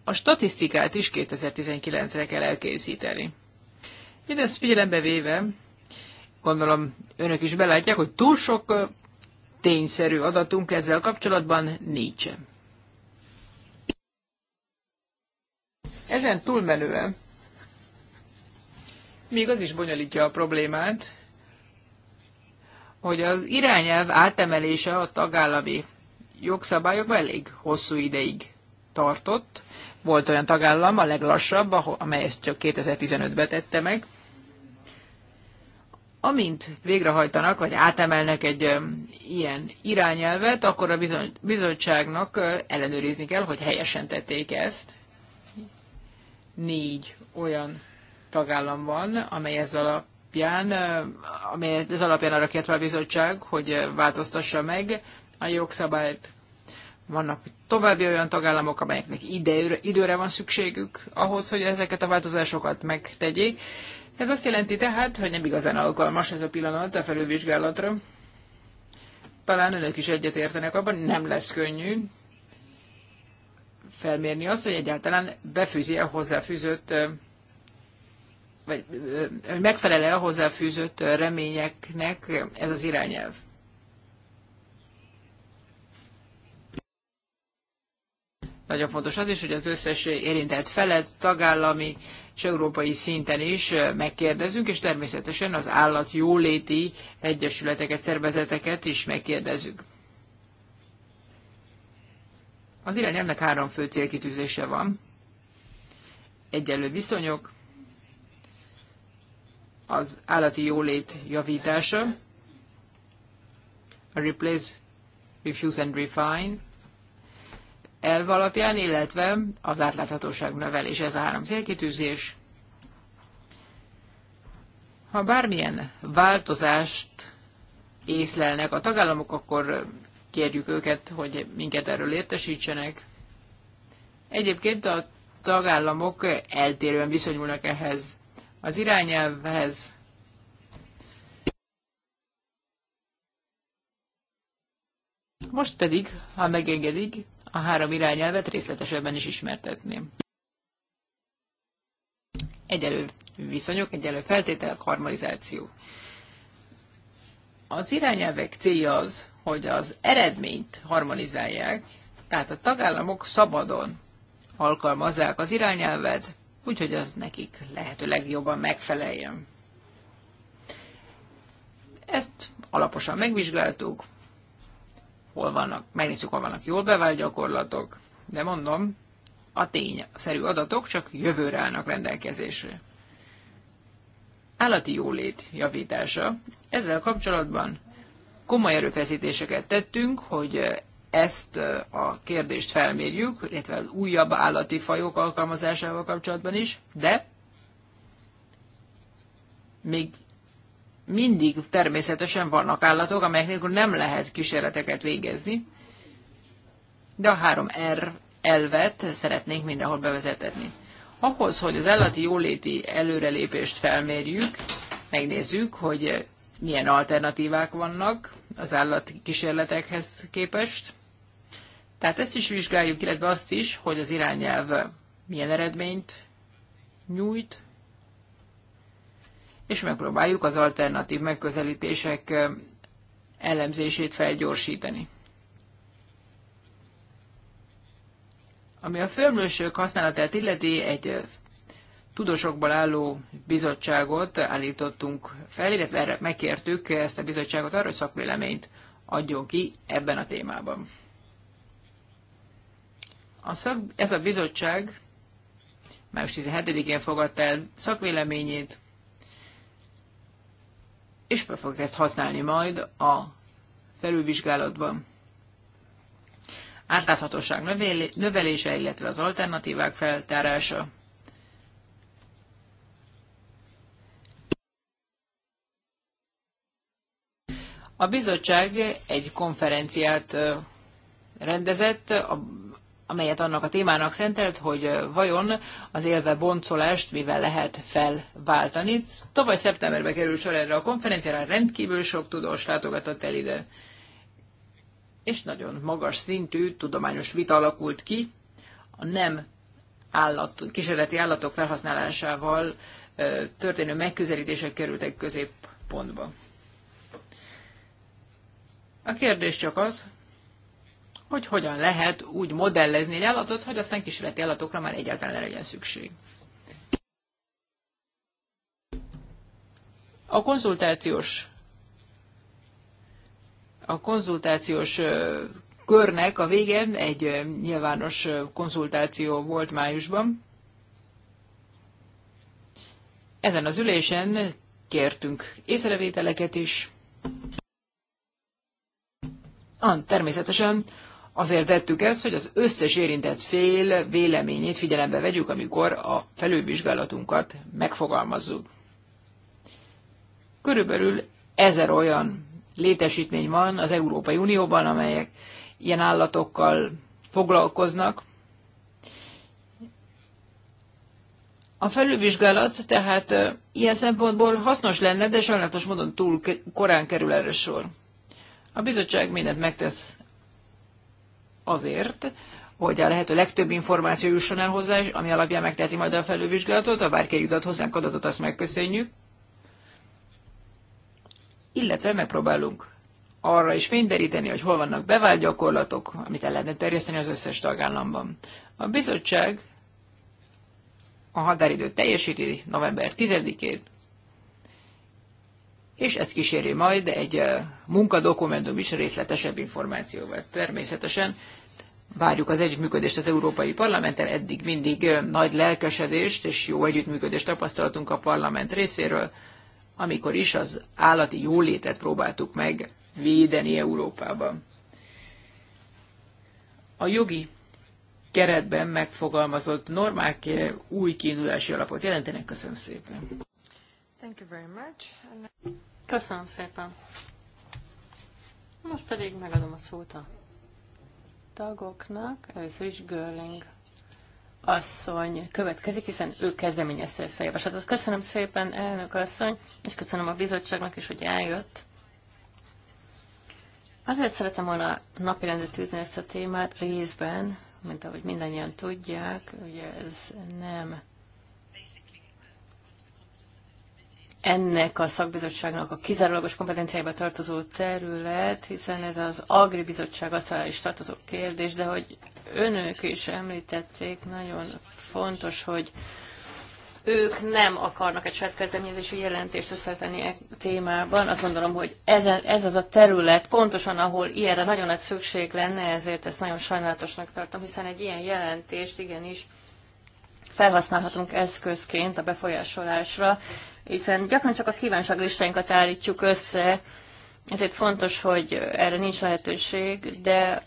a statisztikát is 2019-re kell elkészíteni. ezt figyelembe véve, gondolom önök is belátják, hogy túl sok tényszerű adatunk ezzel kapcsolatban nincsen. Ezen túlmenően még az is bonyolítja a problémát, hogy az irányelv átemelése a tagállami jogszabályokban elég hosszú ideig tartott. Volt olyan tagállam, a leglassabb, amely ezt csak 2015-ben tette meg. Amint végrehajtanak, vagy átemelnek egy ilyen irányelvet, akkor a bizottságnak ellenőrizni kell, hogy helyesen tették ezt, négy olyan tagállam van, amely ez alapján, amely ez alapján arra kérte a bizottság, hogy változtassa meg a jogszabályt. Vannak további olyan tagállamok, amelyeknek időre, időre van szükségük ahhoz, hogy ezeket a változásokat megtegyék. Ez azt jelenti tehát, hogy nem igazán alkalmas ez a pillanat a felülvizsgálatra. Talán önök is egyetértenek abban, nem lesz könnyű, felmérni azt, hogy egyáltalán befűzi a hozzáfűzött vagy megfelele a hozzáfűzött reményeknek ez az irányelv. Nagyon fontos az is, hogy az összes érintett felet, tagállami és európai szinten is megkérdezünk, és természetesen az állat jóléti egyesületeket, szervezeteket is megkérdezünk. Az irányelvnek három fő célkitűzése van. Egyenlő viszonyok, az állati jólét javítása, a replace, refuse and refine elv alapján, illetve az átláthatóság növelés. Ez a három célkitűzés. Ha bármilyen változást észlelnek a tagállamok, akkor kérjük őket, hogy minket erről értesítsenek. Egyébként a tagállamok eltérően viszonyulnak ehhez az irányelvhez. Most pedig, ha megengedik, a három irányelvet részletesebben is ismertetném. Egyelő viszonyok, egyelő feltételek, harmonizáció. Az irányelvek célja az, hogy az eredményt harmonizálják, tehát a tagállamok szabadon alkalmazzák az irányelvet, úgyhogy az nekik lehetőleg jobban megfeleljen. Ezt alaposan megvizsgáltuk, hol vannak, megnézzük, hol vannak jól bevált gyakorlatok, de mondom, a tényszerű adatok csak jövőre állnak rendelkezésre. Állati jólét javítása. Ezzel kapcsolatban komoly erőfeszítéseket tettünk, hogy ezt a kérdést felmérjük, illetve az újabb állati fajok alkalmazásával kapcsolatban is, de még mindig természetesen vannak állatok, amelyek nélkül nem lehet kísérleteket végezni, de a három r elvet szeretnénk mindenhol bevezetni. Ahhoz, hogy az állati jóléti előrelépést felmérjük, megnézzük, hogy milyen alternatívák vannak az állatkísérletekhez képest. Tehát ezt is vizsgáljuk, illetve azt is, hogy az irányelv milyen eredményt nyújt, és megpróbáljuk az alternatív megközelítések elemzését felgyorsítani. Ami a főmlősök használatát illeti, egy tudósokból álló bizottságot állítottunk fel, illetve erre megkértük ezt a bizottságot arra, hogy szakvéleményt adjon ki ebben a témában. A szak, ez a bizottság május 17-én fogadta el szakvéleményét, és fel fogok ezt használni majd a felülvizsgálatban. Átláthatóság növelése, illetve az alternatívák feltárása, A bizottság egy konferenciát rendezett, amelyet annak a témának szentelt, hogy vajon az élve boncolást mivel lehet felváltani. Tavaly szeptemberben került sor erre a konferenciára, rendkívül sok tudós látogatott el ide, és nagyon magas szintű tudományos vita alakult ki a nem állat, kísérleti állatok felhasználásával történő megközelítések kerültek középpontba. A kérdés csak az, hogy hogyan lehet úgy modellezni egy állatot, hogy aztán kísérleti állatokra már egyáltalán ne legyen szükség. A konzultációs a konzultációs körnek a vége egy nyilvános konzultáció volt májusban. Ezen az ülésen kértünk észrevételeket is, Ah, természetesen azért tettük ezt, hogy az összes érintett fél véleményét figyelembe vegyük, amikor a felülvizsgálatunkat megfogalmazzuk. Körülbelül ezer olyan létesítmény van az Európai Unióban, amelyek ilyen állatokkal foglalkoznak. A felülvizsgálat tehát ilyen szempontból hasznos lenne, de sajnálatos módon túl korán kerül erre sor. A bizottság mindent megtesz azért, hogy a lehető legtöbb információ jusson el hozzá, ami alapján megteheti majd a felülvizsgálatot, ha bárki jutott hozzánk adatot, azt megköszönjük. Illetve megpróbálunk arra is fényderíteni, hogy hol vannak bevált gyakorlatok, amit el lehetne terjeszteni az összes tagállamban. A bizottság a határidőt teljesíti november 10-ét, és ezt kíséri majd egy munkadokumentum is részletesebb információval. Természetesen várjuk az együttműködést az Európai Parlamenttel, eddig mindig nagy lelkesedést és jó együttműködést tapasztaltunk a parlament részéről, amikor is az állati jólétet próbáltuk meg védeni Európában. A jogi keretben megfogalmazott normák új kiindulási alapot jelentenek. Köszönöm szépen! Thank you very much. Köszönöm szépen. Most pedig megadom a szót a tagoknak. Először is Görling asszony következik, hiszen ő kezdeményezte ezt a javaslatot. Köszönöm szépen, elnök asszony, és köszönöm a bizottságnak is, hogy eljött. Azért szeretem volna napirendre tűzni ezt a témát részben, mint ahogy mindannyian tudják, ugye ez nem ennek a szakbizottságnak a kizárólagos kompetenciájába tartozó terület, hiszen ez az Agri Bizottság asztalára is tartozó kérdés, de hogy önök is említették, nagyon fontos, hogy ők nem akarnak egy saját kezdeményezési jelentést összetenni e témában. Azt gondolom, hogy ez, ez az a terület pontosan, ahol ilyenre nagyon nagy szükség lenne, ezért ezt nagyon sajnálatosnak tartom, hiszen egy ilyen jelentést igenis felhasználhatunk eszközként a befolyásolásra, hiszen gyakran csak a kívánságlistáinkat állítjuk össze, ezért fontos, hogy erre nincs lehetőség, de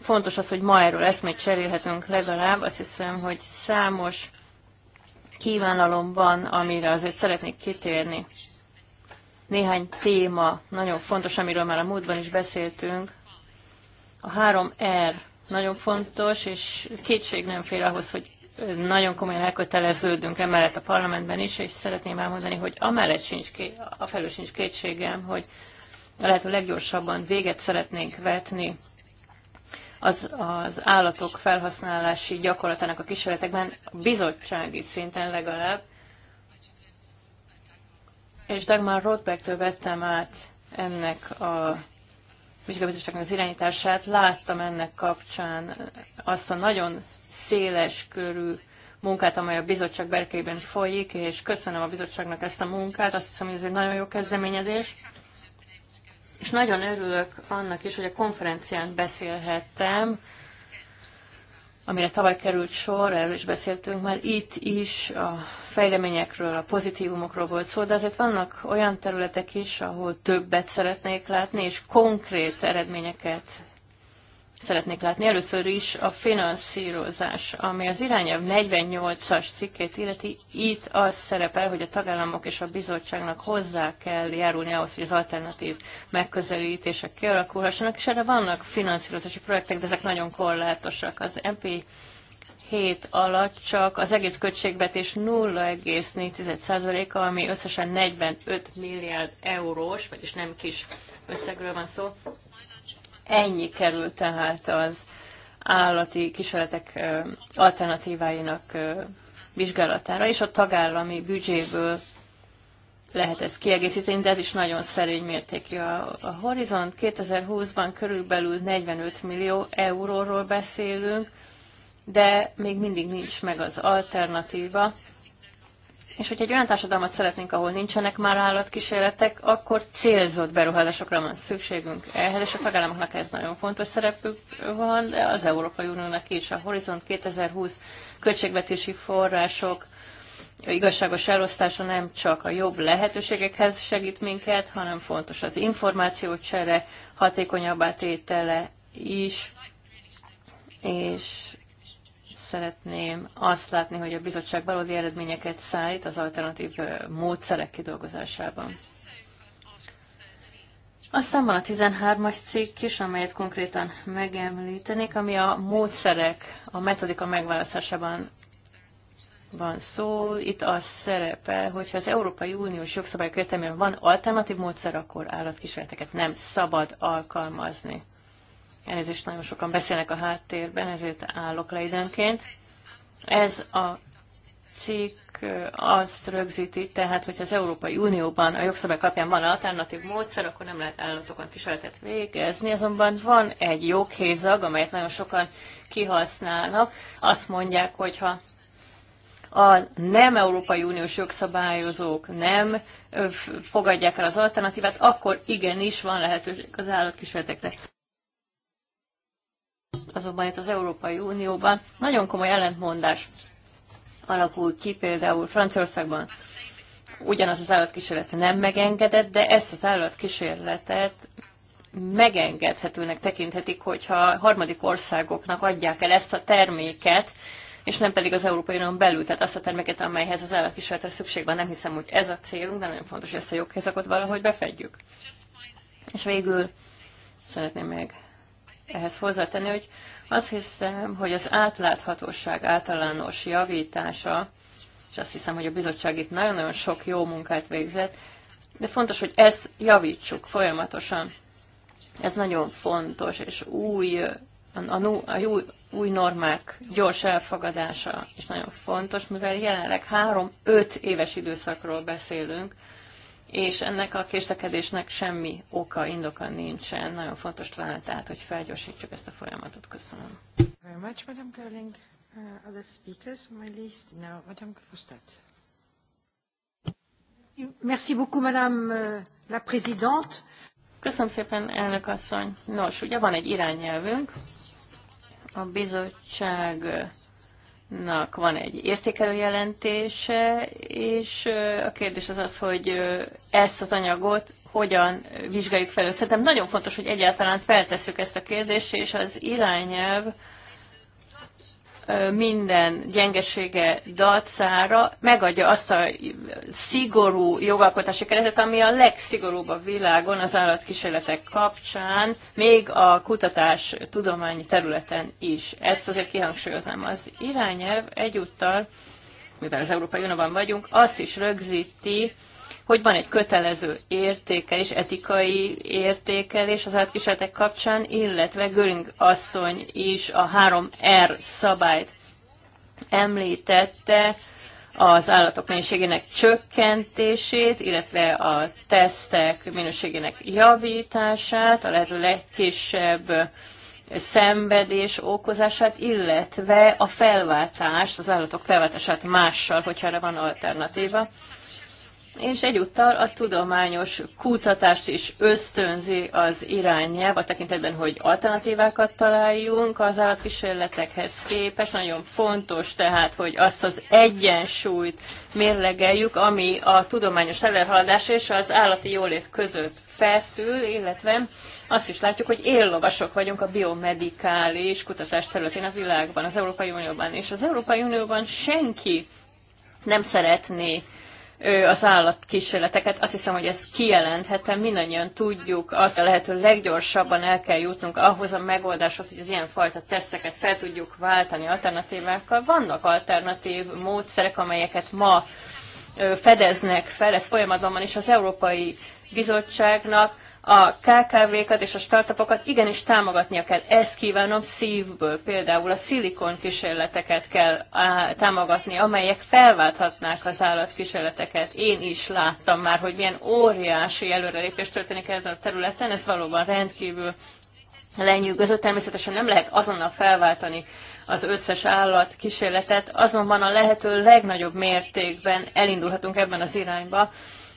fontos az, hogy ma erről eszmét cserélhetünk legalább. Azt hiszem, hogy számos kívánalom van, amire azért szeretnék kitérni. Néhány téma nagyon fontos, amiről már a múltban is beszéltünk. A 3R nagyon fontos, és kétség nem fél ahhoz, hogy nagyon komolyan elköteleződünk emellett a parlamentben is, és szeretném elmondani, hogy amellett sincs, a felül sincs kétségem, hogy a lehető leggyorsabban véget szeretnénk vetni az, az állatok felhasználási gyakorlatának a kísérletekben, bizottsági szinten legalább. És Dagmar Rothbergtől vettem át ennek a vizsgabizottságnak az irányítását, láttam ennek kapcsán azt a nagyon széles körű munkát, amely a bizottság berkeiben folyik, és köszönöm a bizottságnak ezt a munkát, azt hiszem, hogy ez egy nagyon jó kezdeményezés. És nagyon örülök annak is, hogy a konferencián beszélhettem, amire tavaly került sor, erről is beszéltünk már, itt is a fejleményekről, a pozitívumokról volt szó, de azért vannak olyan területek is, ahol többet szeretnék látni, és konkrét eredményeket szeretnék látni. Először is a finanszírozás, ami az irányelv 48-as cikkét illeti, itt az szerepel, hogy a tagállamok és a bizottságnak hozzá kell járulni ahhoz, hogy az alternatív megközelítések kialakulhassanak, és erre vannak finanszírozási projektek, de ezek nagyon korlátosak. Az MP 7 alatt csak az egész költségvetés 0,4%-a, ami összesen 45 milliárd eurós, vagyis nem kis összegről van szó, Ennyi kerül tehát az állati kísérletek alternatíváinak vizsgálatára, és a tagállami büdzséből lehet ezt kiegészíteni, de ez is nagyon szerény mértékű. A, a Horizont 2020-ban körülbelül 45 millió euróról beszélünk, de még mindig nincs meg az alternatíva, és hogyha egy olyan társadalmat szeretnénk, ahol nincsenek már állatkísérletek, akkor célzott beruházásokra van szükségünk ehhez, és a tagállamoknak ez nagyon fontos szerepük van, de az Európai Uniónak is. A Horizont 2020 költségvetési források igazságos elosztása nem csak a jobb lehetőségekhez segít minket, hanem fontos az információcsere, hatékonyabbá tétele is, és szeretném azt látni, hogy a bizottság valódi eredményeket szállít az alternatív módszerek kidolgozásában. Aztán van a 13-as cikk is, amelyet konkrétan megemlítenék, ami a módszerek, a metodika megválasztásában van szó. Itt az szerepel, hogyha az Európai Uniós jogszabályok értelmében van alternatív módszer, akkor állatkísérleteket nem szabad alkalmazni. Elnézést, nagyon sokan beszélnek a háttérben, ezért állok le időnként. Ez a cikk azt rögzíti, tehát, hogyha az Európai Unióban a jogszabály kapján van alternatív módszer, akkor nem lehet állatokon kísérletet végezni, azonban van egy joghézag, amelyet nagyon sokan kihasználnak. Azt mondják, hogyha a nem Európai Uniós jogszabályozók nem fogadják el az alternatívát, akkor igenis van lehetőség az állatkísérletekre azonban itt az Európai Unióban nagyon komoly ellentmondás alakul ki, például Franciaországban ugyanaz az állatkísérlet nem megengedett, de ezt az állatkísérletet megengedhetőnek tekinthetik, hogyha harmadik országoknak adják el ezt a terméket, és nem pedig az Európai Unión belül, tehát azt a terméket, amelyhez az állatkísérletre szükség van. Nem hiszem, hogy ez a célunk, de nagyon fontos, hogy ezt a joghézakot valahogy befedjük. És végül szeretném még ehhez hozzátenni, hogy azt hiszem, hogy az átláthatóság általános javítása, és azt hiszem, hogy a bizottság itt nagyon-nagyon sok jó munkát végzett, de fontos, hogy ezt javítsuk folyamatosan. Ez nagyon fontos, és új, a, a, a új, új normák gyors elfogadása is nagyon fontos, mivel jelenleg három-öt éves időszakról beszélünk, és ennek a késlekedésnek semmi oka, indoka nincsen. Nagyon fontos talán tehát, hogy felgyorsítsuk ezt a folyamatot. Köszönöm. Very much, Madam Gerling. Uh, other speakers my now, Madam Merci beaucoup, Madame euh, la Présidente. Köszönöm szépen, elnök asszony. Nos, ugye van egy irányelvünk, a bizottság nak van egy értékelő jelentése, és a kérdés az az, hogy ezt az anyagot hogyan vizsgáljuk fel. Szerintem nagyon fontos, hogy egyáltalán feltesszük ezt a kérdést, és az irányelv minden gyengesége dacára megadja azt a szigorú jogalkotási keretet, ami a legszigorúbb a világon az állatkísérletek kapcsán, még a kutatás tudományi területen is. Ezt azért kihangsúlyoznám. Az irányelv egyúttal, mivel az Európai Unióban vagyunk, azt is rögzíti, hogy van egy kötelező értékelés, etikai értékelés az átkísérletek kapcsán, illetve Göring asszony is a 3R szabályt említette, az állatok mennyiségének csökkentését, illetve a tesztek minőségének javítását, a lehető legkisebb szenvedés okozását, illetve a felváltást, az állatok felváltását mással, hogyha erre van alternatíva és egyúttal a tudományos kutatást is ösztönzi az irányjába, a tekintetben, hogy alternatívákat találjunk az állatkísérletekhez képest. Nagyon fontos tehát, hogy azt az egyensúlyt mérlegeljük, ami a tudományos előhaladás és az állati jólét között feszül, illetve azt is látjuk, hogy éllovasok vagyunk a biomedikális kutatás területén a világban, az Európai Unióban. És az Európai Unióban senki nem szeretné az állatkísérleteket. Azt hiszem, hogy ezt kijelenthetem, mindannyian tudjuk, azt a lehető leggyorsabban el kell jutnunk ahhoz a megoldáshoz, hogy az fajta teszteket fel tudjuk váltani alternatívákkal. Vannak alternatív módszerek, amelyeket ma fedeznek fel, ez folyamatban van, és az Európai Bizottságnak a KKV-kat és a startupokat igenis támogatnia kell. Ezt kívánom szívből. Például a szilikon kísérleteket kell támogatni, amelyek felválthatnák az állatkísérleteket. Én is láttam már, hogy milyen óriási előrelépés történik ezen a területen. Ez valóban rendkívül lenyűgöző. Természetesen nem lehet azonnal felváltani az összes állat kísérletet, azonban a lehető legnagyobb mértékben elindulhatunk ebben az irányba,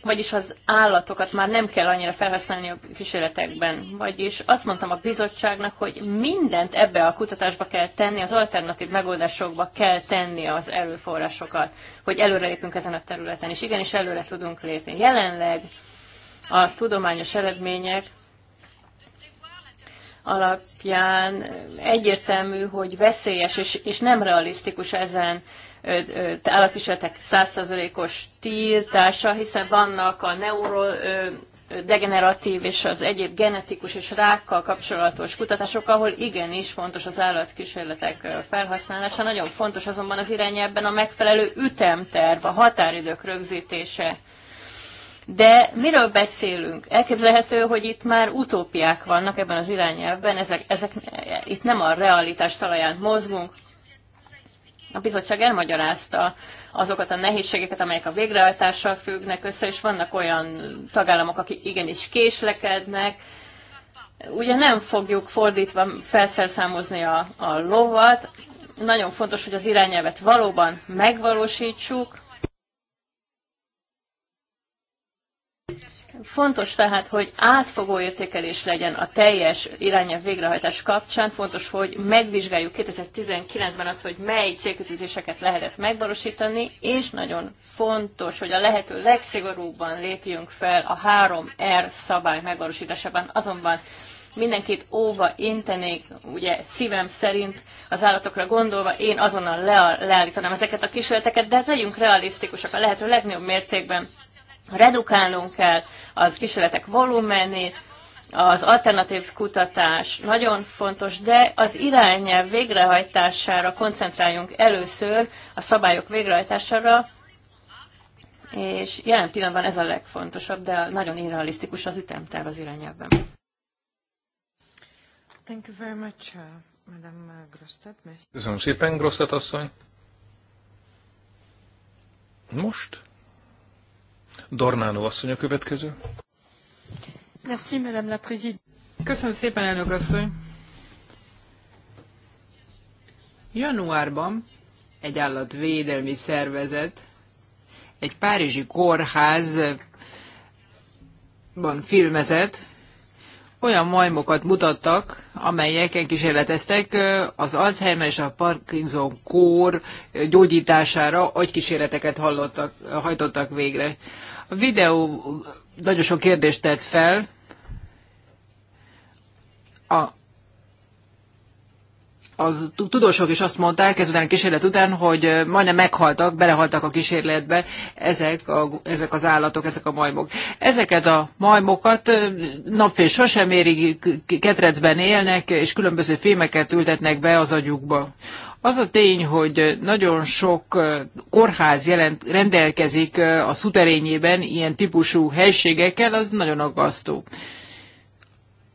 vagyis az állatokat már nem kell annyira felhasználni a kísérletekben. Vagyis azt mondtam a bizottságnak, hogy mindent ebbe a kutatásba kell tenni, az alternatív megoldásokba kell tenni az előforrásokat, hogy előrelépünk ezen a területen, és igenis előre tudunk lépni. Jelenleg a tudományos eredmények alapján egyértelmű, hogy veszélyes és, és nem realisztikus ezen állatkísérletek százszázalékos tiltása, hiszen vannak a neuro degeneratív és az egyéb genetikus és rákkal kapcsolatos kutatások, ahol igenis fontos az állatkísérletek felhasználása. Nagyon fontos azonban az irányelben a megfelelő ütemterv, a határidők rögzítése. De miről beszélünk? Elképzelhető, hogy itt már utópiák vannak ebben az irányelvben, ezek, ezek, itt nem a realitás talaján mozgunk, a bizottság elmagyarázta azokat a nehézségeket, amelyek a végrehajtással függnek össze, és vannak olyan tagállamok, akik igenis késlekednek, ugye nem fogjuk fordítva felszerszámozni a, a lovat. Nagyon fontos, hogy az irányelvet valóban megvalósítsuk. Fontos tehát, hogy átfogó értékelés legyen a teljes irányelv végrehajtás kapcsán. Fontos, hogy megvizsgáljuk 2019-ben azt, hogy mely célkötőzéseket lehetett megvalósítani, és nagyon fontos, hogy a lehető legszigorúbban lépjünk fel a 3R szabály megvalósításában. Azonban mindenkit óva intenék, ugye szívem szerint az állatokra gondolva, én azonnal le, leállítanám ezeket a kísérleteket, de legyünk realisztikusak a lehető legnagyobb mértékben Redukálnunk kell az kísérletek volumenét, az alternatív kutatás nagyon fontos, de az irányelv végrehajtására koncentráljunk először, a szabályok végrehajtására, és jelen pillanatban ez a legfontosabb, de nagyon irrealisztikus az ütemterv az irányelvben. Thank you very much, uh, Madame uh, Grosztet. Köszönöm szépen, Grosztet asszony. Most Dornánó asszony a következő. Merci, Madame la Présidente. Köszönöm szépen, elnök asszony. Januárban egy állatvédelmi szervezet, egy párizsi kórházban eh, filmezett, olyan majmokat mutattak, amelyeken kísérleteztek az Alzheimer és a Parkinson kór gyógyítására agykísérleteket hallottak, hajtottak végre. A videó nagyon sok kérdést tett fel, a az tudósok is azt mondták ezután a kísérlet után, hogy majdnem meghaltak, belehaltak a kísérletbe ezek, a, ezek az állatok, ezek a majmok. Ezeket a majmokat napfél sosem érik, ketrecben élnek, és különböző fémeket ültetnek be az agyukba. Az a tény, hogy nagyon sok kórház jelent, rendelkezik a szuterényében ilyen típusú helységekkel, az nagyon aggasztó.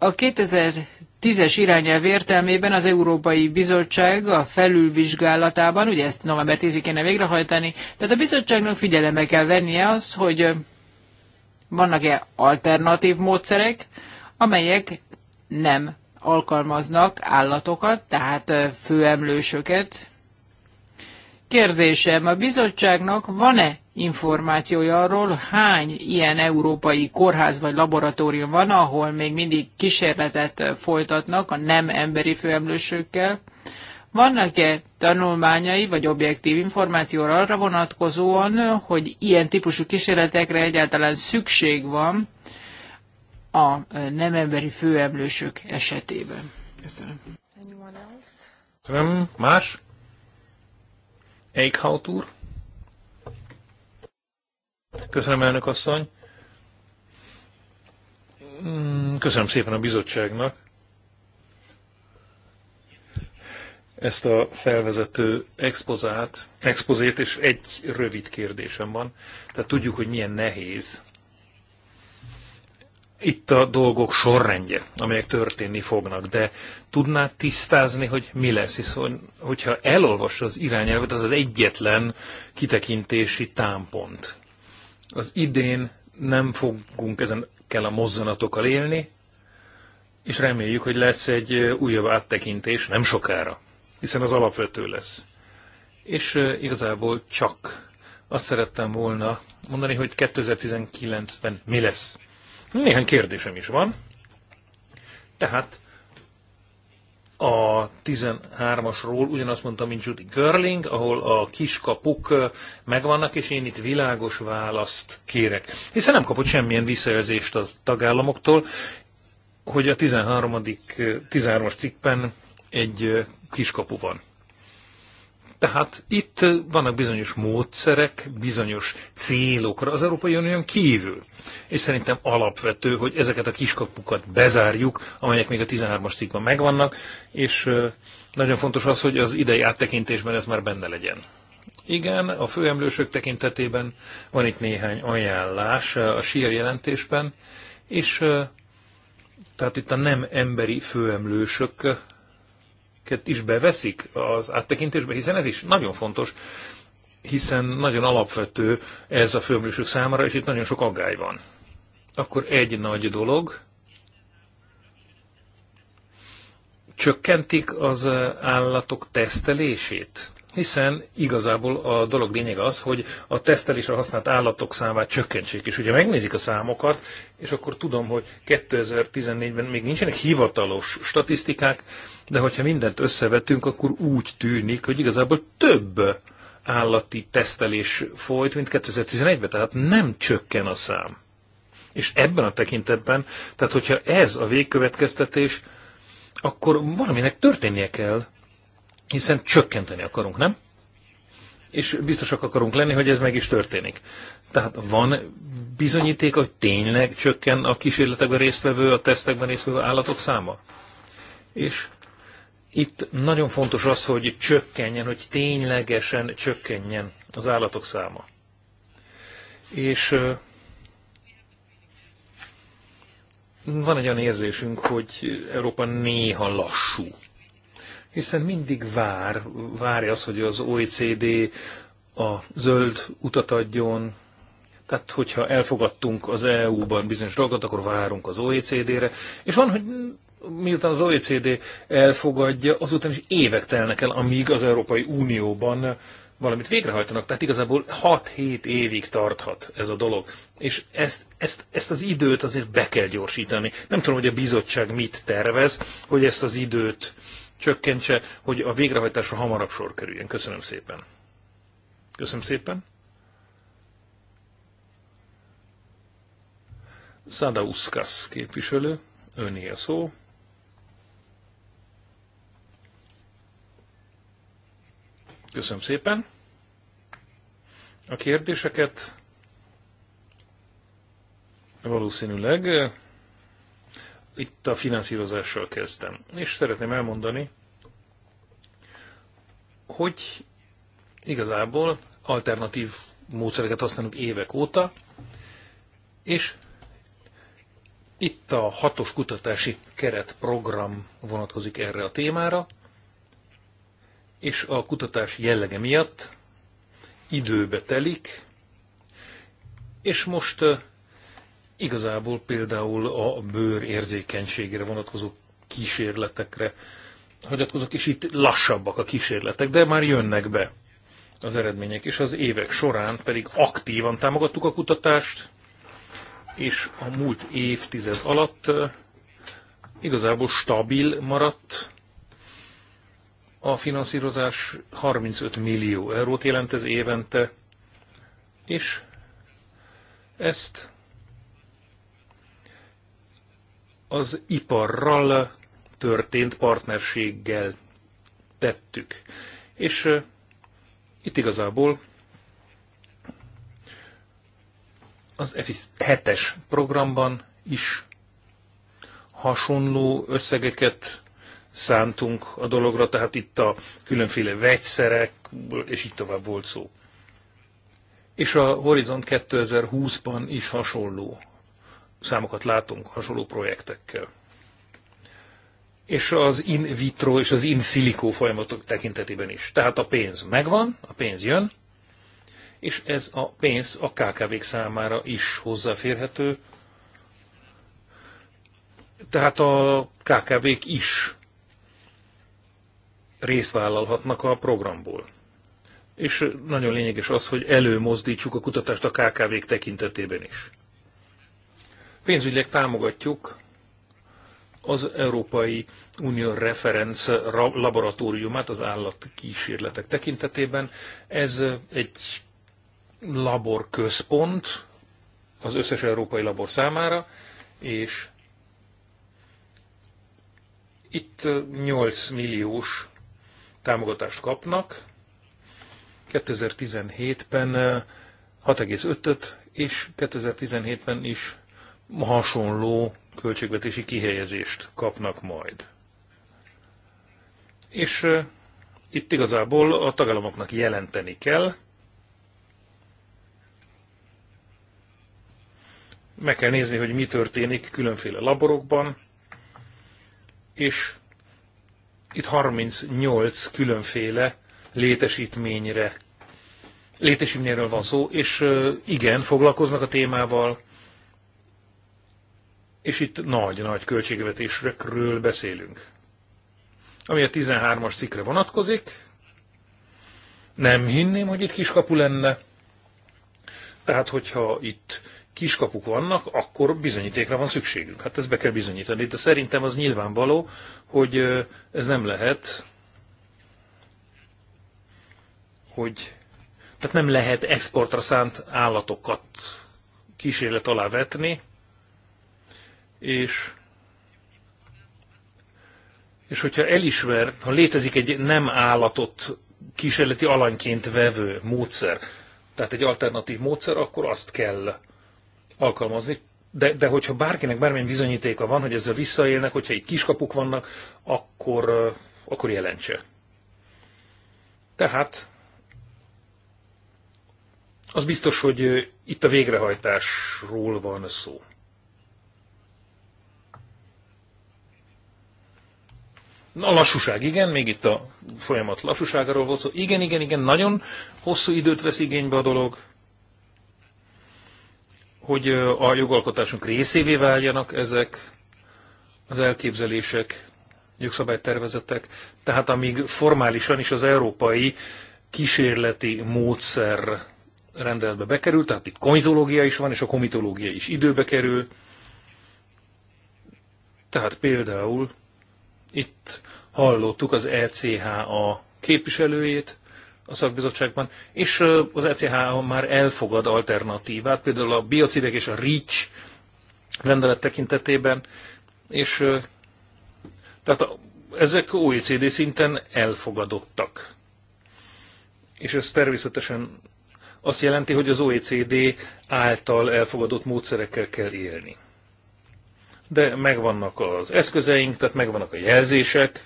A 2000 tízes irányelv értelmében az Európai Bizottság a felülvizsgálatában, ugye ezt november 10-én kéne végrehajtani, tehát a bizottságnak figyelembe kell vennie azt, hogy vannak-e alternatív módszerek, amelyek nem alkalmaznak állatokat, tehát főemlősöket, Kérdésem, a bizottságnak van-e információja arról, hány ilyen európai kórház vagy laboratórium van, ahol még mindig kísérletet folytatnak a nem emberi főemlősökkel? Vannak-e tanulmányai vagy objektív információra arra vonatkozóan, hogy ilyen típusú kísérletekre egyáltalán szükség van a nem emberi főemlősök esetében? Köszönöm. Más? Eichhaut úr. Köszönöm, elnök asszony. Mm, köszönöm szépen a bizottságnak ezt a felvezető expozát, expozét, és egy rövid kérdésem van. Tehát tudjuk, hogy milyen nehéz itt a dolgok sorrendje, amelyek történni fognak, de tudná tisztázni, hogy mi lesz, hiszen hogyha elolvassa az irányelvet, az az egyetlen kitekintési támpont. Az idén nem fogunk ezen kell a mozzanatokkal élni, és reméljük, hogy lesz egy újabb áttekintés nem sokára, hiszen az alapvető lesz. És igazából csak azt szerettem volna mondani, hogy 2019-ben mi lesz. Néhány kérdésem is van. Tehát a 13-asról ugyanazt mondtam, mint Judy Görling, ahol a kiskapuk megvannak, és én itt világos választ kérek. Hiszen nem kapott semmilyen visszajelzést a tagállamoktól, hogy a 13. 13 cikkben egy kiskapu van. Tehát itt vannak bizonyos módszerek, bizonyos célokra az Európai Unión kívül. És szerintem alapvető, hogy ezeket a kiskapukat bezárjuk, amelyek még a 13-as cikkben megvannak, és nagyon fontos az, hogy az idei áttekintésben ez már benne legyen. Igen, a főemlősök tekintetében van itt néhány ajánlás a sír jelentésben, és tehát itt a nem emberi főemlősök is beveszik az áttekintésbe, hiszen ez is nagyon fontos, hiszen nagyon alapvető ez a főmlősök számára, és itt nagyon sok aggály van. Akkor egy nagy dolog, csökkentik az állatok tesztelését? Hiszen igazából a dolog lényeg az, hogy a tesztelésre használt állatok számát csökkentsék. És ugye megnézik a számokat, és akkor tudom, hogy 2014-ben még nincsenek hivatalos statisztikák, de hogyha mindent összevetünk, akkor úgy tűnik, hogy igazából több állati tesztelés folyt, mint 2011-ben, tehát nem csökken a szám. És ebben a tekintetben, tehát hogyha ez a végkövetkeztetés, akkor valaminek történnie kell, hiszen csökkenteni akarunk, nem? És biztosak akarunk lenni, hogy ez meg is történik. Tehát van bizonyíték, hogy tényleg csökken a kísérletekben résztvevő, a tesztekben résztvevő állatok száma? És itt nagyon fontos az, hogy csökkenjen, hogy ténylegesen csökkenjen az állatok száma. És van egy olyan érzésünk, hogy Európa néha lassú. Hiszen mindig vár, várja az, hogy az OECD a zöld utat adjon, tehát, hogyha elfogadtunk az EU-ban bizonyos dolgot, akkor várunk az OECD-re, és van, hogy miután az OECD elfogadja, azután is évek telnek el, amíg az Európai Unióban valamit végrehajtanak. Tehát igazából 6-7 évig tarthat ez a dolog. És ezt, ezt, ezt az időt azért be kell gyorsítani. Nem tudom, hogy a bizottság mit tervez, hogy ezt az időt csökkentse, hogy a végrehajtásra hamarabb sor kerüljön. Köszönöm szépen. Köszönöm szépen. Szadauskas képviselő, öné a szó. Köszönöm szépen a kérdéseket. Valószínűleg eh, itt a finanszírozással kezdtem. És szeretném elmondani, hogy igazából alternatív módszereket használunk évek óta, és itt a hatos kutatási keretprogram vonatkozik erre a témára, és a kutatás jellege miatt időbe telik, és most igazából például a bőr érzékenységére vonatkozó kísérletekre hagyatkozok, és itt lassabbak a kísérletek, de már jönnek be az eredmények, és az évek során pedig aktívan támogattuk a kutatást, és a múlt évtized alatt igazából stabil maradt a finanszírozás 35 millió eurót jelent ez évente, és ezt az iparral történt partnerséggel tettük. És itt igazából az EFIS 7-es programban is hasonló összegeket szántunk a dologra, tehát itt a különféle vegyszerek, és így tovább volt szó. És a Horizont 2020-ban is hasonló számokat látunk hasonló projektekkel. És az in vitro és az in silico folyamatok tekintetében is. Tehát a pénz megvan, a pénz jön, és ez a pénz a KKV-k számára is hozzáférhető. Tehát a KKV-k is részt vállalhatnak a programból. És nagyon lényeges az, hogy előmozdítsuk a kutatást a KKV-k tekintetében is. Pénzügyileg támogatjuk az Európai Unió referenc laboratóriumát az állatkísérletek tekintetében. Ez egy laborközpont az összes európai labor számára, és itt 8 milliós támogatást kapnak. 2017-ben 6,5-öt, és 2017-ben is hasonló költségvetési kihelyezést kapnak majd. És itt igazából a tagállamoknak jelenteni kell, meg kell nézni, hogy mi történik különféle laborokban, és itt 38 különféle létesítményre, létesítményről van szó, és igen, foglalkoznak a témával, és itt nagy-nagy költségvetésről beszélünk. Ami a 13-as cikkre vonatkozik, nem hinném, hogy itt kiskapu lenne. Tehát, hogyha itt kiskapuk vannak, akkor bizonyítékra van szükségünk. Hát ezt be kell bizonyítani. De szerintem az nyilvánvaló, hogy ez nem lehet, hogy tehát nem lehet exportra szánt állatokat kísérlet alá vetni, és és hogyha elismer, ha létezik egy nem állatot kísérleti alanyként vevő módszer, tehát egy alternatív módszer, akkor azt kell alkalmazni, de, de hogyha bárkinek bármilyen bizonyítéka van, hogy ezzel visszaélnek, hogyha itt kiskapuk vannak, akkor, akkor jelentse. Tehát az biztos, hogy itt a végrehajtásról van szó. A lassúság, igen, még itt a folyamat lassúságáról volt szó. Igen, igen, igen, nagyon hosszú időt vesz igénybe a dolog hogy a jogalkotásunk részévé váljanak ezek az elképzelések, jogszabálytervezetek. Tehát amíg formálisan is az európai kísérleti módszer rendeletbe bekerül, tehát itt komitológia is van, és a komitológia is időbe kerül. Tehát például itt hallottuk az ECHA képviselőjét, a szakbizottságban, és az ECH már elfogad alternatívát, például a biocidek és a REACH rendelet tekintetében, és tehát a, ezek OECD szinten elfogadottak. És ez természetesen azt jelenti, hogy az OECD által elfogadott módszerekkel kell élni. De megvannak az eszközeink, tehát megvannak a jelzések,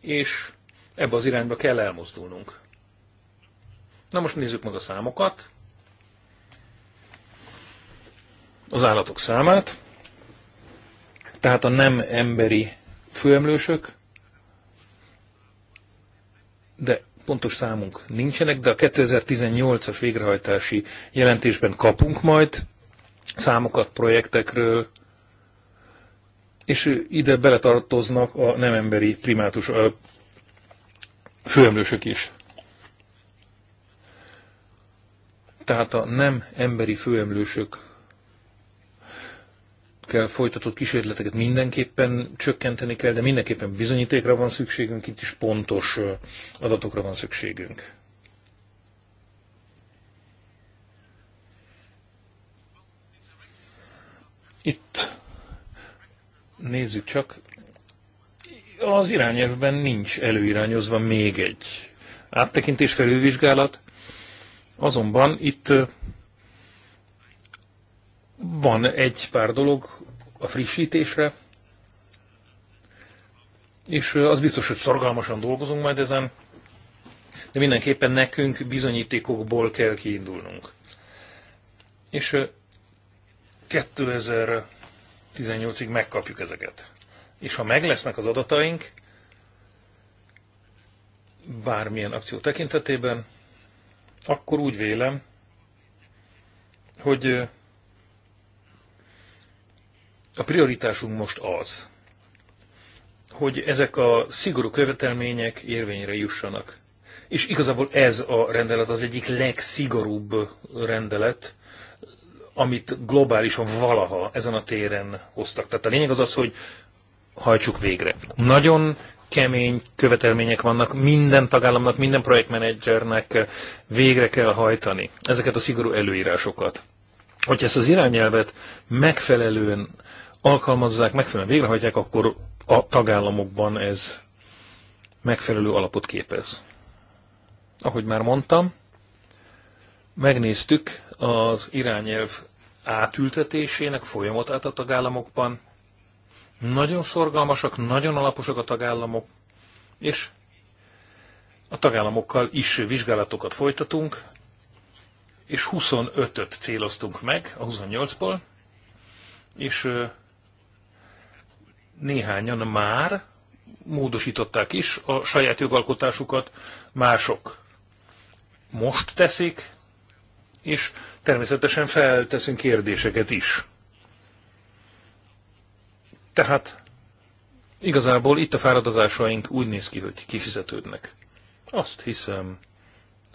és Ebbe az irányba kell elmozdulnunk. Na most nézzük meg a számokat. Az állatok számát, tehát a nem emberi főemlősök, de pontos számunk nincsenek, de a 2018-as végrehajtási jelentésben kapunk majd számokat projektekről, és ide beletartoznak a nem emberi primátus, a főemlősök is. Tehát a nem emberi főemlősök kell folytatott kísérleteket mindenképpen csökkenteni kell, de mindenképpen bizonyítékra van szükségünk, itt is pontos adatokra van szükségünk. Itt nézzük csak, az irányelvben nincs előirányozva még egy áttekintés felülvizsgálat, azonban itt van egy pár dolog a frissítésre, és az biztos, hogy szorgalmasan dolgozunk majd ezen, de mindenképpen nekünk bizonyítékokból kell kiindulnunk. És 2018-ig megkapjuk ezeket. És ha meglesznek az adataink, bármilyen akció tekintetében, akkor úgy vélem, hogy a prioritásunk most az, hogy ezek a szigorú követelmények érvényre jussanak. És igazából ez a rendelet az egyik legszigorúbb rendelet, amit globálisan valaha ezen a téren hoztak. Tehát a lényeg az az, hogy hajtsuk végre. Nagyon kemény követelmények vannak minden tagállamnak, minden projektmenedzsernek végre kell hajtani ezeket a szigorú előírásokat. Hogyha ezt az irányelvet megfelelően alkalmazzák, megfelelően végrehajtják, akkor a tagállamokban ez megfelelő alapot képez. Ahogy már mondtam, megnéztük az irányelv átültetésének folyamatát a tagállamokban, nagyon szorgalmasak, nagyon alaposak a tagállamok, és a tagállamokkal is vizsgálatokat folytatunk, és 25-öt céloztunk meg a 28-ból, és néhányan már módosították is a saját jogalkotásukat, mások most teszik, és természetesen felteszünk kérdéseket is. Tehát igazából itt a fáradozásaink úgy néz ki, hogy kifizetődnek. Azt hiszem,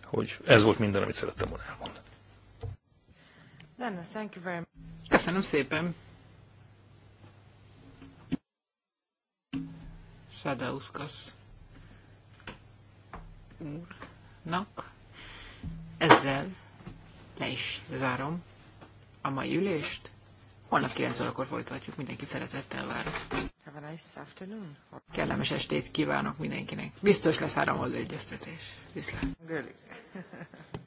hogy ez volt minden, amit szerettem volna elmondani. Uh, Köszönöm szépen. Szadauskas úrnak. Ezzel le is zárom a mai ülést. Holnap 9 órakor folytatjuk, mindenkit szeretettel várok. Have a nice afternoon. Kellemes estét kívánok mindenkinek. Biztos lesz három egyeztetés. Viszlát.